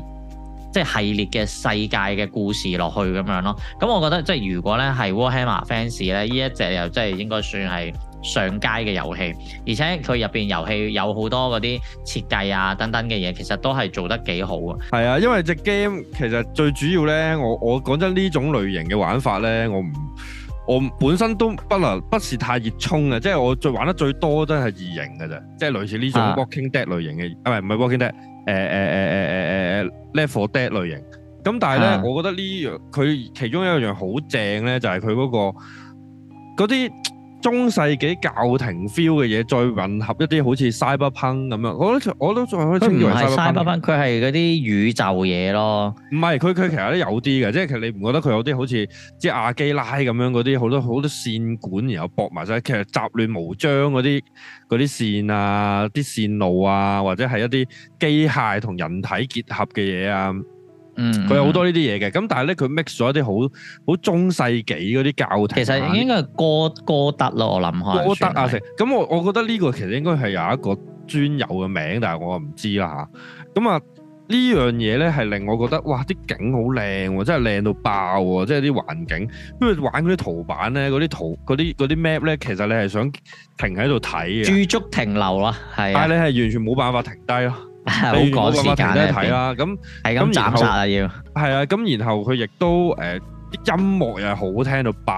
即係系列嘅世界嘅故事落去咁樣咯。咁我覺得即係如果咧係 Warhammer fans 咧，呢一隻又即係應該算係。上街嘅遊戲，而且佢入邊遊戲有好多嗰啲設計啊等等嘅嘢，其實都係做得幾好啊！係啊，因為隻 game 其實最主要咧，我我講真呢種類型嘅玩法咧，我唔我本身都不能不是太熱衷嘅，即係我最玩得最多都係異形嘅啫，即係類似呢種 walking dead 類型嘅、啊啊，啊唔係 walking dead，誒誒誒誒誒誒 left for dead 類型。咁但係咧，啊、我覺得呢樣佢其中一樣好正咧，就係佢嗰個嗰啲。中世紀教廷 feel 嘅嘢，再混合一啲好似 Cyberpunk 咁樣，我覺得我都再可以稱為 Cyberpunk。佢係嗰啲宇宙嘢咯，唔係佢佢其實都有啲嘅，即係其實你唔覺得佢有啲好似即亞基拉咁樣，嗰啲好多好多線管，然後駁埋晒其實雜亂無章啲嗰啲線啊、啲線路啊，或者係一啲機械同人體結合嘅嘢啊。嗯，佢有好多呢啲嘢嘅，咁但係咧佢 mix 咗一啲好好中世紀嗰啲教堂。其實應該係哥哥德咯，我諗下。哥德啊，成咁我我覺得呢個其實應該係有一個專有嘅名，但係我唔知啦嚇。咁啊呢樣嘢咧係令我覺得哇啲景好靚喎，真係靚到爆喎，即係啲環境。因為玩嗰啲圖版咧，嗰啲圖嗰啲嗰啲 map 咧，其實你係想停喺度睇啊，駐足停留啊，係，但係你係完全冇辦法停低咯。好趕時間嚟睇啦，咁係咁斬殺啊要，係那啊，咁然後佢亦是、啊、都誒啲、呃、音樂又係好聽到爆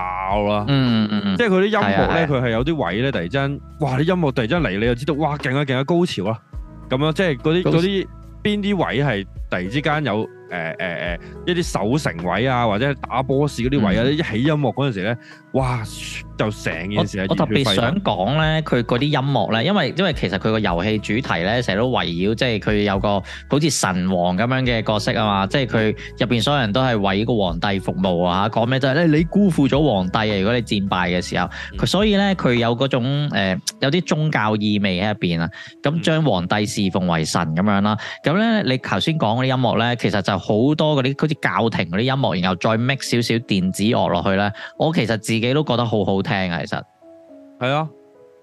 啦、嗯，嗯嗯嗯，即係佢啲音樂咧，佢係、啊、有啲位咧，突然間，哇啲音樂突然間嚟，你又知道，哇勁啊勁啊高潮啊、啊，咁樣即係嗰啲嗰啲邊啲位係。突然之間有誒誒誒一啲守城位啊，或者打 boss 啲位啊，嗯、一起音樂陣時咧，哇就成件事係我，我特別想講咧，佢嗰啲音樂咧，因為因為其實佢個遊戲主題咧，成日都圍繞即係佢有個好似神王咁樣嘅角色啊嘛，即係佢入邊所有人都係為個皇帝服務啊，講咩都係咧，你辜負咗皇帝啊，如果你戰敗嘅時候，佢，所以咧，佢有種誒、呃、有啲宗教意味喺入邊啊，咁將皇帝侍奉為神咁樣啦，咁咧你頭先講。音樂咧，其實就好多嗰啲好似教廷嗰啲音樂，然後再 make 少少電子樂落去咧，我其實自己都覺得好好聽啊。其實係啊，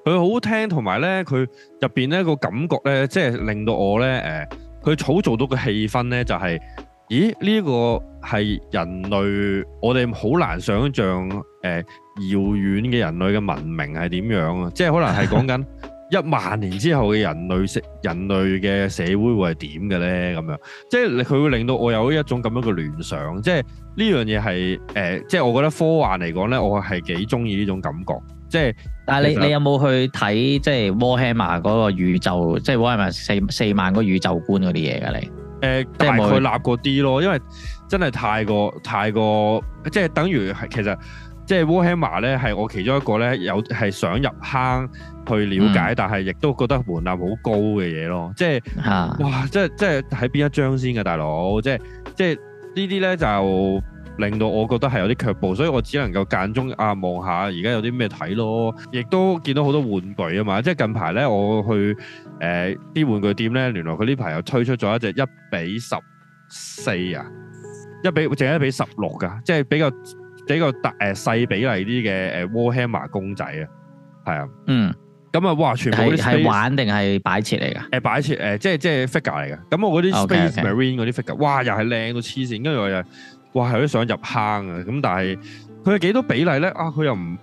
佢好聽，同埋咧，佢入邊咧個感覺咧，即係令到我咧，誒、呃，佢塑造到嘅氣氛咧，就係，咦？呢個係人類，我哋好難想象，誒、呃，遙遠嘅人類嘅文明係點樣啊？即係可能係講緊。 (laughs) 一萬年之後嘅人類社人類嘅社會會係點嘅咧？咁樣即係佢會令到我有一種咁樣嘅聯想，即係呢樣嘢係誒，即係我覺得科幻嚟講咧，我係幾中意呢種感覺。即係，但係你你有冇去睇即係 Warhammer 嗰個宇宙，即係 Warhammer 四四萬嗰個宇宙觀嗰啲嘢㗎？你誒、呃、大概立過啲咯，因為真係太過太過，即係等於係其實。即係 Warhammer 咧，係我其中一個咧有係想入坑去了解，嗯、但係亦都覺得門檻好高嘅嘢咯。即係哇，即係即係喺邊一張先嘅大佬？即係即係呢啲咧就令到我覺得係有啲卻步，所以我只能夠間中啊望下而家有啲咩睇咯。亦都見到好多玩具啊嘛。即係近排咧，我去誒啲、呃、玩具店咧，原來佢呢排又推出咗一隻一比十四啊，一比淨係一比十六噶，即係比較。幾個大誒細比例啲嘅誒、呃、Warhammer 公仔啊，係啊，嗯，咁啊，哇，全部啲係玩定係擺設嚟噶？誒，擺設誒，即係即係 figure 嚟噶。咁我嗰啲 Space okay, okay. Marine 嗰啲 figure，哇，又係靚到黐線。跟住我又，哇，係都想入坑啊。咁但係佢係幾多比例咧？啊，佢又唔誒、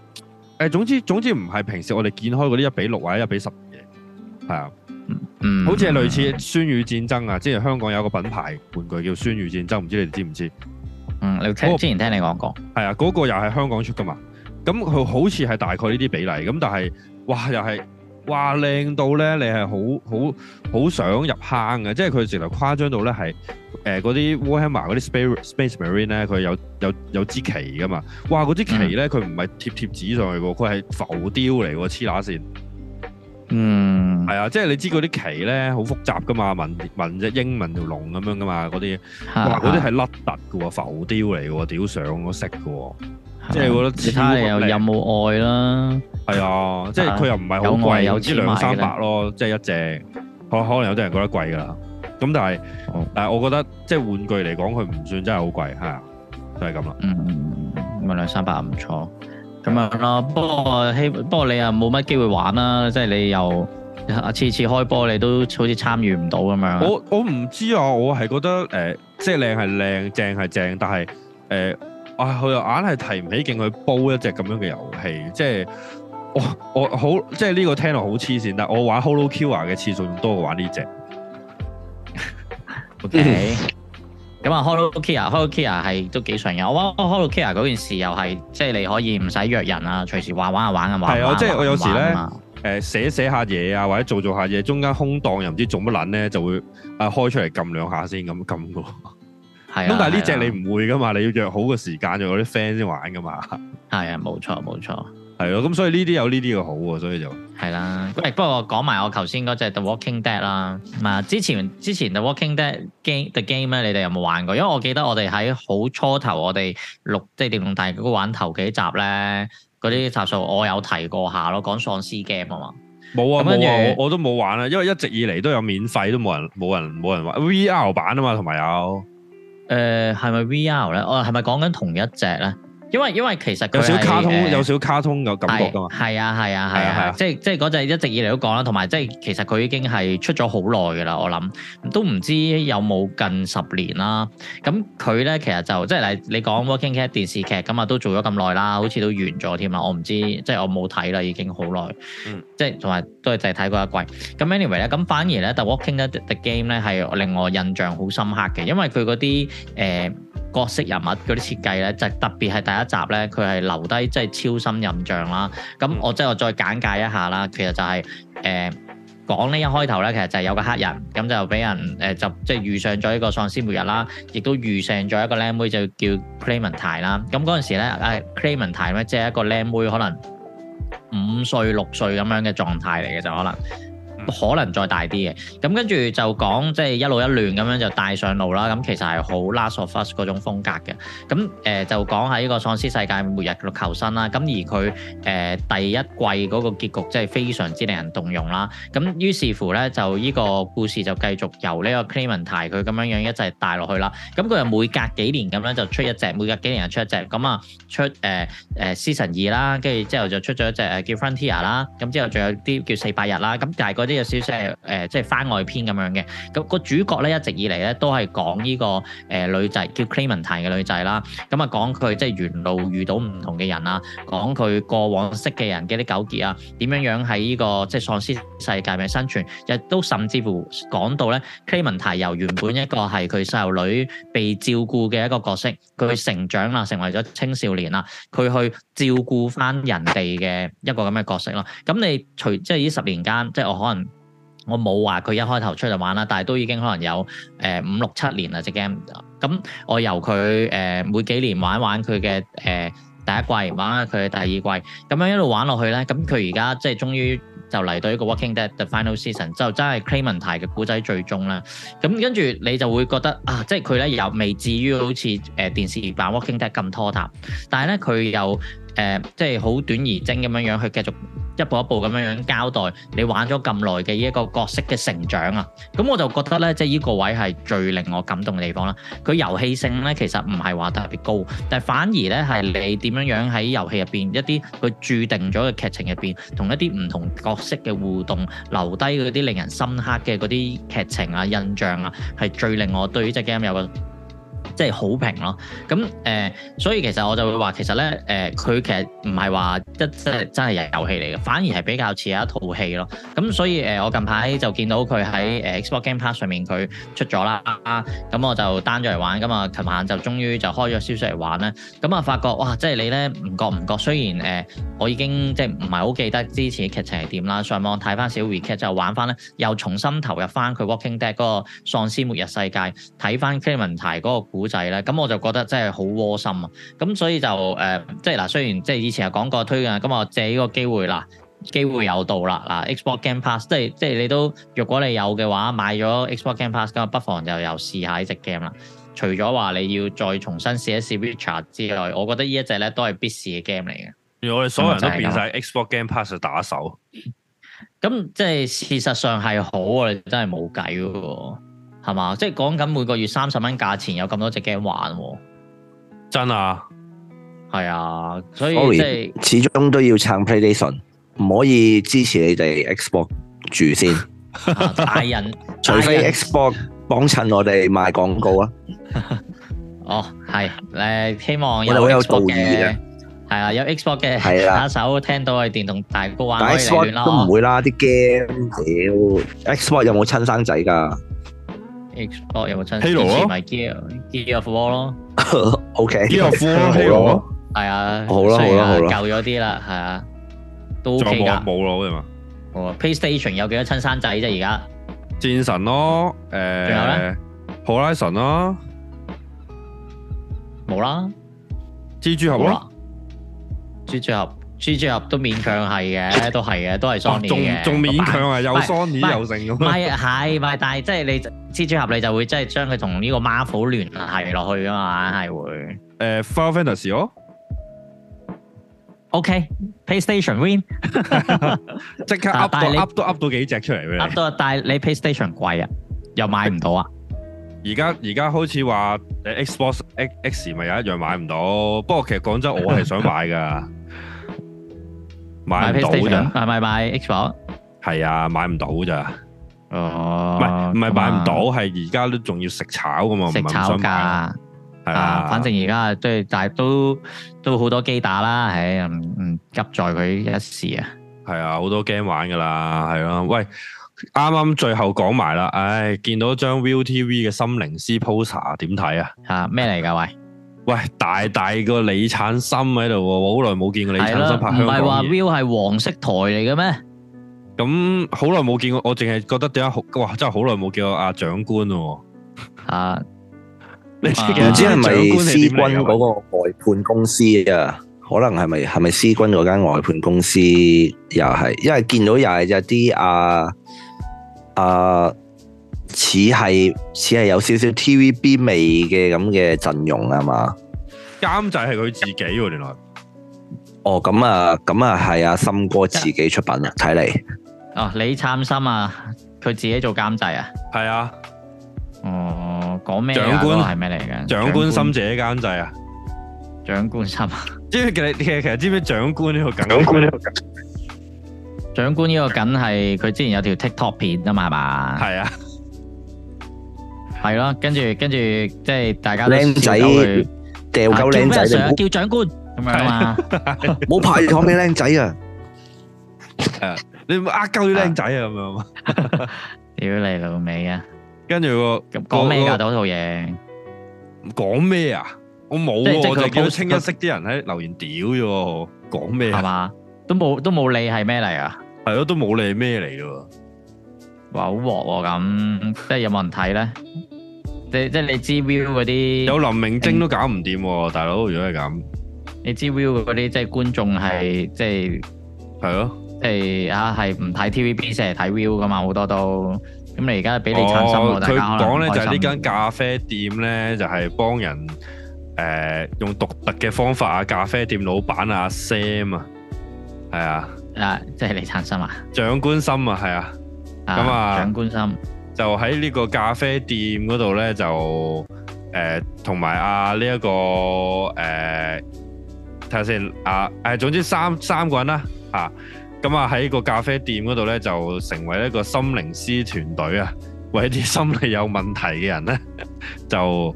呃，總之總之唔係平時我哋見開嗰啲一比六或者一比十嘅，係啊，嗯，好似係類似酸雨戰爭啊。即、嗯、之前香港有個品牌玩具叫酸雨戰爭，唔知你哋知唔知？嗯，你之前聽你講過，係、嗰個、啊，嗰、嗰個又係香港出㗎嘛？咁佢好似係大概呢啲比例，咁但係，哇，又係哇靚到咧，你係好好好想入坑嘅，即係佢直頭誇張到咧係誒、呃、嗰啲 Warhammer 嗰啲 Space Space Marine 咧，佢有有有有支旗㗎嘛？哇，嗰支旗咧佢唔係貼貼紙上去個，佢係浮雕嚟喎，黐乸線。嗯，係啊，即係你知嗰啲棋咧好複雜噶嘛，文文隻英文條龍咁樣噶嘛，嗰啲，啊、哇嗰啲係甩凸嘅喎，浮雕嚟嘅喎，屌上咗色嘅喎，啊、即係我覺得其他又有冇愛啦，係啊，即係佢又唔係好貴，啊、有啲兩三百咯，即係一隻，可、嗯、可能有啲人覺得貴噶啦，咁但係，但係、哦、我覺得即係玩具嚟講，佢唔算真係好貴，係、啊、就係咁啦，嗯嗯嗯，咁兩三百唔錯。嗯嗯嗯。咁樣咯，不過希不過你又冇乜機會玩啦、啊，即係你又次次開波你都好似參與唔到咁樣我。我我唔知啊，我係覺得誒、呃，即係靚係靚，正係正，但係誒、呃，啊佢又硬係提唔起勁去煲一隻咁樣嘅遊戲，即係我我好即係呢個聽落好黐線，但我玩, h 玩《HoloCure》嘅次數仲多過玩呢隻。咁啊，HelloKia，HelloKia 係都幾常嘅。我我 HelloKia 嗰件事又係，即係你可以唔使約人啊，隨時玩就玩啊玩啊玩。係啊的，玩玩即係我有時咧，誒寫寫下嘢啊，或者做做下嘢，中間空檔又唔知做乜撚咧，就會啊開出嚟撳兩下先咁撳嘅。係啊，咁 (laughs) 的但係呢隻你唔會噶嘛，的你要約好個時間就嗰啲 friend 先玩噶嘛。係啊，冇錯冇錯。係咯，咁所以呢啲有呢啲嘅好喎，所以就係啦。誒，不過講埋我頭先嗰隻 The Walking Dead 啦。咁啊，之前之前 The Walking Dead game，The Game 咧，你哋有冇玩過？因為我記得我哋喺好初頭，我哋錄即係電動大 GO 玩頭幾集咧，嗰啲集數我有提過下咯，講喪屍 game 啊嘛。冇啊沒，冇啊後，我都冇玩啊，因為一直以嚟都有免費，都冇人冇人冇人玩 VR 版啊嘛，同埋有誒，係咪、呃、VR 咧？我係咪講緊同一隻咧？因為因為其實有少卡通、呃、有少卡通嘅感覺噶嘛，係啊係啊係啊，啊啊啊啊啊即係即係嗰陣一直以嚟都講啦，同埋即係其實佢已經係出咗好耐噶啦，我諗都唔知有冇近十年啦。咁佢咧其實就即係你講《Walking Dead》電視劇咁啊，都做咗咁耐啦，好似都完咗添啦。我唔知即係我冇睇啦，已經好耐，嗯、即係同埋都係凈係睇過一季。咁 anyway 咧，咁反而咧《The Walking Dead》Game 咧係令我印象好深刻嘅，因為佢嗰啲誒、呃角色人物嗰啲設計咧，就特別係第一集咧，佢係留低即係超深印象啦。咁我即係我再簡介一下啦。其實就係、是、誒、呃、講呢一開頭咧，其實就係有個黑人咁就俾人誒、呃、就即係、就是、遇上咗一個喪屍末日啦，亦都遇上咗一個靚妹就叫 Clayton 泰啦。咁嗰陣時咧誒 Clayton 泰咧即係一個靚妹可能五歲六歲咁樣嘅狀態嚟嘅就可能。可能再大啲嘅，咁跟住就講即係一路一亂咁樣就帶上路啦。咁其實係好 Last of Us 嗰種風格嘅。咁誒、呃、就講喺呢個喪屍世界末日嘅求生啦。咁而佢誒、呃、第一季個結局真係非常之令人動容啦。咁於是乎咧，就呢個故事就繼續由呢個 Clementine 提佢咁樣樣一直帶落去啦。咁佢又每隔幾年咁樣就出一隻每隔幾年就出一隻咁啊出誒誒 Season 二啦，跟住、呃呃、之後就出咗一隻誒叫 Frontier 啦。咁之後仲有啲叫四百日啦。咁但係嗰啲。有少少係即係番外篇咁樣嘅。咁、個主角咧，一直以嚟咧都係講呢個誒女仔，叫 Clementine 嘅女仔啦。咁啊，講佢即係沿路遇到唔同嘅人啊，講佢過往識嘅人嘅啲糾結啊，點樣樣喺呢個即係喪屍世界咪生存，亦都甚至乎講到咧 Clementine 由原本一個係佢細路女被照顧嘅一個角色，佢去成長啦，成為咗青少年啦，佢去照顧翻人哋嘅一個咁嘅角色咯。咁你除即係呢十年間，即係我可能我冇話佢一開頭出嚟玩啦，但係都已經可能有誒、呃、五六七年啦隻 game。咁我由佢誒、呃、每幾年玩玩佢嘅誒第一季，玩下佢嘅第二季，咁樣一路玩落去咧，咁佢而家即係終於就嚟到一個 Walking Dead The Final Season，就真係 Clementine 嘅古仔最終啦。咁跟住你就會覺得啊，即係佢咧又未至於好似誒電視版 Walking Dead 咁拖沓，但係咧佢又誒、呃，即係好短而精咁樣樣，去，繼續一步一步咁樣樣交代你玩咗咁耐嘅依一個角色嘅成長啊，咁我就覺得呢，即係呢個位係最令我感動嘅地方啦。佢遊戲性呢，其實唔係話特別高，但係反而呢，係你點樣樣喺遊戲入邊一啲佢註定咗嘅劇情入邊，同一啲唔同角色嘅互動，留低嗰啲令人深刻嘅嗰啲劇情啊、印象啊，係最令我對依隻 game 有個。即係好評咯，咁、嗯、誒、呃，所以其實我就會話其實咧，誒、呃，佢其實唔係話一真係真係遊戲嚟嘅，反而係比較似一套戲咯。咁、嗯、所以誒、呃，我近排就見到佢喺誒 Xbox Game Pass 上面佢出咗啦，咁、嗯嗯、我就 d 咗嚟玩咁嘛。琴、嗯、晚就終於就開咗消息嚟玩咧，咁、嗯、啊、嗯嗯、發覺哇，即係你咧唔覺唔覺，雖然誒、呃、我已經即係唔係好記得之前嘅劇情係點啦，上網睇翻小 recap 就玩翻咧，又重新投入翻佢 Walking Dead 嗰、那個喪屍末日世界，睇翻 Clayton 提嗰個古仔咧，咁我就覺得真係好窩心啊！咁所以就誒、呃，即係嗱，雖然即係以前又講過推介，咁我借呢個機會啦，機會有到啦嗱，Xbox Game Pass，即係即係你都，如果你有嘅話，買咗 Xbox Game Pass，咁不妨就又試下呢隻 game 啦。除咗話你要再重新試一試 Richard 之外，我覺得呢一隻咧都係必試嘅 game 嚟嘅。我哋所有人都變晒 Xbox Game Pass 打手，咁即係事實上係好啊！你真係冇計喎。係嘛？即係講緊每個月三十蚊價錢有咁多隻 game 玩喎，真啊？係啊，所以即係始終都要撐 PlayStation，唔可以支持你哋 Xbox 住先。大人，除非 Xbox 幫襯我哋賣廣告啊。哦，係誒，希望有 Xbox 嘅係啊，有 Xbox 嘅打手聽到我哋電動大 GO 玩，都唔會啦，啲 game Xbox 有冇親生仔噶？Xbox 有冇親戰神咪 Gears of War 咯，OK Gears of War，Halo 咯，係啊，好啦，好啦舊咗啲啦，係啊，都冇冇咗係嘛？哦，PlayStation 有幾多親生仔啫而家？戰神咯，誒，仲有咧？好啦，神啦，冇啦，蜘蛛俠啦，蜘蛛俠。蜘蛛俠都勉強係嘅，都係嘅，都係 Sony 嘅。仲仲勉強啊，又 Sony 又成咁。唔係，係，唔係，但係即係你蜘蛛俠你就會即係將佢同呢個 Marvel 聯繫落去㗎嘛，係會。誒，Farfenders 咯。OK，PlayStation Win，即刻 up 到 up 到 up 到幾隻出嚟？up 到，但係你 PlayStation 貴啊，又買唔到啊。而家而家好似話 Xbox X 咪又一樣買唔到。不過其實講真，我係想買㗎。買唔到啫，係咪買 Xbox？係啊，買唔到咋？哦，唔係唔係買唔到，係而家都仲要食炒噶嘛，食炒價。係啊，反正而家即係大都都好多機打啦，唉，唔唔急在佢一時啊。係啊，好多 game 玩噶啦，係咯。喂，啱啱最後講埋啦，唉，見到張 ViuTV 嘅心靈師 poster 點睇啊？吓咩嚟噶喂？喂，大大個李產森喺度，我好耐冇見過李產森拍的香港。唔係話 Will 係黃色台嚟嘅咩？咁好耐冇見過，我淨係覺得點解好哇？真係好耐冇見過阿、啊、長官咯。啊，唔、啊、知係咪思君嗰個外判公司啊？可能係咪係咪思君嗰間外判公司又、啊、係？因為見到又係一啲阿阿。啊啊似係似係有少少 TVB 味嘅咁嘅陣容啊嘛，監製係佢自己喎，原來。哦，咁啊，咁啊，係啊，森哥自己出品啊，睇嚟。哦，李燦心啊，佢自己做監製啊？係啊。哦，講咩？長官係咩嚟嘅？長官心者監製啊？長官心，啊，即係其其其實知唔知長官呢個梗？長官呢個梗？長官呢個梗係佢之前有條 TikTok 片啊嘛，係嘛？係啊。係咯，跟住跟住，即係大家都拎仔掉夠靚仔，叫咩上？叫長官咁樣啊嘛，冇排你講咩靚仔啊，你唔呃鳩啲靚仔啊咁樣啊嘛，屌你老味啊！跟住講咩噶？嗰套嘢講咩啊？我冇，即係佢好清一色啲人喺留言屌咗，講咩係嘛？都冇都冇理係咩嚟啊？係咯，都冇理咩嚟咯，話好鑊喎咁，即係有冇人睇咧？即即你知 view 嗰啲，有林明晶都搞唔掂喎，大佬。如果係咁，你知 view 嗰啲即係觀眾係即係係咯，即係啊係唔睇 TVB 成日睇 view 噶嘛，好多都。咁你而家俾李燦森，佢講咧就係呢間咖啡店咧就係幫人誒用獨特嘅方法啊，咖啡店老闆阿 Sam 啊，係啊，啊即係李燦森啊，長官心啊，係啊，咁啊長官心。就喺呢個咖啡店嗰度呢，就、呃、誒，同埋阿呢一個誒，睇下先啊，誒，總之三三個人啦，吓咁啊，喺個咖啡店嗰度呢，就成為一個心靈師團隊啊，為啲心理有問題嘅人呢、啊，就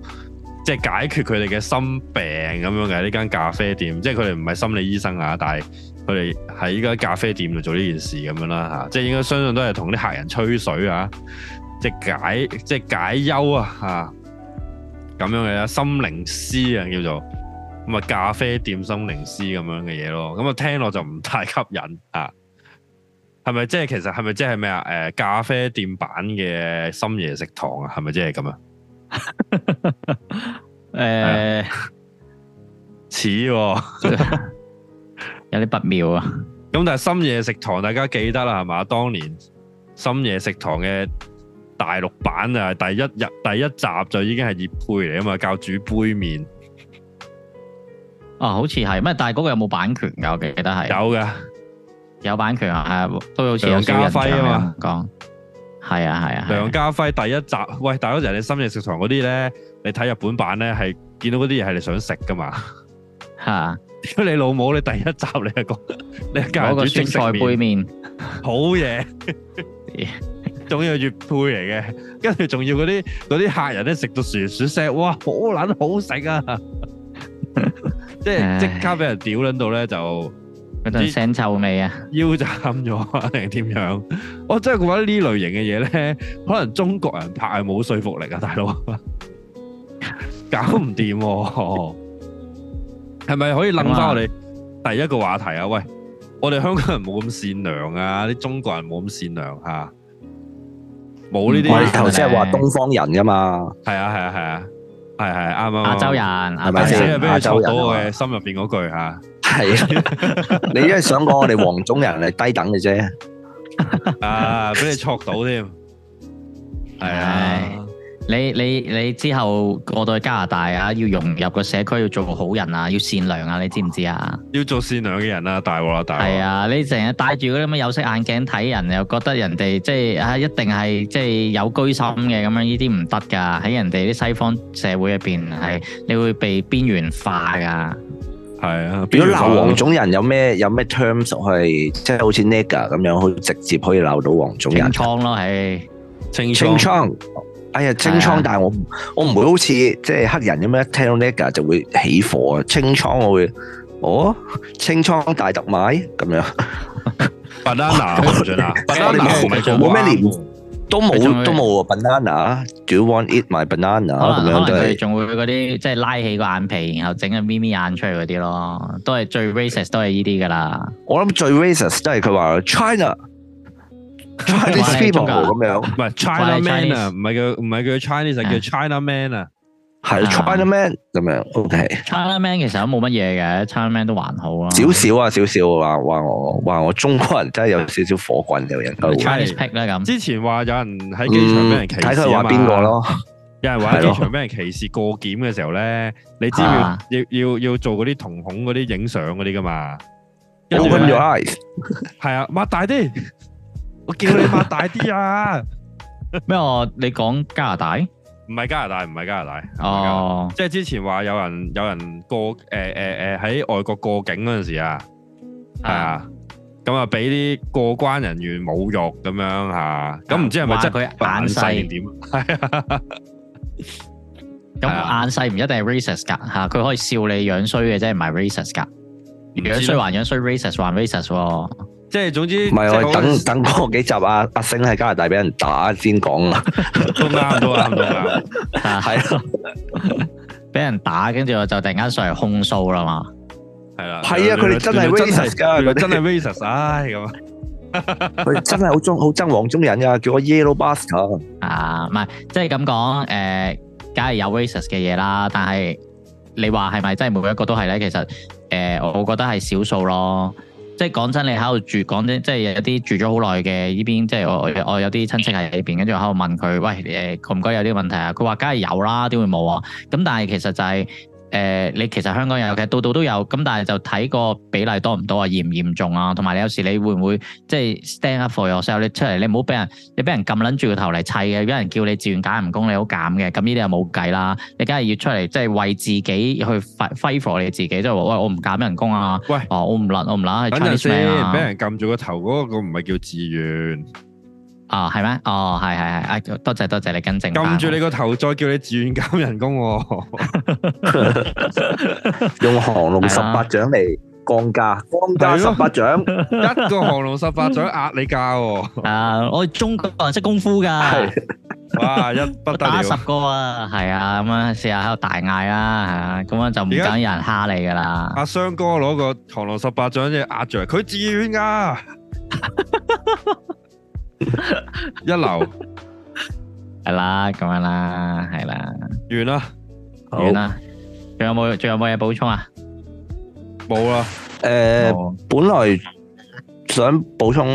即係、就是、解決佢哋嘅心病咁樣嘅呢間咖啡店，即係佢哋唔係心理醫生啊，但係佢哋喺依個咖啡店度做呢件事咁樣啦，吓、啊啊，即係應該相信都係同啲客人吹水啊。即解，即係解憂啊！吓、啊、咁樣嘅啦，心靈師啊，叫做咁啊，咖啡店心靈師咁樣嘅嘢咯。咁啊，聽落就唔太吸引啊。係咪即係其實係咪即係咩啊？誒，咖啡店版嘅深夜食堂啊，係咪即係咁啊？誒，似有啲不妙啊。咁但係深夜食堂，大家記得啦，係嘛？當年深夜食堂嘅大陸版啊，第一日第一集就已經係熱配嚟啊嘛，教煮杯麵。啊，好似係咩？但係嗰個有冇版權噶？我記得係有嘅，有版權啊，都好似有梁家輝啊嘛。講，係啊係啊，梁家輝第一集喂，大佬，就係你深夜食堂嗰啲咧，你睇日本版咧，係見到嗰啲嘢係你想食噶嘛？吓，屌你老母，你第一集你係個你教人煮酸菜杯麵，好嘢。仲要粵配嚟嘅，跟住仲要嗰啲嗰啲客人咧食到薯薯聲，哇，好撚好食啊！即係即刻俾人屌撚到咧，就嗰啲腥臭味啊，腰斬咗定係點樣？我真係覺得呢類型嘅嘢咧，可能中國人拍係冇說服力啊，大佬搞唔掂，係咪可以冧翻我哋第一個話題啊？喂，我哋香港人冇咁善良啊，啲中國人冇咁善良吓。冇呢啲，我頭先係話東方人噶嘛，係啊係啊係啊，係係啱啱，亞洲人係咪先？俾佢戳到嘅心入邊嗰句吓，係啊，你一係想講我哋黃種人係低等嘅啫，啊，俾你戳到添，係啊。你你你之後過到去加拿大啊，要融入個社區，要做好人啊，要善良啊，你知唔知啊？要做善良嘅人啊，大鑊啦，大鑊啦！你成日戴住嗰啲咁嘅有色眼鏡睇人，又覺得人哋即係啊，一定係即係有居心嘅，咁樣呢啲唔得噶。喺人哋啲西方社會入邊係，嗯、你會被邊緣化噶。係啊，如果鬧黃種人有咩有咩 terms 係，即係好似 nigger 咁樣，好直接可以鬧到黃種人。清倉咯，係，清倉。清哎呀，清倉，的但係我我唔會好似即係黑人咁樣一聽到 nigger 就會起火啊！清倉我會，哦、oh，清倉大特賣咁樣。 (laughs) banana，冇咩連，都冇都冇啊！banana，Do you want eat my banana？可能佢哋仲會嗰啲即係拉起個眼皮，然後整個眯眯眼出嚟嗰啲咯，都係最 racist，都係依啲噶啦。我諗最 racist 都係佢話 China。Chinese people 咁樣，唔係 China man 啊，唔係叫唔係叫 Chinese，係叫 China man 啊，係 China man 咁樣，OK。China man 其實都冇乜嘢嘅，China man 都還好啦。少少啊，少少話話我話我中國人真係有少少火滾嘅人。Chinese pick 咧咁，之前話有人喺機場俾人歧視啊嘛。睇佢話邊個咯？有人話喺機場俾人歧視過檢嘅時候咧，你知要要要做嗰啲瞳孔嗰啲影相嗰啲噶嘛？Open your eyes，係啊，擘大啲。我叫你發大啲啊！咩話？你講加拿大？唔係加拿大，唔係加拿大哦。即係之前話有人有人過誒誒誒喺外國過境嗰陣時啊，係啊，咁啊俾啲過關人員侮辱咁樣吓，咁唔知係咪即係佢眼細點？係啊，咁眼細唔一定係 racist 噶吓，佢可以笑你樣衰嘅，即係唔係 racist 噶？樣衰還樣衰，racist 還 racist。即係總之，唔係我等等嗰幾集啊，阿星喺加拿大俾人打先講啊，都啱，都啱，都啱，係啊！俾人打，跟住我就突然間上嚟控訴啦嘛，係啦，係啊！佢哋真係 racist 噶，佢真係 racist，唉咁啊，佢真係好中好憎黃種人噶，叫我 yellow bastard 啊！唔係，即係咁講誒，梗係有 racist 嘅嘢啦，但係你話係咪真係每一個都係咧？其實誒，我覺得係少數咯。即係講真，你喺度住，講真，即係有啲住咗好耐嘅呢邊，即係我我有啲親戚喺呢邊，跟住我喺度問佢，喂，誒，唔該有啲問題啊，佢話梗係有啦，點會冇啊？咁但係其實就係、是。誒、呃，你其實香港有，嘅，實到到都有，咁但係就睇個比例多唔多啊，嚴唔嚴重啊，同埋你有時你會唔會即係 stand up for yourself？你出嚟你唔好俾人，你俾人撳撚住個頭嚟砌嘅，有人叫你自願減人工，你好減嘅，咁呢啲又冇計啦，你梗係要出嚟即係為自己去 fight for 你自己，即係話喂我唔減人工啊，喂，哦、呃、我唔撚我唔撚係 challenge 咩啊？反俾人撳住個頭嗰個唔係叫自願。哦，係咩？哦，係係係，多謝多謝你更正。撳住你個頭，再叫你自願減人工。用降龍十八掌嚟降價，降價十八掌，一個降龍十八掌壓你價。啊，我哋中國人識功夫噶。哇，一不得了，十個啊。係啊，咁樣試下喺度大嗌啦。咁樣就唔敢有人蝦你噶啦。阿湘哥攞個降龍十八掌嘅壓住佢，佢自願噶。一流係啦，咁樣啦，係啦，完啦，完啦，仲有冇？仲有冇嘢補充啊？冇啦。誒，本來想補充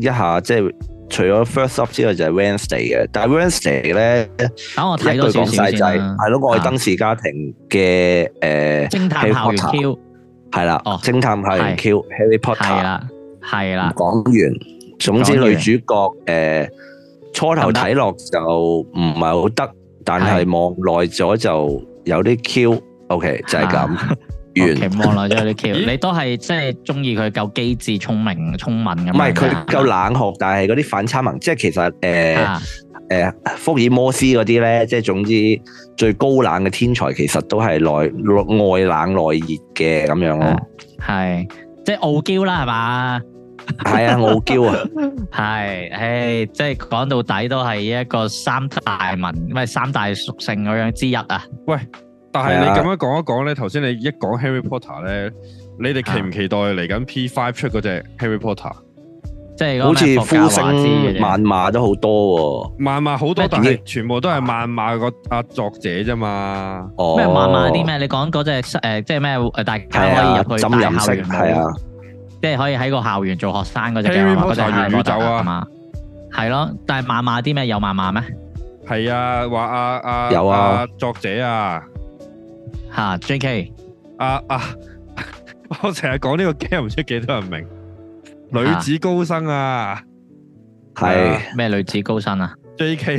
一下，即係除咗 First Love 之外就係 Wednesday 嘅，但係 Wednesday 咧，等我睇到講晒就係，係咯，我係愛登士家庭嘅誒，偵探校園 Q 係啦，哦，偵探校園 Q Harry Potter 係啦，係啦，講完。總之女主角，誒初頭睇落就唔係好得，但係望耐咗就有啲 Q。OK，就係咁、啊、完。望耐咗有啲 Q (laughs) 你。你都係即係中意佢夠機智、聰明、聰敏咁。唔係佢夠冷酷，但係嗰啲反差萌，即、就、係、是、其實誒誒、呃啊啊、福爾摩斯嗰啲咧，即係總之最高冷嘅天才，其實都係內外冷內熱嘅咁樣咯。係，即係傲嬌啦，係嘛？係啊，好嬌啊，係，唉，即係講到底都係一個三大文，唔係三大屬性嗰樣之一啊。喂，但係你咁樣講一講咧，頭先、啊、你一講 Harry Potter 咧，你哋期唔期待嚟緊 P5 出嗰隻 Harry Potter？即係好似呼聲、漫罵都好多，漫罵好多，但係全部都係漫罵個啊作者啫嘛。哦，漫罵啲咩？你講嗰隻誒，即係咩？大家可以入去大校園。係啊。來即係可以喺個校園做學生嗰隻 game，嗰隻校園宇宙啊嘛，係咯。但係漫漫啲咩有漫漫咩？係啊，話阿阿阿作者啊吓 J.K. 阿阿，我成日講呢個 game 唔知幾多人明。女子高生啊，係咩女子高生啊？J.K.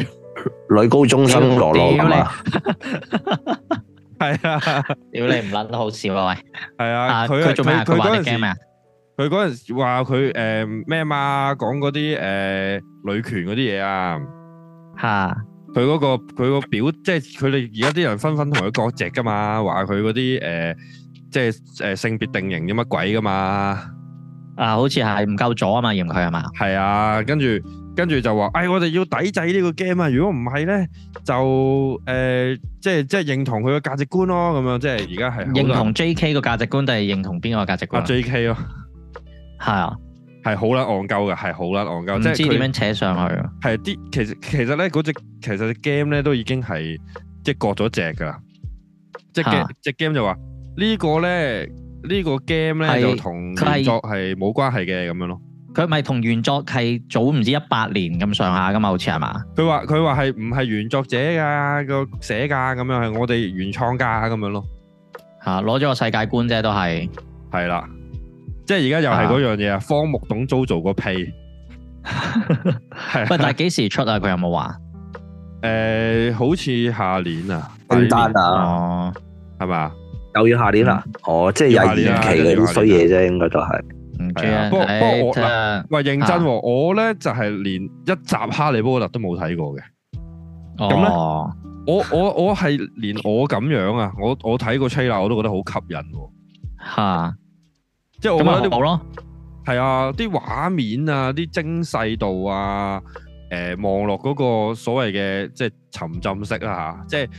女高中生蘿莉，係啊！屌你唔捻都好笑啊喂！係啊，佢佢做咩啊？佢玩啲 game 咩啊？佢嗰陣話佢誒咩嘛，講嗰啲誒女權嗰啲嘢啊，吓哈、那個，佢嗰個佢個表，即係佢哋而家啲人紛紛同佢割席噶嘛，話佢嗰啲誒即係誒、呃、性別定型啲乜鬼噶嘛，啊，好似係唔夠咗啊嘛，嫌佢係嘛，係啊，跟住跟住就話，誒、哎、我哋要抵制呢個 game 啊，如果唔係咧就誒、呃、即係即係認同佢嘅價值觀咯，咁樣即係而家係認同 J.K 個價值觀定係認同邊個價值觀？J.K 咯。啊啊係啊，係好撚，戇鳩嘅，係好撚，戇鳩。即係唔知佢點樣扯上去啊？係啲其實其實咧嗰隻其實隻 game 咧都已經係即係割咗隻噶啦，即係 game 即係 game、啊、就話、呢個、呢、呢個咧呢個 game 咧就同原作係冇關係嘅咁樣咯。佢咪同原作係早唔知一百年咁上下噶嘛？好似係嘛？佢話佢話係唔係原作者噶個寫噶咁樣，係我哋原創家咁樣咯。吓，攞咗個世界觀啫，都係係啦。即係而家又係嗰樣嘢啊，方木董租做個屁，係。喂，但係幾時出啊？佢有冇話？誒，好似下年啊，訂單啊，哦，係嘛？又要下年啦？哦，即係廿年期嘅啲衰嘢啫，應該就係。唔知啊，不過我嗱，喂認真，我咧就係連一集《哈利波特》都冇睇過嘅。哦。我我我係連我咁樣啊，我我睇個 trailer 我都覺得好吸引。吓。即係我覺得好咯，係啊，啲畫面啊，啲、 (music) 啊、精細度啊，誒、呃，望落嗰個所謂嘅即係沉浸式啊。嚇，即係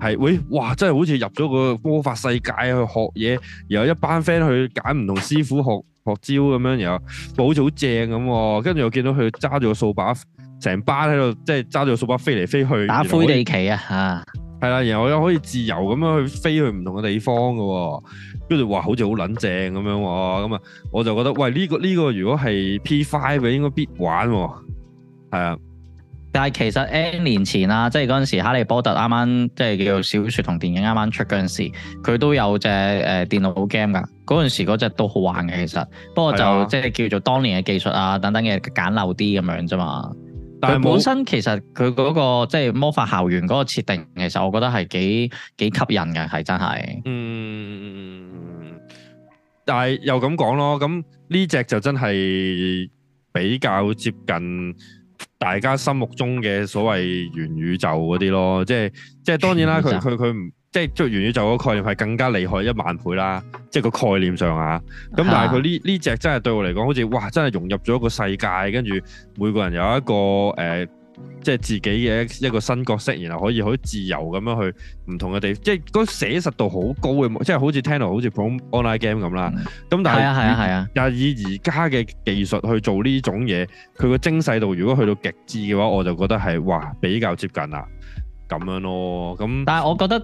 係喂哇，真係好似入咗個魔法世界去學嘢，然後一班 friend 去揀唔同師傅學學招咁樣，然後好似好正咁，跟住我見到佢揸住個掃把，成班喺度即係揸住個掃把飛嚟飛去打魁地奇啊嚇，係啦，啊，然後又可以自由咁樣去飛去唔同嘅地方嘅，啊。跟住，話，好似好撚正咁樣喎，咁啊，我就覺得，喂，呢、呢個呢、呢個如果係 P Five 嘅，應該必玩喎，係啊。啊但係其實 N 年前啊，即係嗰陣時《哈利波特》剛剛啱啱即係叫做小說同電影啱啱出嗰陣時，佢都有隻誒、呃、電腦 game 㗎。嗰陣時嗰隻都好玩嘅，其實，不過就、啊、即係叫做當年嘅技術啊等等嘅簡陋啲咁樣啫嘛。佢本身其實佢嗰個即係魔法校園嗰個設定，其實我覺得係幾幾吸引嘅，係真係。嗯，但係又咁講咯，咁呢隻就真係比較接近。大家心目中嘅所謂元宇宙嗰啲咯，即係即係當然啦，佢佢佢唔即係即係元宇宙嗰個概念係更加厲害一萬倍啦，即係個概念上啊。咁但係佢呢呢隻真係對我嚟講，好似哇真係融入咗一個世界，跟住每個人有一個誒。呃即係自己嘅一個新角色，然後可以好自由咁樣去唔同嘅地方。即係嗰寫實度好高嘅，即係好似聽落好似普通 online game 咁啦。咁、嗯、但係以，係啊係啊係啊，又、啊啊、以而家嘅技術去做呢種嘢，佢個精細度如果去到極致嘅話，我就覺得係哇比較接近啦。咁樣咯，咁但係我覺得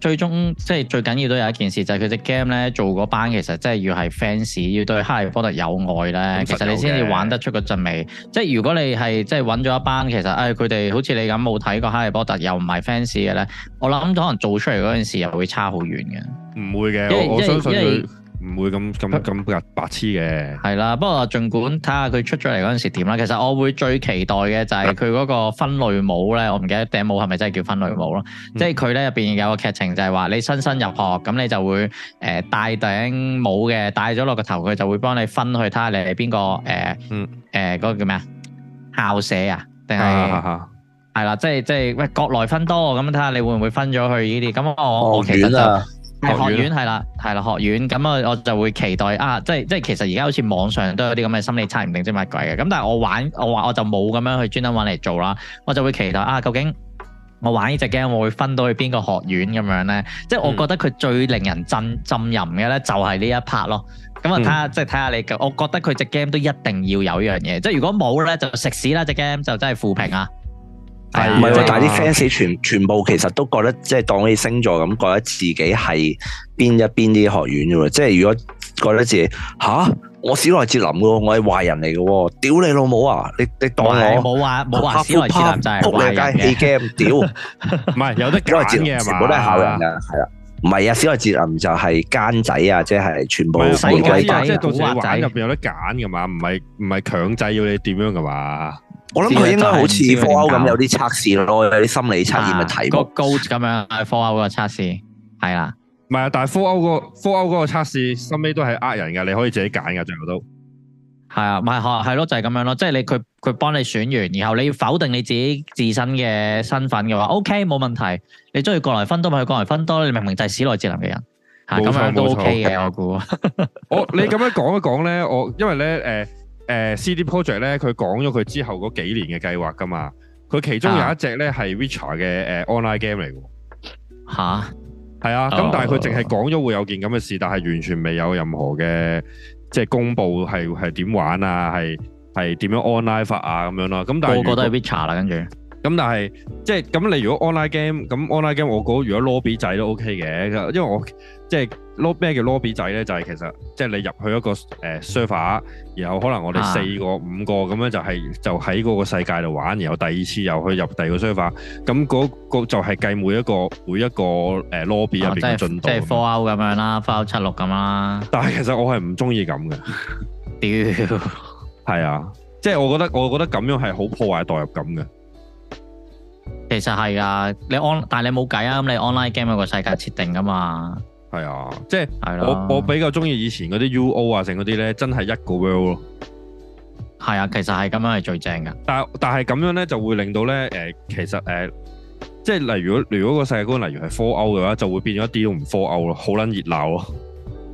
最終即係最緊要都有一件事，就係佢隻 game 咧做嗰班其實即係要係 fans 要對哈利波特有愛咧，實其實你先至玩得出嗰陣味。即係如果你係即係揾咗一班其實誒佢哋好似你咁冇睇過哈利波特又唔係 fans 嘅咧，我諗可能做出嚟嗰陣時又會差好遠嘅。唔、嗯嗯嗯、會嘅是，因為我相信佢。唔會咁咁咁白白痴嘅，係啦。不過儘管睇下佢出咗嚟嗰陣時點啦。其實我會最期待嘅就係佢嗰個分類帽咧。啊、我唔記得頂帽係咪真係叫分類帽咯？嗯、即係佢咧入邊有個劇情就係話你新身入學，咁你就會誒戴頂帽嘅，戴咗落個頭，佢就會幫你分去睇下你係邊個誒誒嗰個叫咩校舍啊？定係係啦，即係即係喂國內分多咁睇下你會唔會分咗去呢啲？咁我我，我，我其實就學院係啦，係啦學院咁啊我我我，我就會期待啊，即係即係，其實而家好似網上都有啲咁嘅心理測定，即係乜鬼嘅，咁但係我玩我話我就冇咁樣去專登玩嚟做啦，我就會期待啊，究竟我玩呢隻 game 我會分到去邊個學院咁樣咧？嗯、即係我覺得佢最令人震浸淫嘅咧，就係、是、呢一 part 咯。咁啊睇下，嗯、即係睇下你，我覺得佢隻 game 都一定要有呢樣嘢，即係如果冇咧就食屎啦，隻 game 就真係負評啊！係唔係？哎、但係啲 fans 全全部其實都覺得即係當起星座咁，覺得自己係邊一邊啲學院嘅喎。即係如果覺得自己吓我史萊哲林嘅，我係壞人嚟嘅，屌你老母啊！你你當我冇話冇話史萊哲林就係扑街戲 game 屌，唔係有得揀嘅，全部都係好人嘅，係啦。 (laughs) 唔係啊，史萊哲林就係奸仔啊，即係全部玫瑰奸啊，揀入邊有得揀噶嘛？唔係唔係強制要你點樣噶嘛？我諗佢應該好似科 o u 歐咁，有啲測試咯，有啲心理測試咪睇個高咁樣 Four 歐個測試係啦，唔係啊，但係科 o 歐個 f 歐嗰個測試心尾都係呃人噶，你可以自己揀噶，最後都係啊，咪係咯，就係、是、咁樣咯，即係你佢佢幫你選完，然後你要否定你自己自身嘅身份嘅話，OK 冇問題，你中意過來分多咪去過來分多，你明明就係史內智能嘅人吓，咁樣都 OK 嘅。我估我你咁樣講一講咧，我因為咧誒。呃誒 CD Projekt 咧，佢講咗佢之後嗰幾年嘅計劃噶嘛，佢其中有一隻咧係 Witcher 嘅誒 online game 嚟嘅。吓？係啊，咁但係佢淨係講咗會有件咁嘅事，但係完全未有任何嘅即係公布係係點玩啊，係係點樣 online 法啊咁樣咯。咁、嗯、但係我覺得係 Witcher 啦，跟住、就是，咁、嗯、但係即係咁。你如果 online game，咁 online game 我講如果 lobby 仔都 OK 嘅，因為我即係。lobby 嘅 lobby 仔咧？就係、是、其實即係、就是、你入去一個誒 server，、呃、然後可能我哋四個五個咁樣就係、是、就喺嗰個世界度玩，然後第二次又去入第二個 server，咁嗰個就係計每一個每一個誒 lobby 入邊嘅進度，啊、即係 Fallout 咁樣啦 Fallout 七六咁啦。但係其實我係唔中意咁嘅，屌係啊！即、就、係、是、我覺得我覺得咁樣係好破壞代入感嘅。其實係啊，你 on 但係你冇計啊！咁你 online game 有個世界設定噶嘛。係 (noise) 啊，即係、啊、我我比較中意以前嗰啲 UO 啊，剩嗰啲咧，真係一個 world 咯。係啊，其實係咁樣係最正噶。但但係咁樣咧，就會令到咧，誒、呃，其實誒、呃，即係例如如果如果個世界觀例如係科 o 歐嘅話，就會變咗一啲都唔科 o 歐咯，好捻熱鬧咯。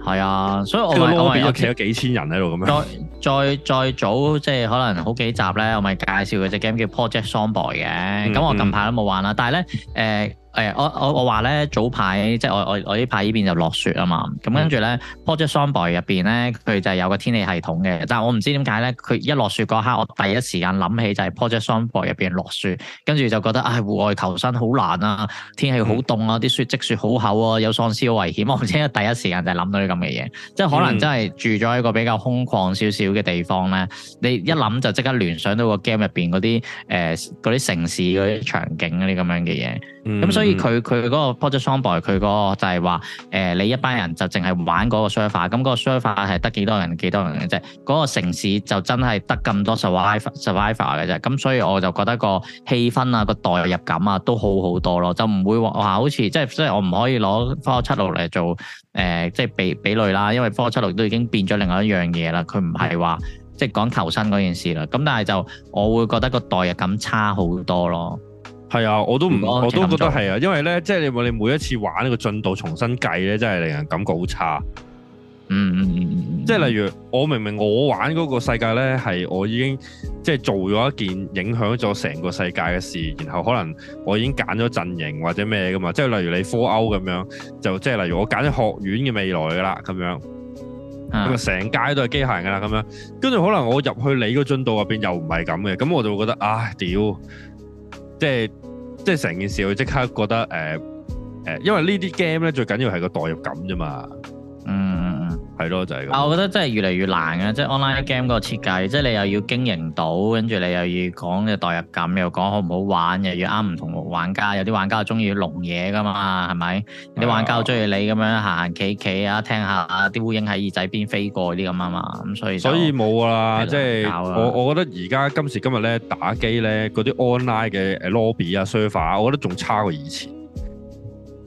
係啊，所以我我咪企咗幾千人喺度咁樣。再再早即係可能好幾集咧，我咪介紹佢隻 game 叫 Project Zomboid 嘅。咁我近排都冇玩啦， (laughs) 但係咧，誒。誒、哎，我我我話咧，早排即係我我我呢排依邊就落雪啊嘛。咁、嗯、跟住咧，Project Zomboid 入邊咧，佢就係有個天氣系統嘅。但係我唔知點解咧，佢一落雪嗰刻，我第一時間諗起就係 Project Zomboid 入邊落雪，跟住就覺得啊，戶、哎、外求生好難啊，天氣好凍啊，啲雪積雪好厚啊，有喪屍好危險。我先第一時間就諗到啲咁嘅嘢，即係可能真係住咗一個比較空曠少少嘅地方咧，嗯、你一諗就即刻聯想到個 game 入邊啲誒嗰啲城市嗰啲場景嗰啲咁樣嘅嘢。咁、嗯、 (noise) 所以佢佢嗰個 Project Zomboid 佢嗰個就係話誒你一班人就淨係玩嗰個 survival，咁、嗰個 survival 係得幾多人幾多人嘅啫，嗰、嗰個城市就真係得咁多 survivor survivor 嘅啫，咁所以我就覺得個氣氛啊、嗰個代入感啊都好好多咯，就唔會話好似即係雖然我唔可以攞《Fallout 76》嚟做誒、呃、即係比比類啦，因為《Fallout 76》都已經變咗另外一樣嘢啦，佢唔係話即係講求生嗰件事啦，咁但係就我會覺得個代入感差好多咯。係啊，我都唔，我都覺得係啊，因為咧，即係你我你每一次玩呢個進度重新計咧，真係令人感覺好差。嗯嗯嗯即係例如我明明我玩嗰個世界咧，係我已經即係做咗一件影響咗成個世界嘅事，然後可能我已經揀咗陣營或者咩嘅嘛，即係例如你 Fallout 咁樣，就即係例如我揀咗學院嘅未來噶啦，咁樣，咁啊成街都係機械人噶啦，咁樣，跟住可能我入去你個進度入邊又唔係咁嘅，咁我就會覺得唉、啊，屌！即係即係成件事，佢即刻覺得誒誒、呃呃，因為呢啲 game 咧最緊要係個代入感啫嘛。嗯。係咯，就係咁，啊。我覺得真係越嚟越難啊！即係 online game 個設計，即係你又要經營到，跟住你又要講嘅代入感，又講好唔好玩，又要啱唔同玩家。有啲玩家又中意龍嘢噶嘛，係咪？啊，有啲玩家又中意你咁樣行行企企啊，聽下啲烏蠅喺耳仔邊飛過啲咁啊嘛。咁所以所以冇啊！即係我我覺得而家今時今日咧打機咧，嗰啲 online 嘅誒 lobby 啊，server，我覺得，嗯，仲差過以前。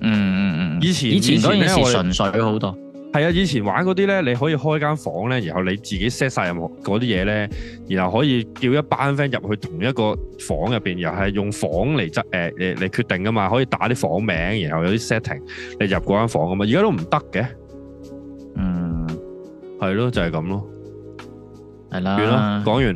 嗯嗯嗯。以前以前嗰件事純粹好多。係啊，以前玩嗰啲咧，你可以開間房咧，然後你自己 set 晒入嗰啲嘢咧，然後可以叫一班 friend 入去同一個房入邊，又係用房嚟則誒誒嚟決定噶嘛，可以打啲房名，然後有啲 setting 你入嗰間房噶嘛，而家都唔得嘅。嗯，係咯，就係咁咯，係啦，講完。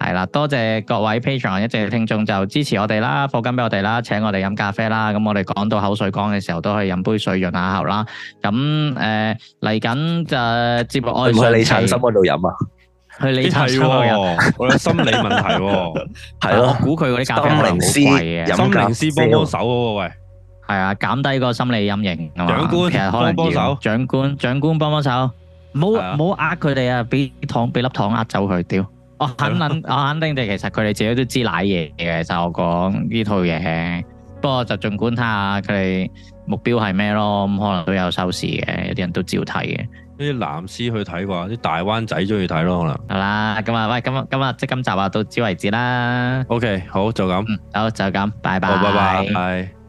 係啦，多謝各位 patron，一隻聽眾就支持我哋啦，課金俾我哋啦，請我哋飲咖啡啦。咁我哋講到口水乾嘅時候，都可以飲杯水潤下喉啦。咁誒嚟緊就接落愛。唔係你產生嗰度飲啊？係你睇喎，我有心理問題喎。係咯，我估佢嗰啲咖啡師。心靈師幫幫手喎，喂。係啊，減低個心理陰影啊嘛。長官，幫幫手。長官，長官幫幫手。冇冇壓佢哋啊！俾糖，俾粒糖壓走佢，屌！我肯定， (laughs) 我肯定哋，其實佢哋自己都知奶嘢嘅。就我講呢套嘢，不過就儘管睇下佢哋目標係咩咯，咁可能都有收視嘅，有啲人都照睇嘅。啲藍絲去睇啩，啲大灣仔中意睇咯，可能。係啦，咁啊，喂，咁啊，咁啊，即係今集啊，到此為止啦。OK，好就咁。好就咁，拜拜。好，拜拜，拜。